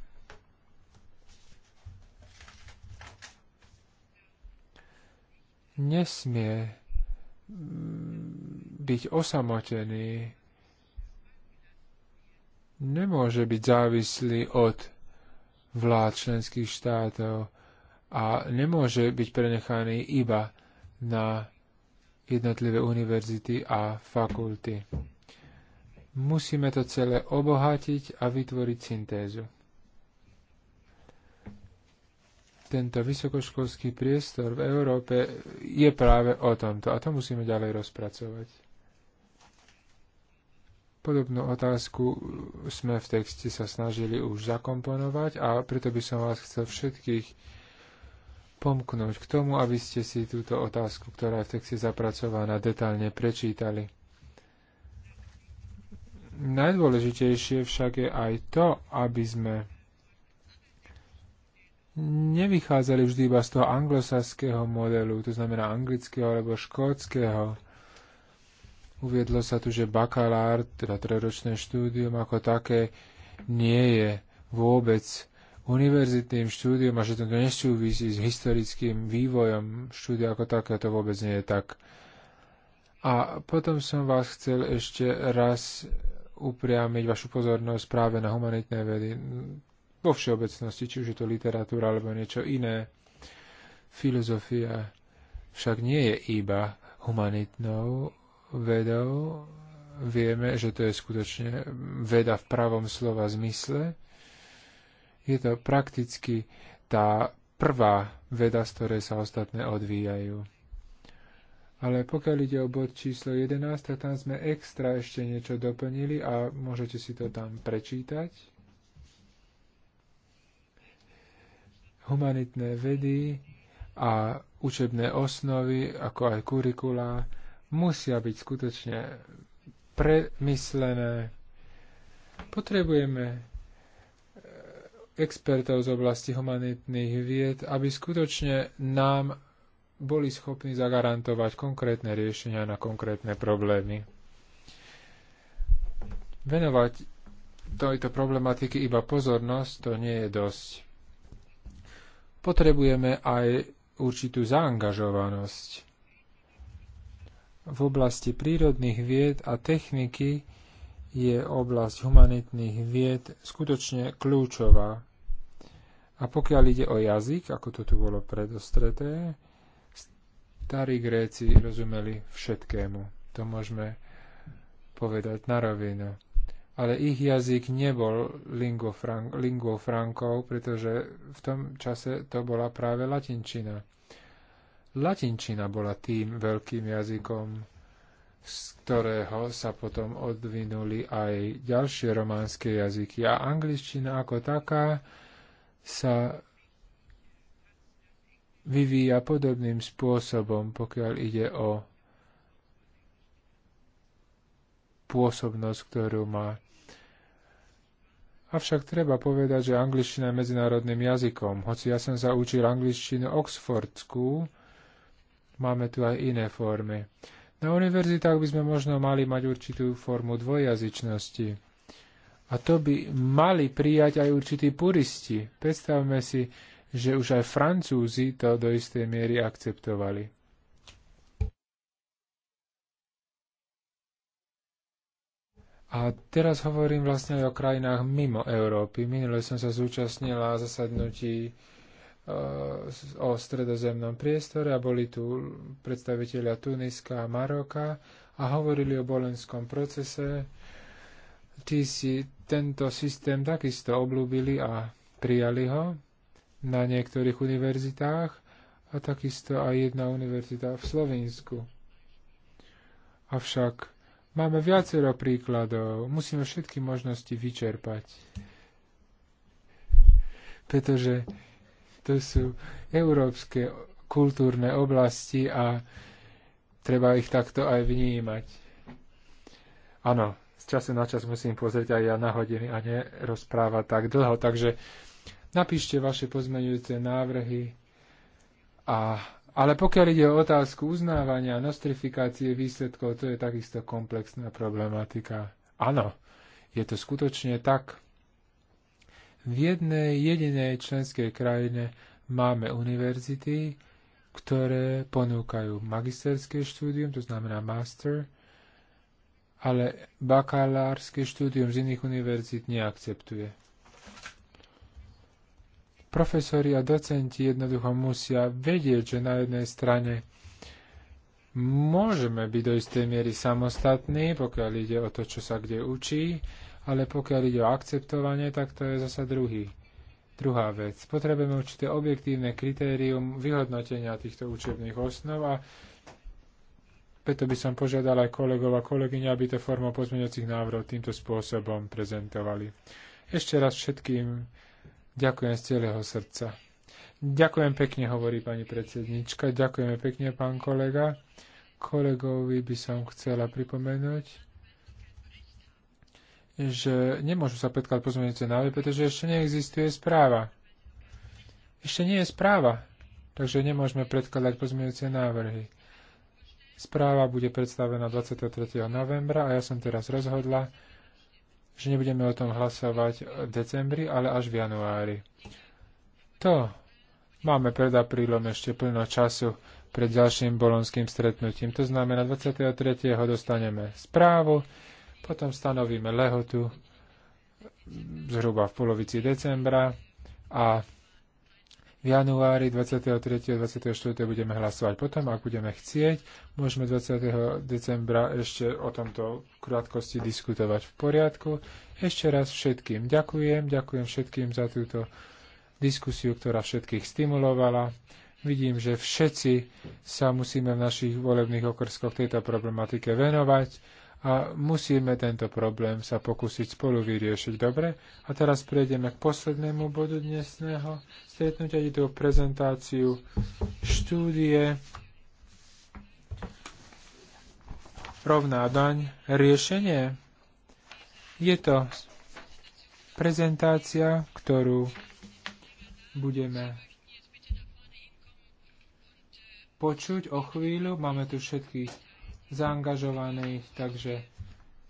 nesmie byť osamotený nemôže byť závislý od vlád členských štátov a nemôže byť prenechaný iba na jednotlivé univerzity a fakulty. Musíme to celé obohatiť a vytvoriť syntézu. Tento vysokoškolský priestor v Európe je práve o tomto a to musíme ďalej rozpracovať. Podobnú otázku sme v texte sa snažili už zakomponovať a preto by som vás chcel všetkých pomknúť k tomu, aby ste si túto otázku, ktorá je v texte zapracovaná, detálne prečítali. Najdôležitejšie však je aj to, aby sme nevychádzali vždy iba z toho anglosaského modelu, to znamená anglického alebo škótskeho, Uviedlo sa tu, že bakalár, teda trojročné štúdium ako také, nie je vôbec univerzitným štúdium a že to nesúvisí s historickým vývojom štúdia ako také, to vôbec nie je tak. A potom som vás chcel ešte raz upriamiť vašu pozornosť práve na humanitné vedy vo všeobecnosti, či už je to literatúra alebo niečo iné. Filozofia však nie je iba humanitnou vedou vieme, že to je skutočne veda v pravom slova zmysle. Je to prakticky tá prvá veda, z ktorej sa ostatné odvíjajú. Ale pokiaľ ide o bod číslo 11, tak tam sme extra ešte niečo doplnili a môžete si to tam prečítať. Humanitné vedy a učebné osnovy, ako aj kurikulá, musia byť skutočne premyslené. Potrebujeme eh, expertov z oblasti humanitných vied, aby skutočne nám boli schopní zagarantovať konkrétne riešenia na konkrétne problémy. Venovať tejto problematiky iba pozornosť, to nie je dosť. Potrebujeme aj určitú zaangažovanosť v oblasti prírodných vied a techniky je oblasť humanitných vied skutočne kľúčová. A pokiaľ ide o jazyk, ako to tu bolo predostreté, starí Gréci rozumeli všetkému. To môžeme povedať na rovinu. Ale ich jazyk nebol lingvo, frank, frankov, pretože v tom čase to bola práve latinčina. Latinčina bola tým veľkým jazykom, z ktorého sa potom odvinuli aj ďalšie románske jazyky. A angličtina ako taká sa vyvíja podobným spôsobom, pokiaľ ide o pôsobnosť, ktorú má. Avšak treba povedať, že angličtina je medzinárodným jazykom. Hoci ja som zaučil angličtinu oxfordskú, máme tu aj iné formy. Na univerzitách by sme možno mali mať určitú formu dvojazyčnosti A to by mali prijať aj určití puristi. Predstavme si, že už aj Francúzi to do istej miery akceptovali. A teraz hovorím vlastne aj o krajinách mimo Európy. Minule som sa zúčastnila zasadnutí o stredozemnom priestore a boli tu predstaviteľia Tuniska a Maroka a hovorili o bolenskom procese. Tí si tento systém takisto oblúbili a prijali ho na niektorých univerzitách a takisto aj jedna univerzita v Slovensku. Avšak máme viacero príkladov, musíme všetky možnosti vyčerpať. Pretože to sú európske kultúrne oblasti a treba ich takto aj vnímať. Áno, z času na čas musím pozrieť aj ja na hodiny a nerozprávať tak dlho, takže napíšte vaše pozmeňujúce návrhy. A, ale pokiaľ ide o otázku uznávania a nostrifikácie výsledkov, to je takisto komplexná problematika. Áno, je to skutočne tak. V jednej jedinej členskej krajine máme univerzity, ktoré ponúkajú magisterské štúdium, to znamená master, ale bakalárske štúdium z iných univerzít neakceptuje. Profesori a docenti jednoducho musia vedieť, že na jednej strane môžeme byť do istej miery samostatní, pokiaľ ide o to, čo sa kde učí, ale pokiaľ ide o akceptovanie, tak to je zasa druhý. Druhá vec. Potrebujeme určité objektívne kritérium vyhodnotenia týchto učebných osnov a preto by som požiadal aj kolegov a kolegyne, aby to formou pozmeňujúcich návrhov týmto spôsobom prezentovali. Ešte raz všetkým ďakujem z celého srdca. Ďakujem pekne, hovorí pani predsednička. Ďakujeme pekne, pán kolega. Kolegovi by som chcela pripomenúť, že nemôžu sa predkladať pozmeňujúce návrhy, pretože ešte neexistuje správa. Ešte nie je správa, takže nemôžeme predkladať pozmeňujúce návrhy. Správa bude predstavená 23. novembra a ja som teraz rozhodla, že nebudeme o tom hlasovať v decembri, ale až v januári. To máme pred aprílom ešte plno času pred ďalším bolonským stretnutím. To znamená, 23. dostaneme správu, potom stanovíme lehotu zhruba v polovici decembra a v januári 23. a 24. budeme hlasovať. Potom, ak budeme chcieť, môžeme 20. decembra ešte o tomto krátkosti diskutovať v poriadku. Ešte raz všetkým ďakujem, ďakujem všetkým za túto diskusiu, ktorá všetkých stimulovala. Vidím, že všetci sa musíme v našich volebných okrskoch tejto problematike venovať a musíme tento problém sa pokúsiť spolu vyriešiť. Dobre? A teraz prejdeme k poslednému bodu dnesného stretnutia. Ide o prezentáciu štúdie rovná daň riešenie. Je to prezentácia, ktorú budeme počuť o chvíľu. Máme tu všetkých zaangažovaných, takže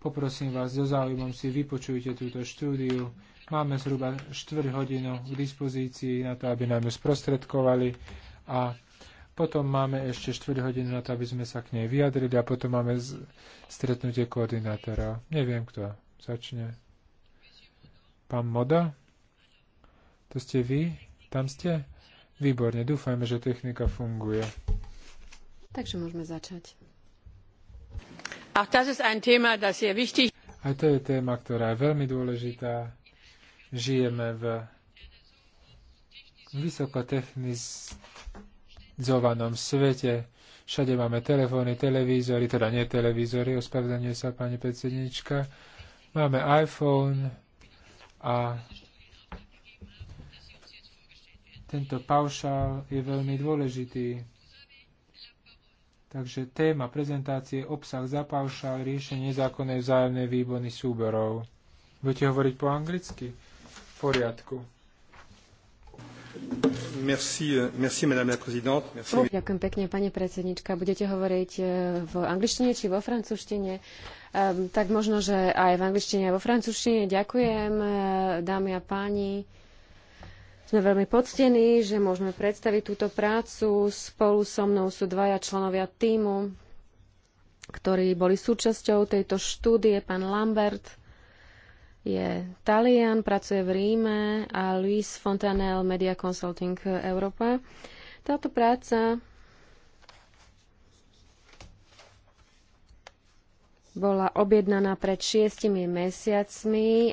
poprosím vás, so záujmom si vypočujte túto štúdiu. Máme zhruba 4 hodinu k dispozícii na to, aby nám ju sprostredkovali a potom máme ešte 4 hodiny na to, aby sme sa k nej vyjadrili a potom máme stretnutie koordinátora. Neviem, kto začne. Pán Moda? To ste vy? Tam ste? Výborne, dúfajme, že technika funguje. Takže môžeme začať. Aj to je téma, ktorá je veľmi dôležitá. Žijeme v vysokotechnizovanom svete. Všade máme telefóny, televízory, teda nie televízory, ospravedlňuje sa pani predsednička. Máme iPhone a tento paušál je veľmi dôležitý Takže téma prezentácie, obsah, zapavšal, riešenie nezákonnej vzájomnej výbony súborov. Budete hovoriť po anglicky? V poriadku. Merci, euh, merci, madame la présidente. Merci. Ďakujem pekne, pani predsednička. Budete hovoriť euh, v angličtine či vo francúzštine? Um, tak možno, že aj v angličtine, a vo francúzštine. Ďakujem, euh, dámy a páni. Sme veľmi poctení, že môžeme predstaviť túto prácu. Spolu so mnou sú dvaja členovia týmu, ktorí boli súčasťou tejto štúdie. Pán Lambert je Talian, pracuje v Ríme a Luis Fontanel Media Consulting Európa. Táto práca bola objednaná pred šiestimi mesiacmi e,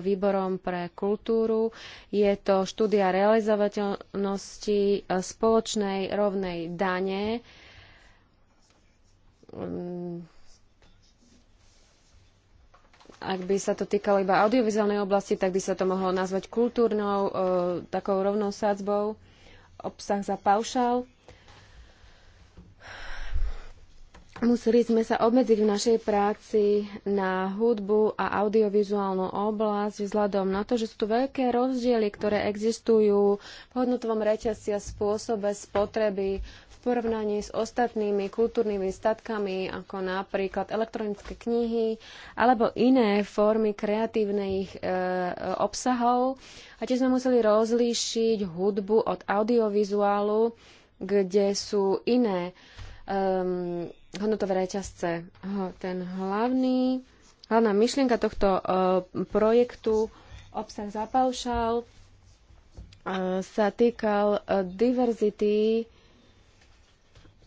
výborom pre kultúru. Je to štúdia realizovateľnosti e, spoločnej rovnej dane. Ak by sa to týkalo iba audiovizuálnej oblasti, tak by sa to mohlo nazvať kultúrnou, e, takou rovnou sádzbou, obsah za paušal. Museli sme sa obmedziť v našej práci na hudbu a audiovizuálnu oblasť vzhľadom na to, že sú tu veľké rozdiely, ktoré existujú v hodnotovom reťazci a spôsobe spotreby v porovnaní s ostatnými kultúrnymi statkami, ako napríklad elektronické knihy alebo iné formy kreatívnych e, obsahov. A tiež sme museli rozlíšiť hudbu od audiovizuálu, kde sú iné um, hodnotové reťazce. Ten hlavný, hlavná myšlienka tohto uh, projektu obsah za paušal uh, eh, sa týkal uh, diverzity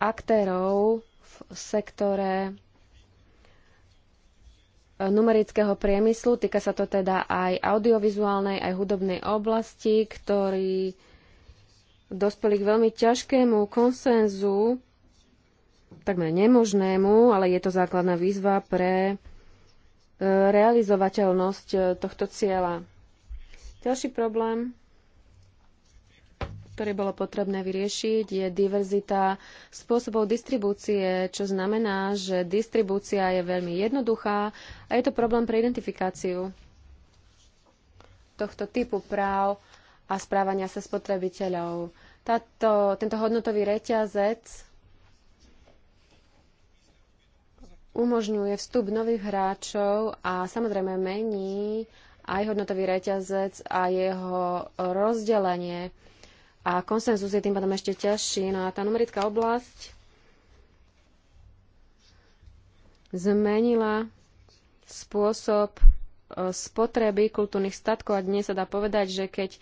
aktérov v sektore numerického priemyslu. Týka sa to teda aj audiovizuálnej, aj hudobnej oblasti, ktorí dospeli k veľmi ťažkému konsenzu takmer nemožnému, ale je to základná výzva pre e, realizovateľnosť e, tohto cieľa. Ďalší problém, ktorý bolo potrebné vyriešiť, je diverzita spôsobov distribúcie, čo znamená, že distribúcia je veľmi jednoduchá a je to problém pre identifikáciu tohto typu práv a správania sa spotrebiteľov. tento hodnotový reťazec umožňuje vstup nových hráčov a samozrejme mení aj hodnotový reťazec a jeho rozdelenie. A konsenzus je tým pádom ešte ťažší. No a tá numerická oblasť zmenila spôsob e, spotreby kultúrnych statkov a dnes sa dá povedať, že keď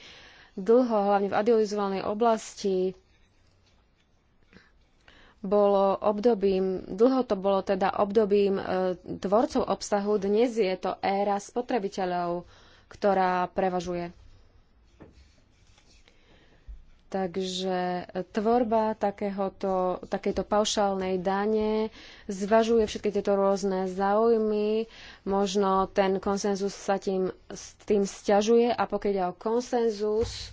dlho, hlavne v audiovizuálnej oblasti, bolo obdobím, dlho to bolo teda obdobím e, tvorcov obsahu, dnes je to éra spotrebiteľov, ktorá prevažuje. Takže tvorba takéhoto, takéto paušálnej dane zvažuje všetky tieto rôzne záujmy. Možno ten konsenzus sa tým, s tým stiažuje a pokiaľ ide o konsenzus,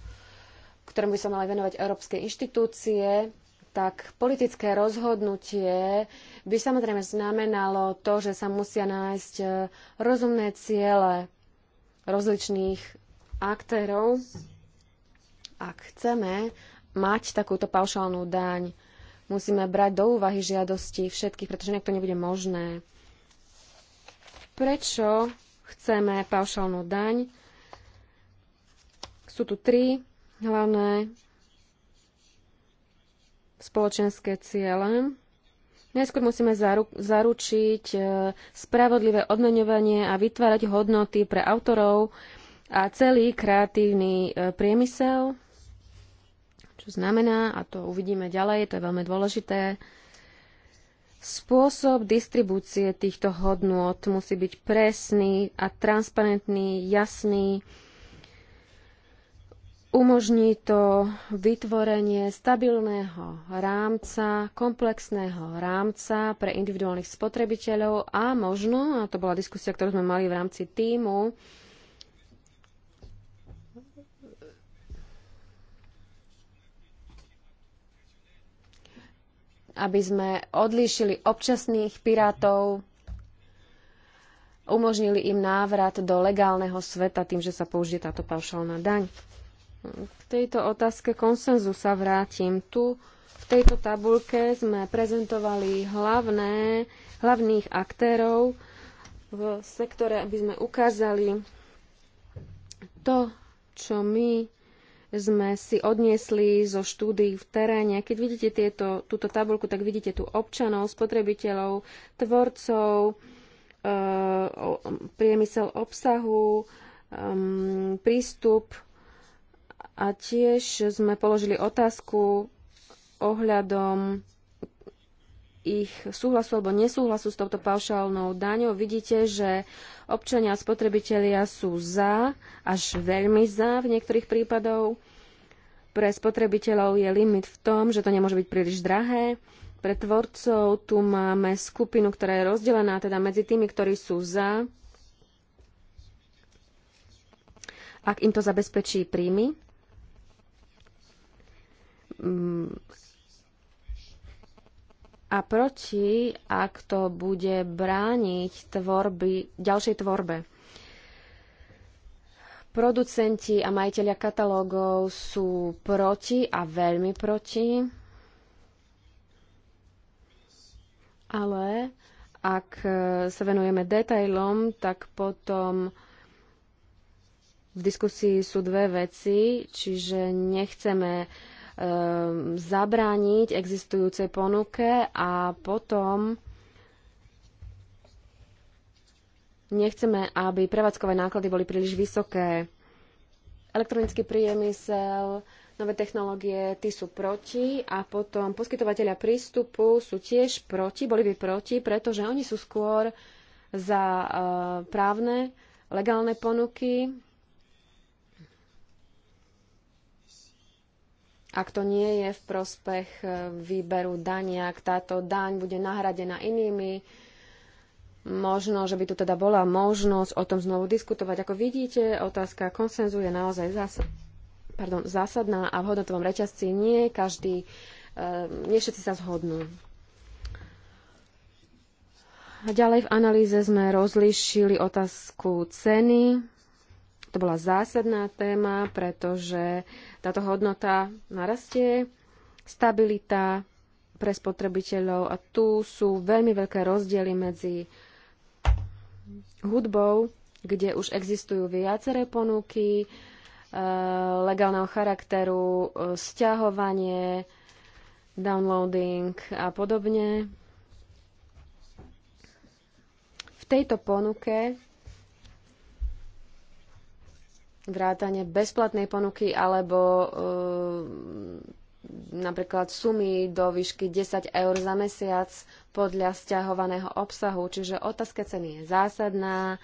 ktorému by sa mali venovať európske inštitúcie, tak politické rozhodnutie by samozrejme znamenalo to, že sa musia nájsť e, rozumné ciele rozličných aktérov. Ak chceme mať takúto paušálnu daň, musíme brať do úvahy žiadosti všetkých, pretože inak to nebude možné. Prečo chceme paušálnu daň? Sú tu tri hlavné spoločenské ciele. Najskôr musíme zaru- zaručiť e, spravodlivé odmeňovanie a vytvárať hodnoty pre autorov a celý kreatívny e, priemysel, čo znamená, a to uvidíme ďalej, to je veľmi dôležité, Spôsob distribúcie týchto hodnôt musí byť presný a transparentný, jasný Umožní to vytvorenie stabilného rámca, komplexného rámca pre individuálnych spotrebiteľov a možno, a to bola diskusia, ktorú sme mali v rámci týmu, aby sme odlíšili občasných pirátov, umožnili im návrat do legálneho sveta tým, že sa použije táto paušálna daň. K tejto otázke konsenzu sa vrátim. Tu v tejto tabulke sme prezentovali hlavné, hlavných aktérov v sektore, aby sme ukázali to, čo my sme si odniesli zo štúdií v teréne. Keď vidíte tieto, túto tabulku, tak vidíte tu občanov, spotrebiteľov, tvorcov, e, priemysel obsahu, e, prístup a tiež sme položili otázku ohľadom ich súhlasu alebo nesúhlasu s touto paušálnou daňou. Vidíte, že občania a spotrebitelia sú za, až veľmi za v niektorých prípadoch. Pre spotrebiteľov je limit v tom, že to nemôže byť príliš drahé. Pre tvorcov tu máme skupinu, ktorá je rozdelená teda medzi tými, ktorí sú za, ak im to zabezpečí príjmy a proti, ak to bude brániť tvorby, ďalšej tvorbe. Producenti a majiteľia katalógov sú proti a veľmi proti, ale ak sa venujeme detailom, tak potom v diskusii sú dve veci, čiže nechceme Ehm, zabrániť existujúcej ponuke a potom nechceme, aby prevádzkové náklady boli príliš vysoké. Elektronický priemysel, nové technológie, tí sú proti a potom poskytovateľia prístupu sú tiež proti, boli by proti, pretože oni sú skôr za eh, právne, legálne ponuky, ak to nie je v prospech eh, výberu dania, ak táto daň bude nahradená inými, možno, že by tu teda bola možnosť o tom znovu diskutovať. Ako vidíte, otázka konsenzu je naozaj zásad, pardon, zásadná a v hodnotovom reťazci nie každý, eh, nie všetci sa zhodnú. A ďalej v analýze sme rozlíšili otázku ceny to bola zásadná téma, pretože táto hodnota narastie, stabilita pre spotrebiteľov a tu sú veľmi veľké rozdiely medzi hudbou, kde už existujú viaceré ponuky, e, legálneho charakteru, e, stiahovanie, downloading a podobne. V tejto ponuke vrátane bezplatnej ponuky alebo e, napríklad sumy do výšky 10 eur za mesiac podľa stiahovaného obsahu. Čiže otázka ceny je zásadná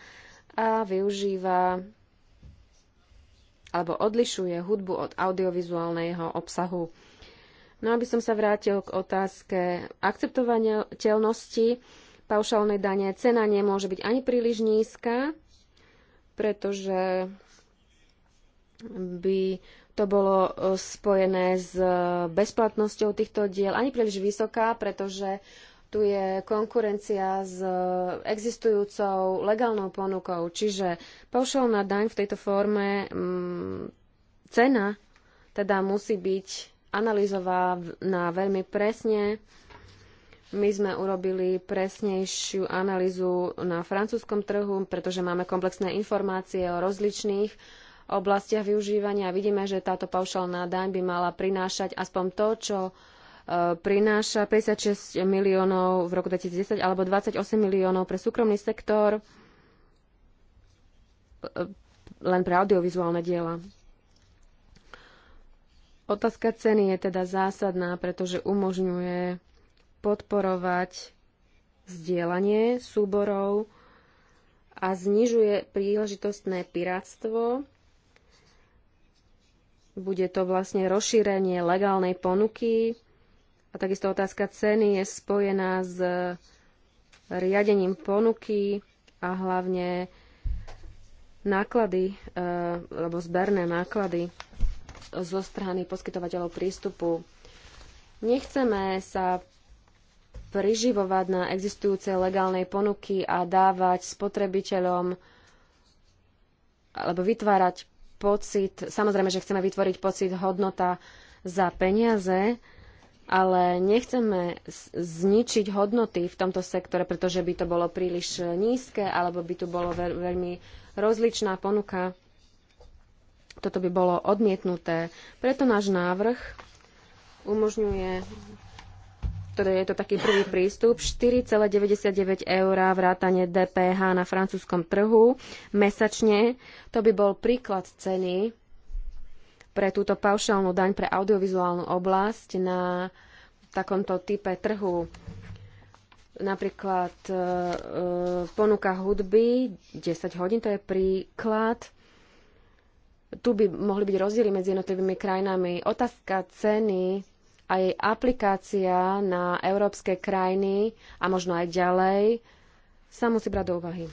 a využíva alebo odlišuje hudbu od audiovizuálneho obsahu. No aby som sa vrátil k otázke akceptovateľnosti paušálnej dane. Cena nemôže byť ani príliš nízka, pretože by to bolo e, spojené s e, bezplatnosťou týchto diel ani príliš vysoká, pretože tu je konkurencia s e, existujúcou legálnou ponukou. Čiže paušálna daň v tejto forme mm, cena teda musí byť analyzovaná veľmi presne. My sme urobili presnejšiu analýzu na francúzskom trhu, pretože máme komplexné informácie o rozličných oblastiach využívania. a Vidíme, že táto paušálna daň by mala prinášať aspoň to, čo e, prináša 56 miliónov v roku 2010 alebo 28 miliónov pre súkromný sektor e, len pre audiovizuálne diela. Otázka ceny je teda zásadná, pretože umožňuje podporovať zdieľanie súborov a znižuje príležitostné piráctvo bude to vlastne rozšírenie legálnej ponuky a takisto otázka ceny je spojená s riadením ponuky a hlavne náklady, e, alebo zberné náklady zo strany poskytovateľov prístupu. Nechceme sa priživovať na existujúce legálnej ponuky a dávať spotrebiteľom alebo vytvárať pocit, samozrejme, že chceme vytvoriť pocit hodnota za peniaze, ale nechceme zničiť hodnoty v tomto sektore, pretože by to bolo príliš nízke, alebo by tu bolo veľ, veľmi rozličná ponuka. Toto by bolo odmietnuté. Preto náš návrh umožňuje teda je to taký prvý prístup, 4,99 eur vrátane DPH na francúzskom trhu mesačne. To by bol príklad ceny pre túto paušálnu daň pre audiovizuálnu oblasť na takomto type trhu. Napríklad e, e, ponuka hudby 10 hodín, to je príklad. Tu by mohli byť rozdiely medzi jednotlivými krajinami. Otázka ceny a jej aplikácia na európske krajiny a možno aj ďalej sa musí brať do úvahy.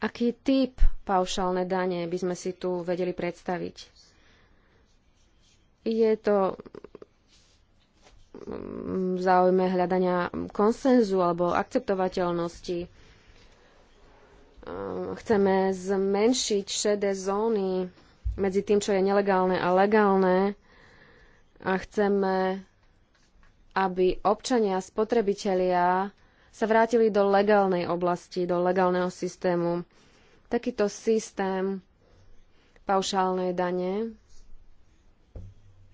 Aký typ paušálne dane by sme si tu vedeli predstaviť? Je to v záujme hľadania konsenzu alebo akceptovateľnosti Ehm, chceme zmenšiť šedé zóny medzi tým, čo je nelegálne a legálne a chceme, aby občania, spotrebitelia sa vrátili do legálnej oblasti, do legálneho systému. Takýto systém paušálnej dane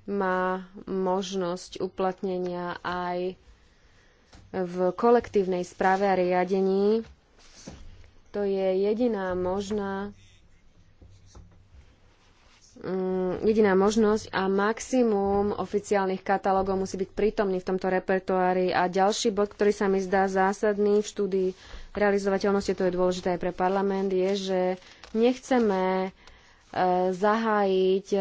má možnosť uplatnenia aj v kolektívnej správe a riadení to je jediná možná mm, jediná možnosť a maximum oficiálnych katalógov musí byť prítomný v tomto repertoári. A ďalší bod, ktorý sa mi zdá zásadný v štúdii realizovateľnosti, to je dôležité aj pre parlament, je, že nechceme e, zahájiť e,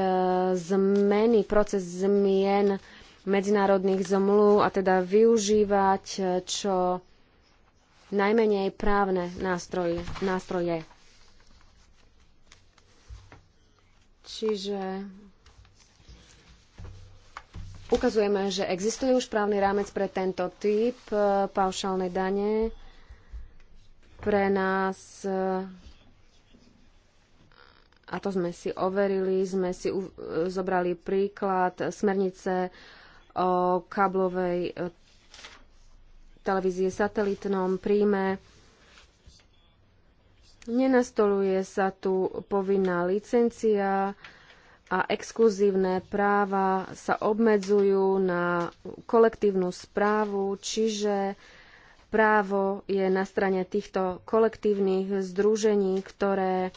zmeny, proces zmien medzinárodných zmluv a teda využívať e, čo najmenej právne nástroje. nástroje. Čiže ukazujeme, že existuje už právny rámec pre tento typ e, paušálnej dane. Pre nás, e, a to sme si overili, sme si e, zobrali príklad smernice o kablovej televízie satelitnom príjme. Nenastoluje sa tu povinná licencia a exkluzívne práva sa obmedzujú na kolektívnu správu, čiže právo je na strane týchto kolektívnych združení, ktoré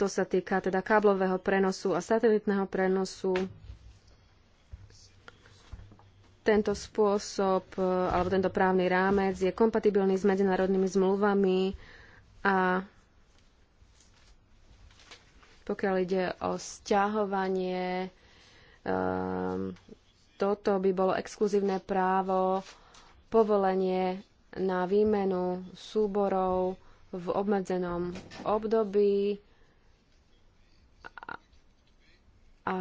to sa týka teda káblového prenosu a satelitného prenosu tento spôsob e, alebo tento právny rámec je kompatibilný s medzinárodnými zmluvami a pokiaľ ide o stiahovanie, um, ehm, toto by bolo exkluzívne právo, povolenie na výmenu súborov v obmedzenom období a, a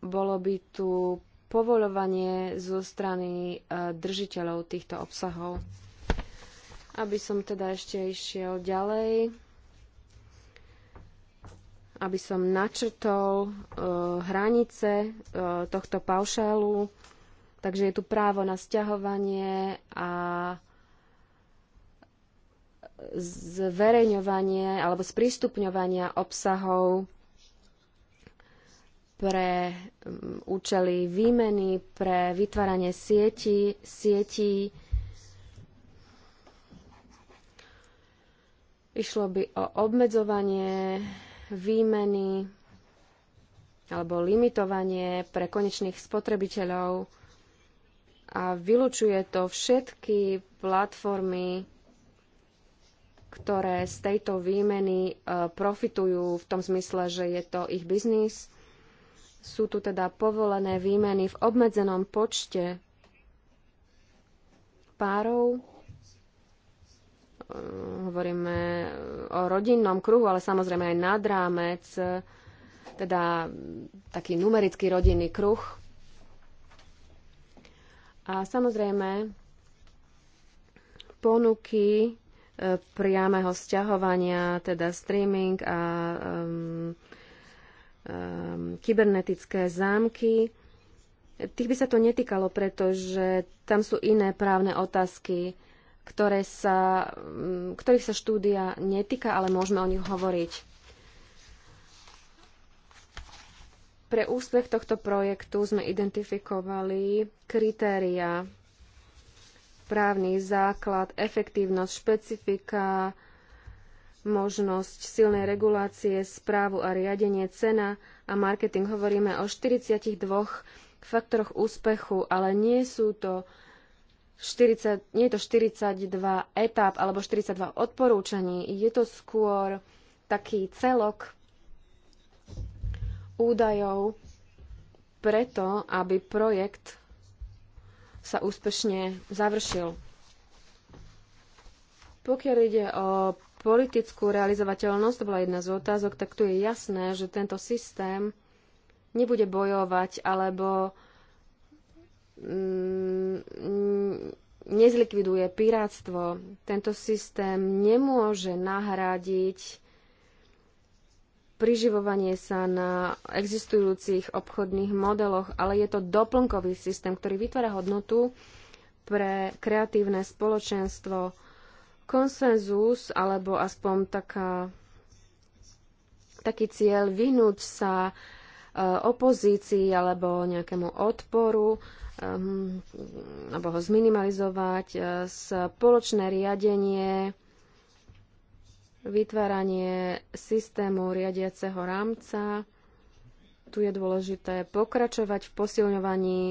bolo by tu povolovanie zo strany e, držiteľov týchto obsahov. Aby som teda ešte išiel ďalej, aby som načrtol e, hranice e, tohto paušálu, takže je tu právo na sťahovanie a zverejňovanie alebo sprístupňovania obsahov pre mm, účely výmeny, pre vytváranie sieti, sietí. Išlo by o obmedzovanie výmeny alebo limitovanie pre konečných spotrebiteľov a vylučuje to všetky platformy, ktoré z tejto výmeny e, profitujú v tom zmysle, že je to ich biznis sú tu teda povolené výmeny v obmedzenom počte párov. Ehm, hovoríme eh, o rodinnom kruhu, ale samozrejme aj nad rámec, teda taký numerický rodinný kruh. A samozrejme ponuky eh, priameho sťahovania, teda streaming a um, Ehm, kybernetické zámky. Tých by sa to netýkalo, pretože tam sú iné právne otázky, ktoré sa, mm, ktorých sa štúdia netýka, ale môžeme o nich hovoriť. Pre úspech tohto projektu sme identifikovali kritéria, právny základ, efektívnosť, špecifika, možnosť silnej regulácie, správu a riadenie cena a marketing. Hovoríme o 42 faktoroch úspechu, ale nie sú to 40, nie je to 42 etáp alebo 42 odporúčaní. Je to skôr taký celok údajov preto, aby projekt sa úspešne završil. Pokiaľ ide o politickú realizovateľnosť, to bola jedna z otázok, tak tu je jasné, že tento systém nebude bojovať alebo mm, nezlikviduje pirátstvo. Tento systém nemôže nahradiť priživovanie sa na existujúcich obchodných modeloch, ale je to doplnkový systém, ktorý vytvára hodnotu pre kreatívne spoločenstvo, konsenzus, alebo aspoň taká, taký cieľ vyhnúť sa e, opozícii alebo nejakému odporu, ehm, alebo ho zminimalizovať, e, spoločné riadenie, vytváranie systému riadiaceho rámca. Tu je dôležité pokračovať v posilňovaní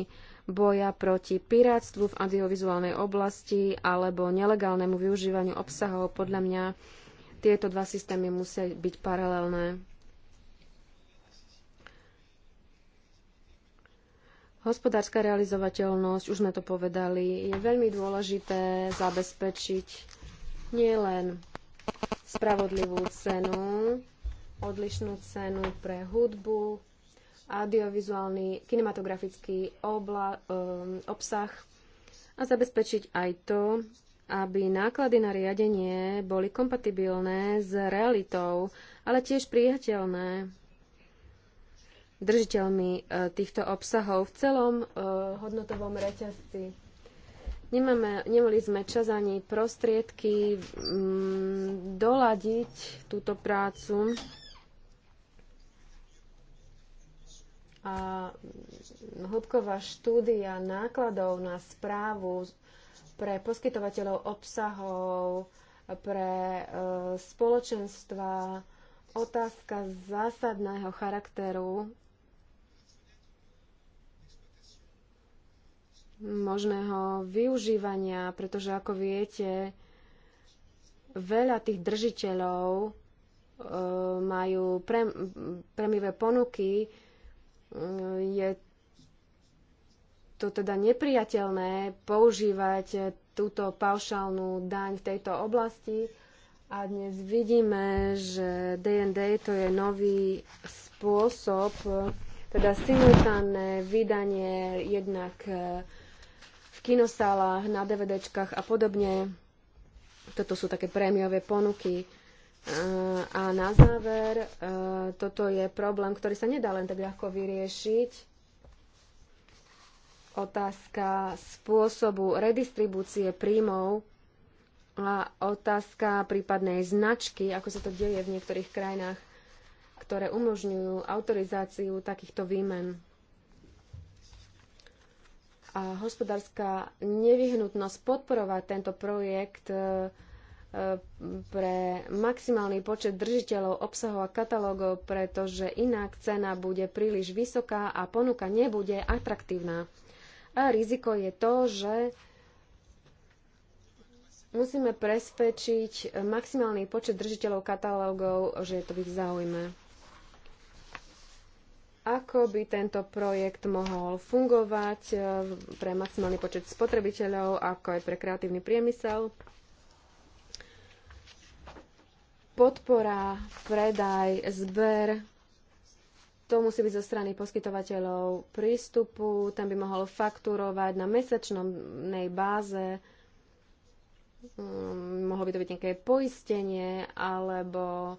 boja proti pirátstvu v audiovizuálnej oblasti alebo nelegálnemu využívaniu obsahov. Podľa mňa tieto dva systémy musia byť paralelné. Hospodárska realizovateľnosť, už sme to povedali, je veľmi dôležité zabezpečiť nielen spravodlivú cenu, odlišnú cenu pre hudbu, audiovizuálny kinematografický obla, um, obsah a zabezpečiť aj to, aby náklady na riadenie boli kompatibilné s realitou, ale tiež priateľné držiteľmi uh, týchto obsahov v celom uh, hodnotovom reťazci. Nemáme, nemali sme čas ani prostriedky um, doladiť túto prácu. A hĺbková štúdia nákladov na správu pre poskytovateľov obsahov, pre e, spoločenstva, otázka zásadného charakteru možného využívania, pretože ako viete, veľa tých držiteľov e, majú pre, premivé ponuky, je to teda nepriateľné používať túto paušálnu daň v tejto oblasti. A dnes vidíme, že DND to je nový spôsob, teda simultánne vydanie jednak v kinosálach, na DVDčkách a podobne. Toto sú také prémiové ponuky. A na záver, e, toto je problém, ktorý sa nedá len tak ľahko vyriešiť. Otázka spôsobu redistribúcie príjmov a otázka prípadnej značky, ako sa to deje v niektorých krajinách, ktoré umožňujú autorizáciu takýchto výmen. A hospodárska nevyhnutnosť podporovať tento projekt e, pre maximálny počet držiteľov obsahov a katalógov, pretože inak cena bude príliš vysoká a ponuka nebude atraktívna. A riziko je to, že musíme presvedčiť maximálny počet držiteľov katalógov, že je to v ich záujme. Ako by tento projekt mohol fungovať eh, pre maximálny počet spotrebiteľov, ako aj pre kreatívny priemysel? podpora, predaj, zber, to musí byť zo strany poskytovateľov prístupu, ten by mohol fakturovať na mesačnej báze, mm, mohlo by to byť nejaké poistenie, alebo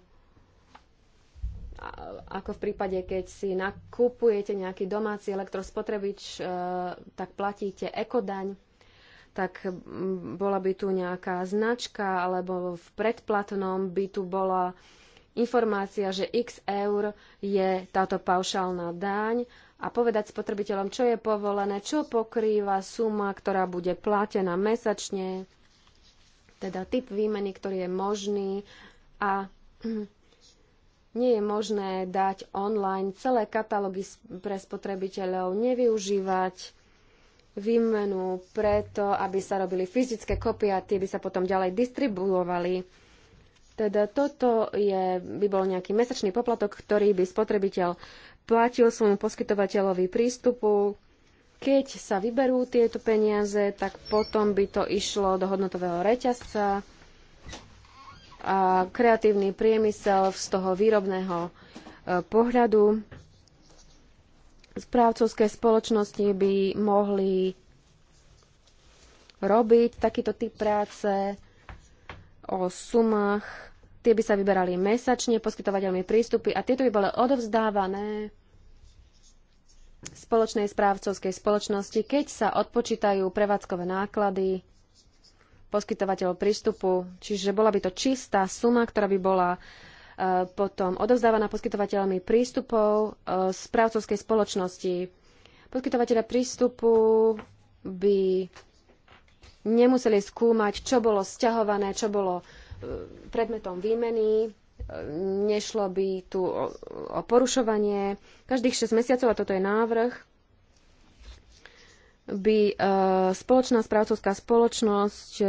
ako v prípade, keď si nakupujete nejaký domáci elektrospotrebič, e, tak platíte ekodaň tak mm, bola by tu nejaká značka, alebo v predplatnom by tu bola informácia, že x eur je táto paušálna daň a povedať spotrebiteľom, čo je povolené, čo pokrýva suma, ktorá bude platená mesačne, teda typ výmeny, ktorý je možný a nie je možné dať online celé katalógy pre spotrebiteľov, nevyužívať výmenu preto, aby sa robili fyzické kopie a tie by sa potom ďalej distribuovali. Teda toto je, by bol nejaký mesačný poplatok, ktorý by spotrebiteľ platil svojmu poskytovateľovi prístupu. Keď sa vyberú tieto peniaze, tak potom by to išlo do hodnotového reťazca a kreatívny priemysel z toho výrobného e, pohľadu správcovské spoločnosti by mohli robiť takýto typ práce o sumách. Tie by sa vyberali mesačne, poskytovateľmi prístupy a tieto by boli odovzdávané spoločnej správcovskej spoločnosti, keď sa odpočítajú prevádzkové náklady poskytovateľov prístupu. Čiže bola by to čistá suma, ktorá by bola potom odovzdávaná poskytovateľmi prístupov e, správcovskej spoločnosti. Poskytovateľa prístupu by nemuseli skúmať, čo bolo sťahované, čo bolo e, predmetom výmeny, e, nešlo by tu o, o porušovanie. Každých 6 mesiacov, a toto je návrh, by e, spoločná správcovská spoločnosť e,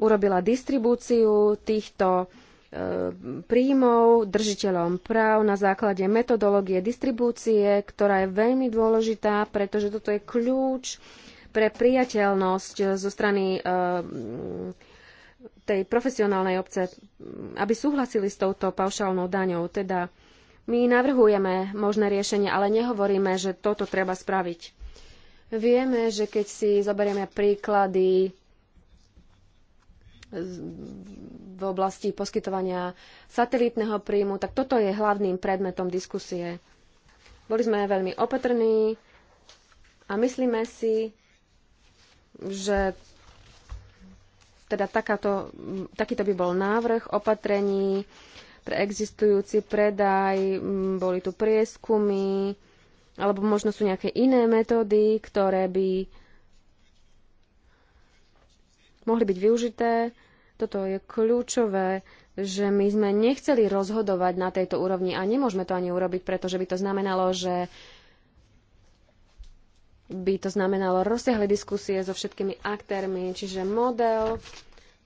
urobila distribúciu týchto E, príjmov, držiteľom práv na základe metodológie distribúcie, ktorá je veľmi dôležitá, pretože toto je kľúč pre priateľnosť zo strany e, tej profesionálnej obce, aby súhlasili s touto paušálnou daňou. Teda my navrhujeme možné riešenie, ale nehovoríme, že toto treba spraviť. Vieme, že keď si zoberieme príklady v oblasti poskytovania satelitného príjmu, tak toto je hlavným predmetom diskusie. Boli sme veľmi opatrní a myslíme si, že teda takáto, takýto by bol návrh opatrení pre existujúci predaj, boli tu prieskumy, alebo možno sú nejaké iné metódy, ktoré by mohli byť využité. Toto je kľúčové, že my sme nechceli rozhodovať na tejto úrovni a nemôžeme to ani urobiť, pretože by to znamenalo, že by to znamenalo rozsiahle diskusie so všetkými aktérmi, čiže model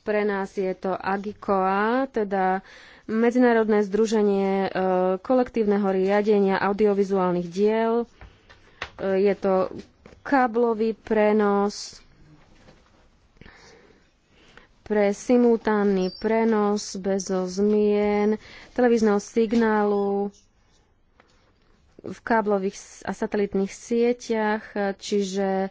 pre nás je to AGICOA, teda Medzinárodné združenie e, kolektívneho riadenia audiovizuálnych diel. E, je to káblový prenos pre simultánny prenos bez zmien televízneho signálu v káblových a satelitných sieťach, čiže e,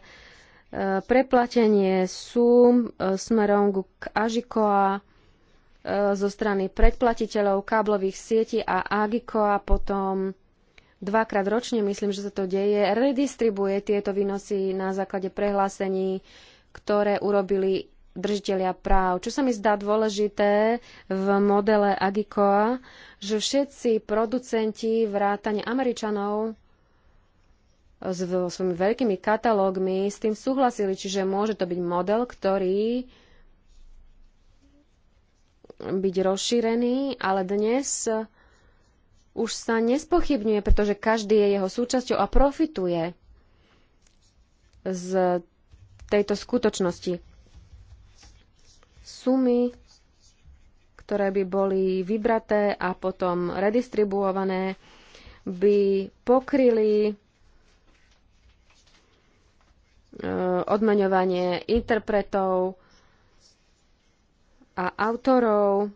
preplatenie súm e, smerom k Ažikoa e, zo strany predplatiteľov káblových sietí a Agikoa potom dvakrát ročne, myslím, že sa to deje, redistribuje tieto výnosy na základe prehlásení, ktoré urobili držiteľia práv. Čo sa mi zdá dôležité v modele Agicoa, že všetci producenti vrátane Američanov s svojimi veľkými katalógmi s tým súhlasili, čiže môže to byť model, ktorý byť rozšírený, ale dnes už sa nespochybňuje, pretože každý je jeho súčasťou a profituje z tejto skutočnosti sumy, ktoré by boli vybraté a potom redistribuované, by pokryli e, odmeňovanie interpretov a autorov,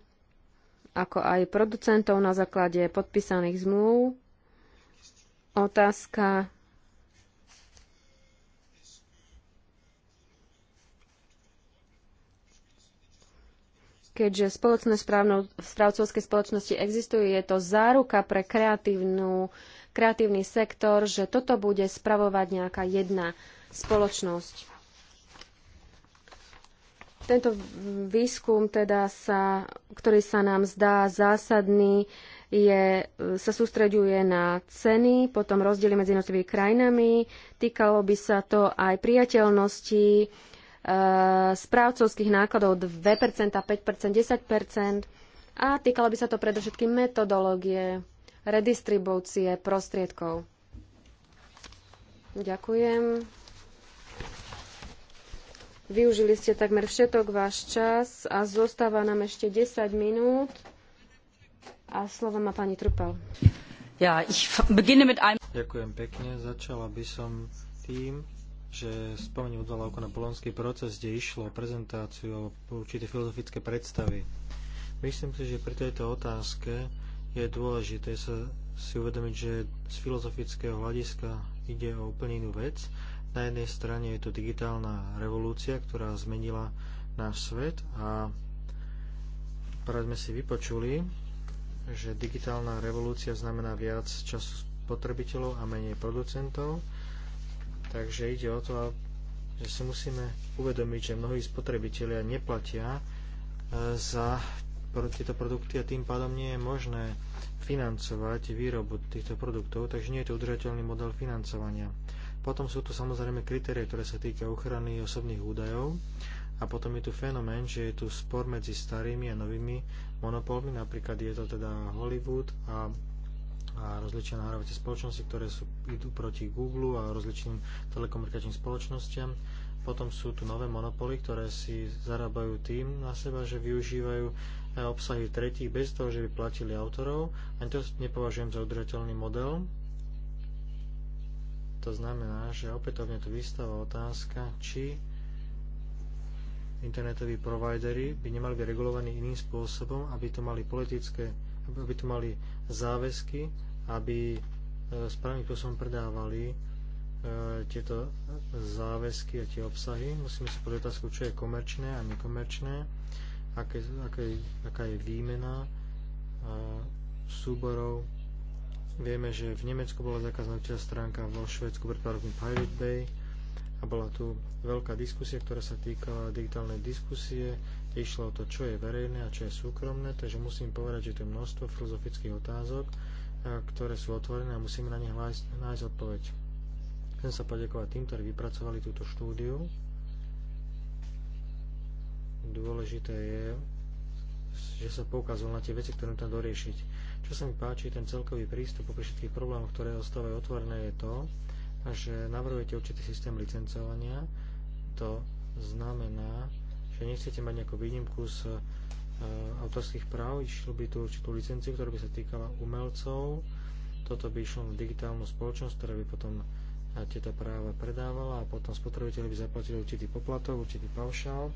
ako aj producentov na základe podpísaných zmluv. Otázka keďže spoločné správno, správcovské spoločnosti existujú, je to záruka pre kreatívnu, kreatívny sektor, že toto bude spravovať nejaká jedna spoločnosť. Tento výskum, teda sa, ktorý sa nám zdá zásadný, je, sa sústreďuje na ceny, potom rozdiely medzi jednotlivými krajinami. Týkalo by sa to aj priateľnosti E, správcovských nákladov 2%, 5%, 10% a týkalo by sa to predovšetkým metodológie redistribúcie prostriedkov. Ďakujem. Využili ste takmer všetok váš čas a zostáva nám ešte 10 minút. A slovo má pani Trupel. Ja, ich beginne mit einem... Ďakujem pekne. Začala by som tým, že spomeniem odvolávku na bolonský proces, kde išlo o prezentáciu o určité filozofické predstavy. Myslím si, že pri tejto otázke je dôležité sa si uvedomiť, že z filozofického hľadiska ide o úplne inú vec. Na jednej strane je to digitálna revolúcia, ktorá zmenila náš svet a práve sme si vypočuli, že digitálna revolúcia znamená viac času spotrebiteľov a menej producentov Takže ide o to, že si musíme uvedomiť, že mnohí spotrebitelia neplatia e, za tieto produkty a tým pádom nie je možné financovať výrobu týchto produktov, takže nie je to udržateľný model financovania. Potom sú tu samozrejme kritérie, ktoré sa týka ochrany osobných údajov a potom je tu fenomén, že je tu spor medzi starými a novými monopolmi, napríklad je to teda Hollywood a a rozličné nahrávacie spoločnosti, ktoré sú, idú proti Google a rozličným telekomunikačným spoločnostiam. Potom sú tu nové monopoly, ktoré si zarábajú tým na seba, že využívajú e, obsahy tretích bez toho, že by platili autorov. Ani to nepovažujem za udržateľný model. To znamená, že opätovne tu vystáva otázka, či internetoví providery by nemali byť regulovaní iným spôsobom, aby to mali politické, aby to mali záväzky, aby e, správnym spôsobom predávali e, tieto záväzky a tie obsahy. Musíme si povedať otázku, čo je komerčné a nekomerčné, aké, aké, aká je výmena e, súborov. Vieme, že v Nemecku bola zakázaná určitá stránka, vo Švedsku pred pár Pirate Bay a bola tu veľká diskusia, ktorá sa týkala digitálnej diskusie išlo o to, čo je verejné a čo je súkromné, takže musím povedať, že to je množstvo filozofických otázok, e, ktoré sú otvorené a musíme na nich nájsť, nájsť odpoveď. Chcem sa poďakovať tým, ktorí vypracovali túto štúdiu. Dôležité je, že sa poukázalo na tie veci, ktoré tam doriešiť. Čo sa mi páči, ten celkový prístup popri všetkých problémoch, ktoré ostávajú otvorené, je to, že navrhujete určitý systém licencovania. To znamená, že nechcete mať nejakú výnimku z e, autorských práv, išlo by tu určitú licenciu, ktorá by sa týkala umelcov. Toto by išlo na digitálnu spoločnosť, ktorá by potom e, tieto práva predávala a potom spotrebiteľi by zaplatili určitý poplatok, určitý paušál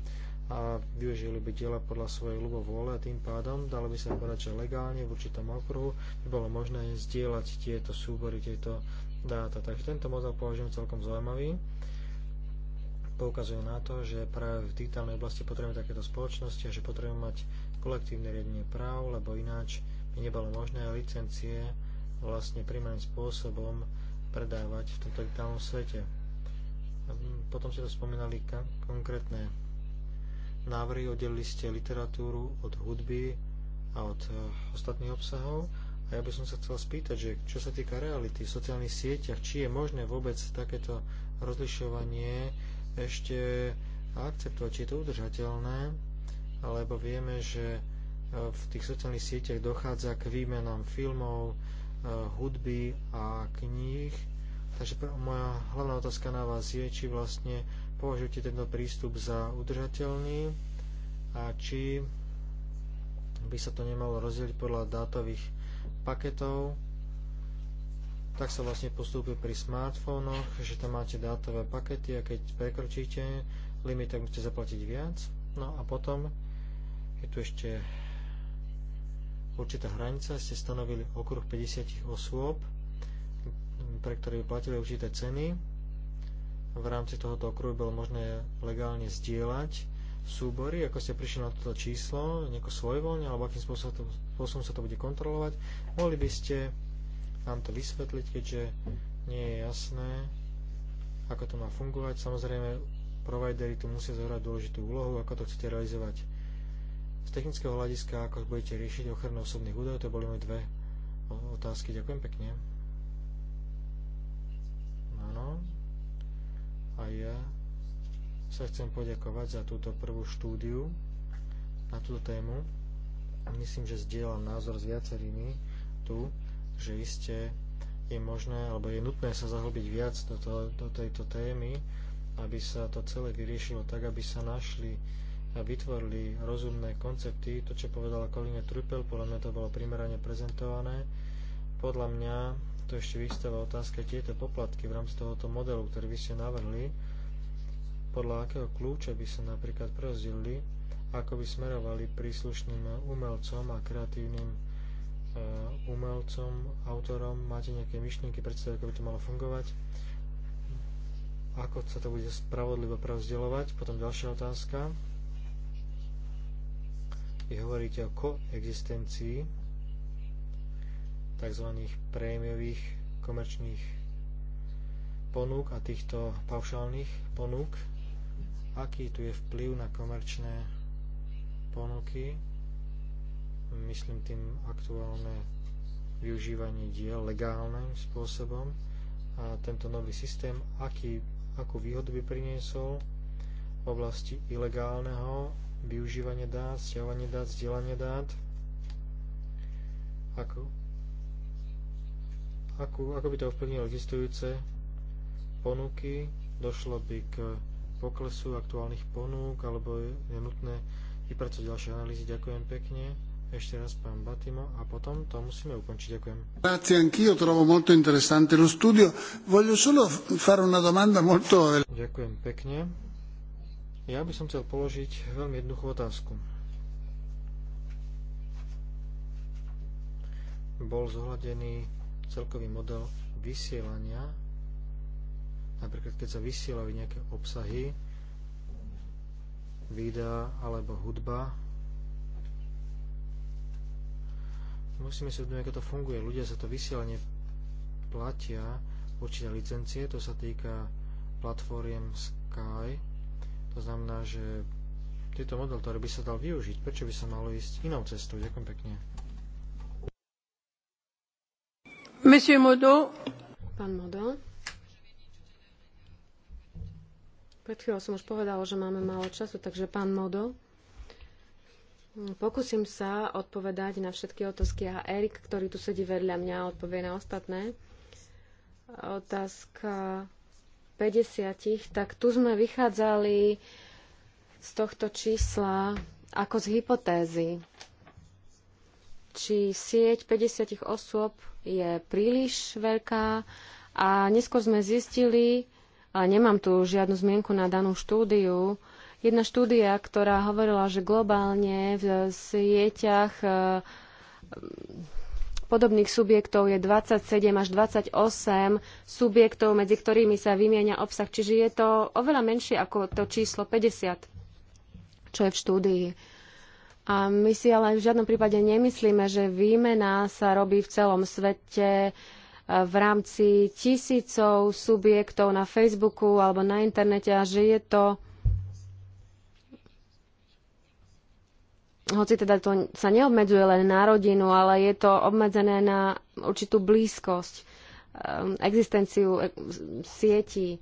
a využili by diela podľa svojej ľubovôle a tým pádom dalo by sa povedať, že legálne v určitom okruhu by bolo možné zdieľať tieto súbory, tieto dáta. Takže tento model považujem celkom zaujímavý poukazujú na to, že práve v digitálnej oblasti potrebujeme takéto spoločnosti a že potrebujeme mať kolektívne riadenie práv, lebo ináč by nebolo možné licencie vlastne primárnym spôsobom predávať v tomto digitálnom svete. Potom ste to spomínali konkrétne návrhy, oddelili ste literatúru od hudby a od e, ostatných obsahov. A ja by som sa chcel spýtať, že čo sa týka reality v sociálnych sieťach, či je možné vôbec takéto rozlišovanie ešte akceptovať, či je to udržateľné, alebo vieme, že e, v tých sociálnych sieťach dochádza k výmenám filmov, e, hudby a kníh. Takže moja hlavná otázka na vás je, či vlastne považujete tento prístup za udržateľný a či by sa to nemalo rozdeliť podľa dátových paketov tak sa vlastne postupuje pri smartfónoch, že tam máte dátové pakety a keď prekročíte limit, tak musíte zaplatiť viac. No a potom je tu ešte určitá hranica, ste stanovili okruh 50 osôb, pre ktoré by platili určité ceny. V rámci tohoto okruhu bolo možné legálne zdieľať súbory, ako ste prišli na toto číslo, nejako svojvoľne, alebo akým spôsobom, spôsobom sa to bude kontrolovať. Mohli by ste nám to vysvetliť, keďže nie je jasné, ako to má fungovať. Samozrejme, providery tu musia zohrať dôležitú úlohu, ako to chcete realizovať. Z technického hľadiska, ako budete riešiť ochranu osobných údajov, to boli moje dve otázky. Ďakujem pekne. Áno. A ja sa chcem poďakovať za túto prvú štúdiu na túto tému. Myslím, že zdieľam názor s viacerými tu, že iste je možné, alebo je nutné sa zahlbiť viac do, to, do tejto témy, aby sa to celé vyriešilo tak, aby sa našli a vytvorili rozumné koncepty. To, čo povedala kolíne Trupel, podľa mňa to bolo primerane prezentované. Podľa mňa to ešte vystáva otázka tieto poplatky v rámci tohoto modelu, ktorý vy ste navrhli, podľa akého kľúča by sa napríklad prerozdelili, ako by smerovali príslušným umelcom a kreatívnym umelcom, autorom? Máte nejaké myšlienky, predstavy, ako by to malo fungovať? Ako sa to bude spravodlivo prevzdelovať? Potom ďalšia otázka. Vy hovoríte o koexistencii tzv. prémiových komerčných ponúk a týchto paušálnych ponúk. Aký tu je vplyv na komerčné ponuky myslím tým aktuálne využívanie diel legálnym spôsobom a tento nový systém, aký, akú výhodu by priniesol v oblasti ilegálneho využívania dát, stiahovanie dát, zdieľania dát, ako, ako, ako by to ovplyvnilo existujúce ponuky, došlo by k poklesu aktuálnych ponúk, alebo je nutné vypracovať ďalšie analýzy. Ďakujem pekne. Ešte raz pán Batimo a potom to musíme ukončiť. Ďakujem. Grazie anch'io, trovo molto interessante lo studio. Voglio solo fare una domanda molto... Ďakujem pekne. Ja by som chcel položiť veľmi jednoduchú otázku. Bol zohľadený celkový model vysielania, napríklad keď sa vysielajú nejaké obsahy, videa alebo hudba, musíme si uvedomiť, ako to funguje. Ľudia sa to vysielanie platia určite licencie, to sa týka platformiem Sky. To znamená, že tieto model, ktorý by sa dal využiť, prečo by sa malo ísť inou cestou? Ďakujem pekne. Monsieur Modo. Pán Modo. Pred chvíľou som už povedala, že máme málo času, takže pán Modo. Pokúsim sa odpovedať na všetky otázky a Erik, ktorý tu sedí vedľa mňa, odpovie na ostatné. Otázka 50. Tak tu sme vychádzali z tohto čísla ako z hypotézy. Či sieť 50 osôb je príliš veľká a neskôr sme zistili, ale nemám tu žiadnu zmienku na danú štúdiu, jedna štúdia, ktorá hovorila, že globálne v sieťach e, podobných subjektov je 27 až 28 subjektov, medzi ktorými sa vymieňa obsah. Čiže je to oveľa menšie ako to číslo 50, čo je v štúdii. A my si ale v žiadnom prípade nemyslíme, že výmena sa robí v celom svete e, v rámci tisícov subjektov na Facebooku alebo na internete a že je to hoci teda to sa neobmedzuje len na rodinu, ale je to obmedzené na určitú blízkosť, ehm, existenciu e, sietí.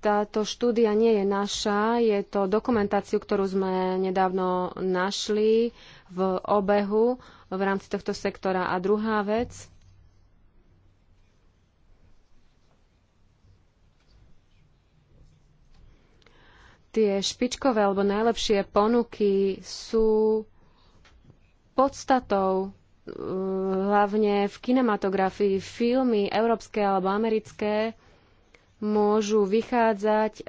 Táto štúdia nie je naša, je to dokumentáciu, ktorú sme nedávno našli v obehu v rámci tohto sektora. A druhá vec, tie špičkové alebo najlepšie ponuky sú podstatou e, hlavne v kinematografii filmy európske alebo americké môžu vychádzať e,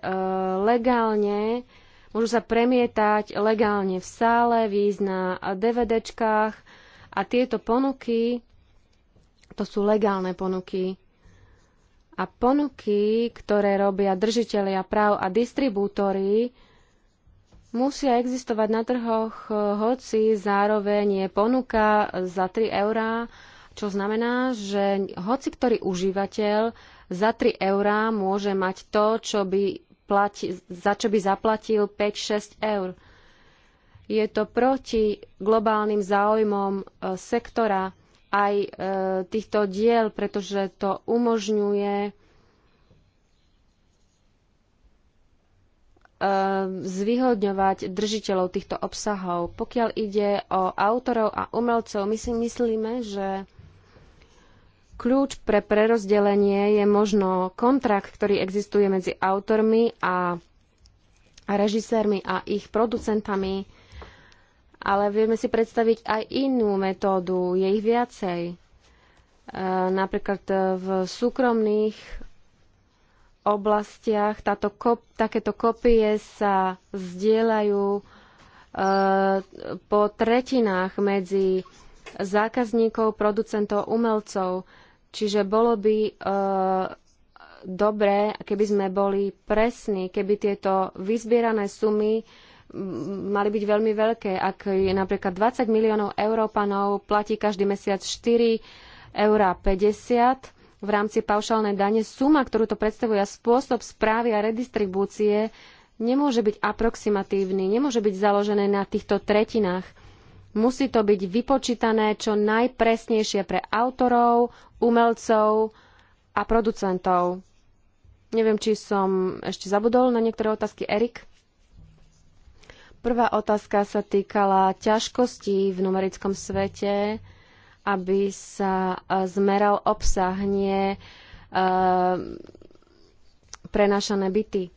legálne, môžu sa premietať legálne v sále, výjsť na DVDčkách a tieto ponuky, to sú legálne ponuky, a ponuky, ktoré robia držiteľia práv a distribútory, musia existovať na trhoch, eh, hoci zároveň je ponuka za 3 eurá, čo znamená, že hoci ktorý užívateľ za 3 eurá môže mať to, čo by plati, za čo by zaplatil 5-6 eur. Je to proti globálnym záujmom eh, sektora aj e, týchto diel, pretože to umožňuje e, zvyhodňovať držiteľov týchto obsahov. Pokiaľ ide o autorov a umelcov, my si myslíme, že kľúč pre prerozdelenie je možno kontrakt, ktorý existuje medzi autormi a režisérmi a ich producentami ale vieme si predstaviť aj inú metódu, je ich viacej. E, napríklad v súkromných oblastiach táto kop, takéto kopie sa zdieľajú e, po tretinách medzi zákazníkov, producentov, umelcov. Čiže bolo by e, dobré, keby sme boli presní, keby tieto vyzbierané sumy mali byť veľmi veľké. Ak je napríklad 20 miliónov Európanov, platí každý mesiac 4,50 eur v rámci paušálnej dane, suma, ktorú to predstavuje spôsob správy a redistribúcie nemôže byť aproximatívny, nemôže byť založené na týchto tretinách. Musí to byť vypočítané čo najpresnejšie pre autorov, umelcov a producentov. Neviem, či som ešte zabudol na niektoré otázky. Erik? Prvá otázka sa týkala ťažkostí v numerickom svete, aby sa e, zmeral obsah, nie e, byty.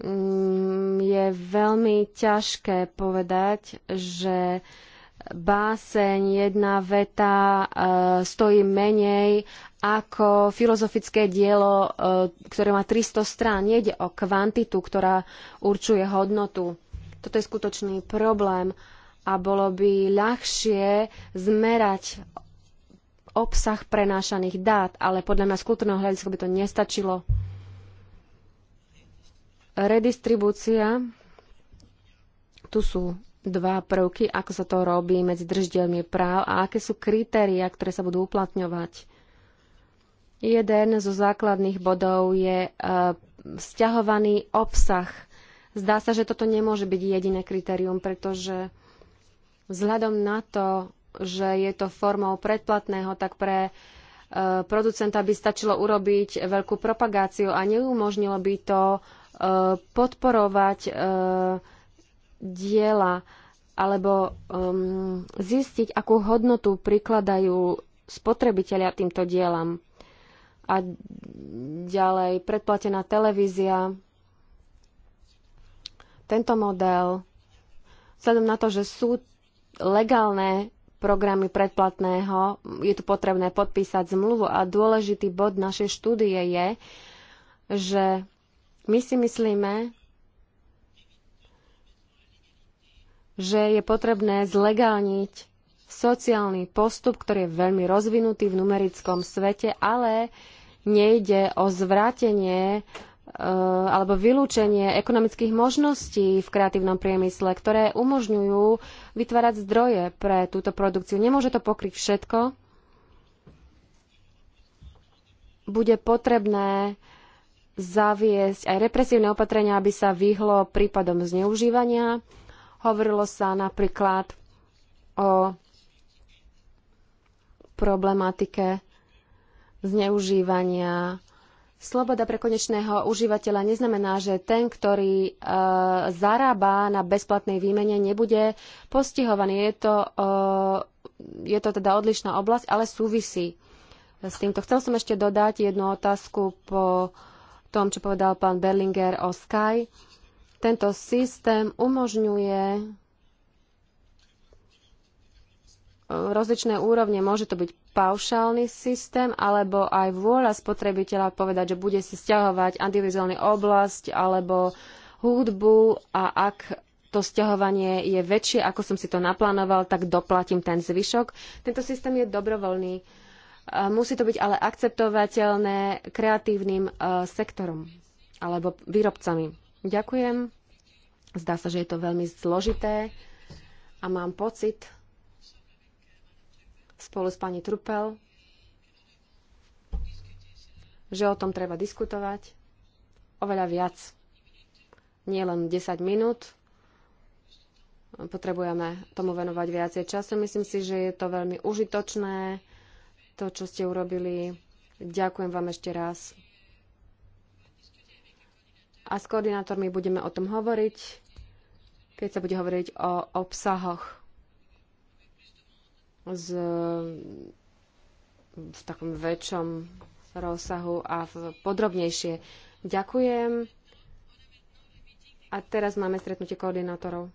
Mm, je veľmi ťažké povedať, že báseň, jedna veta eh, stojí menej ako filozofické dielo, eh, ktoré má 300 strán. Nejde o kvantitu, ktorá určuje hodnotu. Toto je skutočný problém a bolo by ľahšie zmerať obsah prenášaných dát, ale podľa mňa z kultúrneho hľadiska by to nestačilo. Redistribúcia. Tu sú dva prvky, ako sa to robí medzi držiteľmi práv a aké sú kritéria, ktoré sa budú uplatňovať. Jeden zo základných bodov je e, vzťahovaný obsah. Zdá sa, že toto nemôže byť jediné kritérium, pretože vzhľadom na to, že je to formou predplatného, tak pre e, producenta by stačilo urobiť veľkú propagáciu a neumožnilo by to e, podporovať e, diela alebo um, zistiť, akú hodnotu prikladajú spotrebitelia týmto dielam. A ďalej predplatená televízia. Tento model, vzhľadom na to, že sú legálne programy predplatného, je tu potrebné podpísať zmluvu a dôležitý bod našej štúdie je, že my si myslíme, že je potrebné zlegálniť sociálny postup, ktorý je veľmi rozvinutý v numerickom svete, ale nejde o zvrátenie e, alebo vylúčenie ekonomických možností v kreatívnom priemysle, ktoré umožňujú vytvárať zdroje pre túto produkciu. Nemôže to pokryť všetko. Bude potrebné zaviesť aj represívne opatrenia, aby sa vyhlo prípadom zneužívania Hovorilo sa napríklad o problematike zneužívania. Sloboda pre konečného užívateľa neznamená, že ten, ktorý e, zarába na bezplatnej výmene, nebude postihovaný. Je to, e, je to teda odlišná oblasť, ale súvisí s týmto. Chcel som ešte dodať jednu otázku po tom, čo povedal pán Berlinger o Sky. E, tento systém umožňuje rozličné úrovne. Môže to byť paušálny systém, alebo aj vôľa spotrebiteľa povedať, že bude si stiahovať individuálny oblasť alebo hudbu a ak to stiahovanie je väčšie, ako som si to naplánoval, tak doplatím ten zvyšok. Tento systém je dobrovoľný. Musí to byť ale akceptovateľné kreatívnym e, sektorom alebo výrobcami. Ďakujem. Zdá sa, že je to veľmi zložité a mám pocit spolu s pani Trupel, že o tom treba diskutovať oveľa viac. Nie len 10 minút, potrebujeme tomu venovať viacej času. Myslím si, že je to veľmi užitočné, to, čo ste urobili. Ďakujem vám ešte raz a s koordinátormi budeme o tom hovoriť, keď sa bude hovoriť o obsahoch z, v takom väčšom rozsahu a v, podrobnejšie. Ďakujem. A teraz máme stretnutie koordinátorov.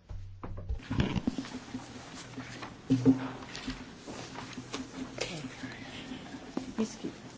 Thank you.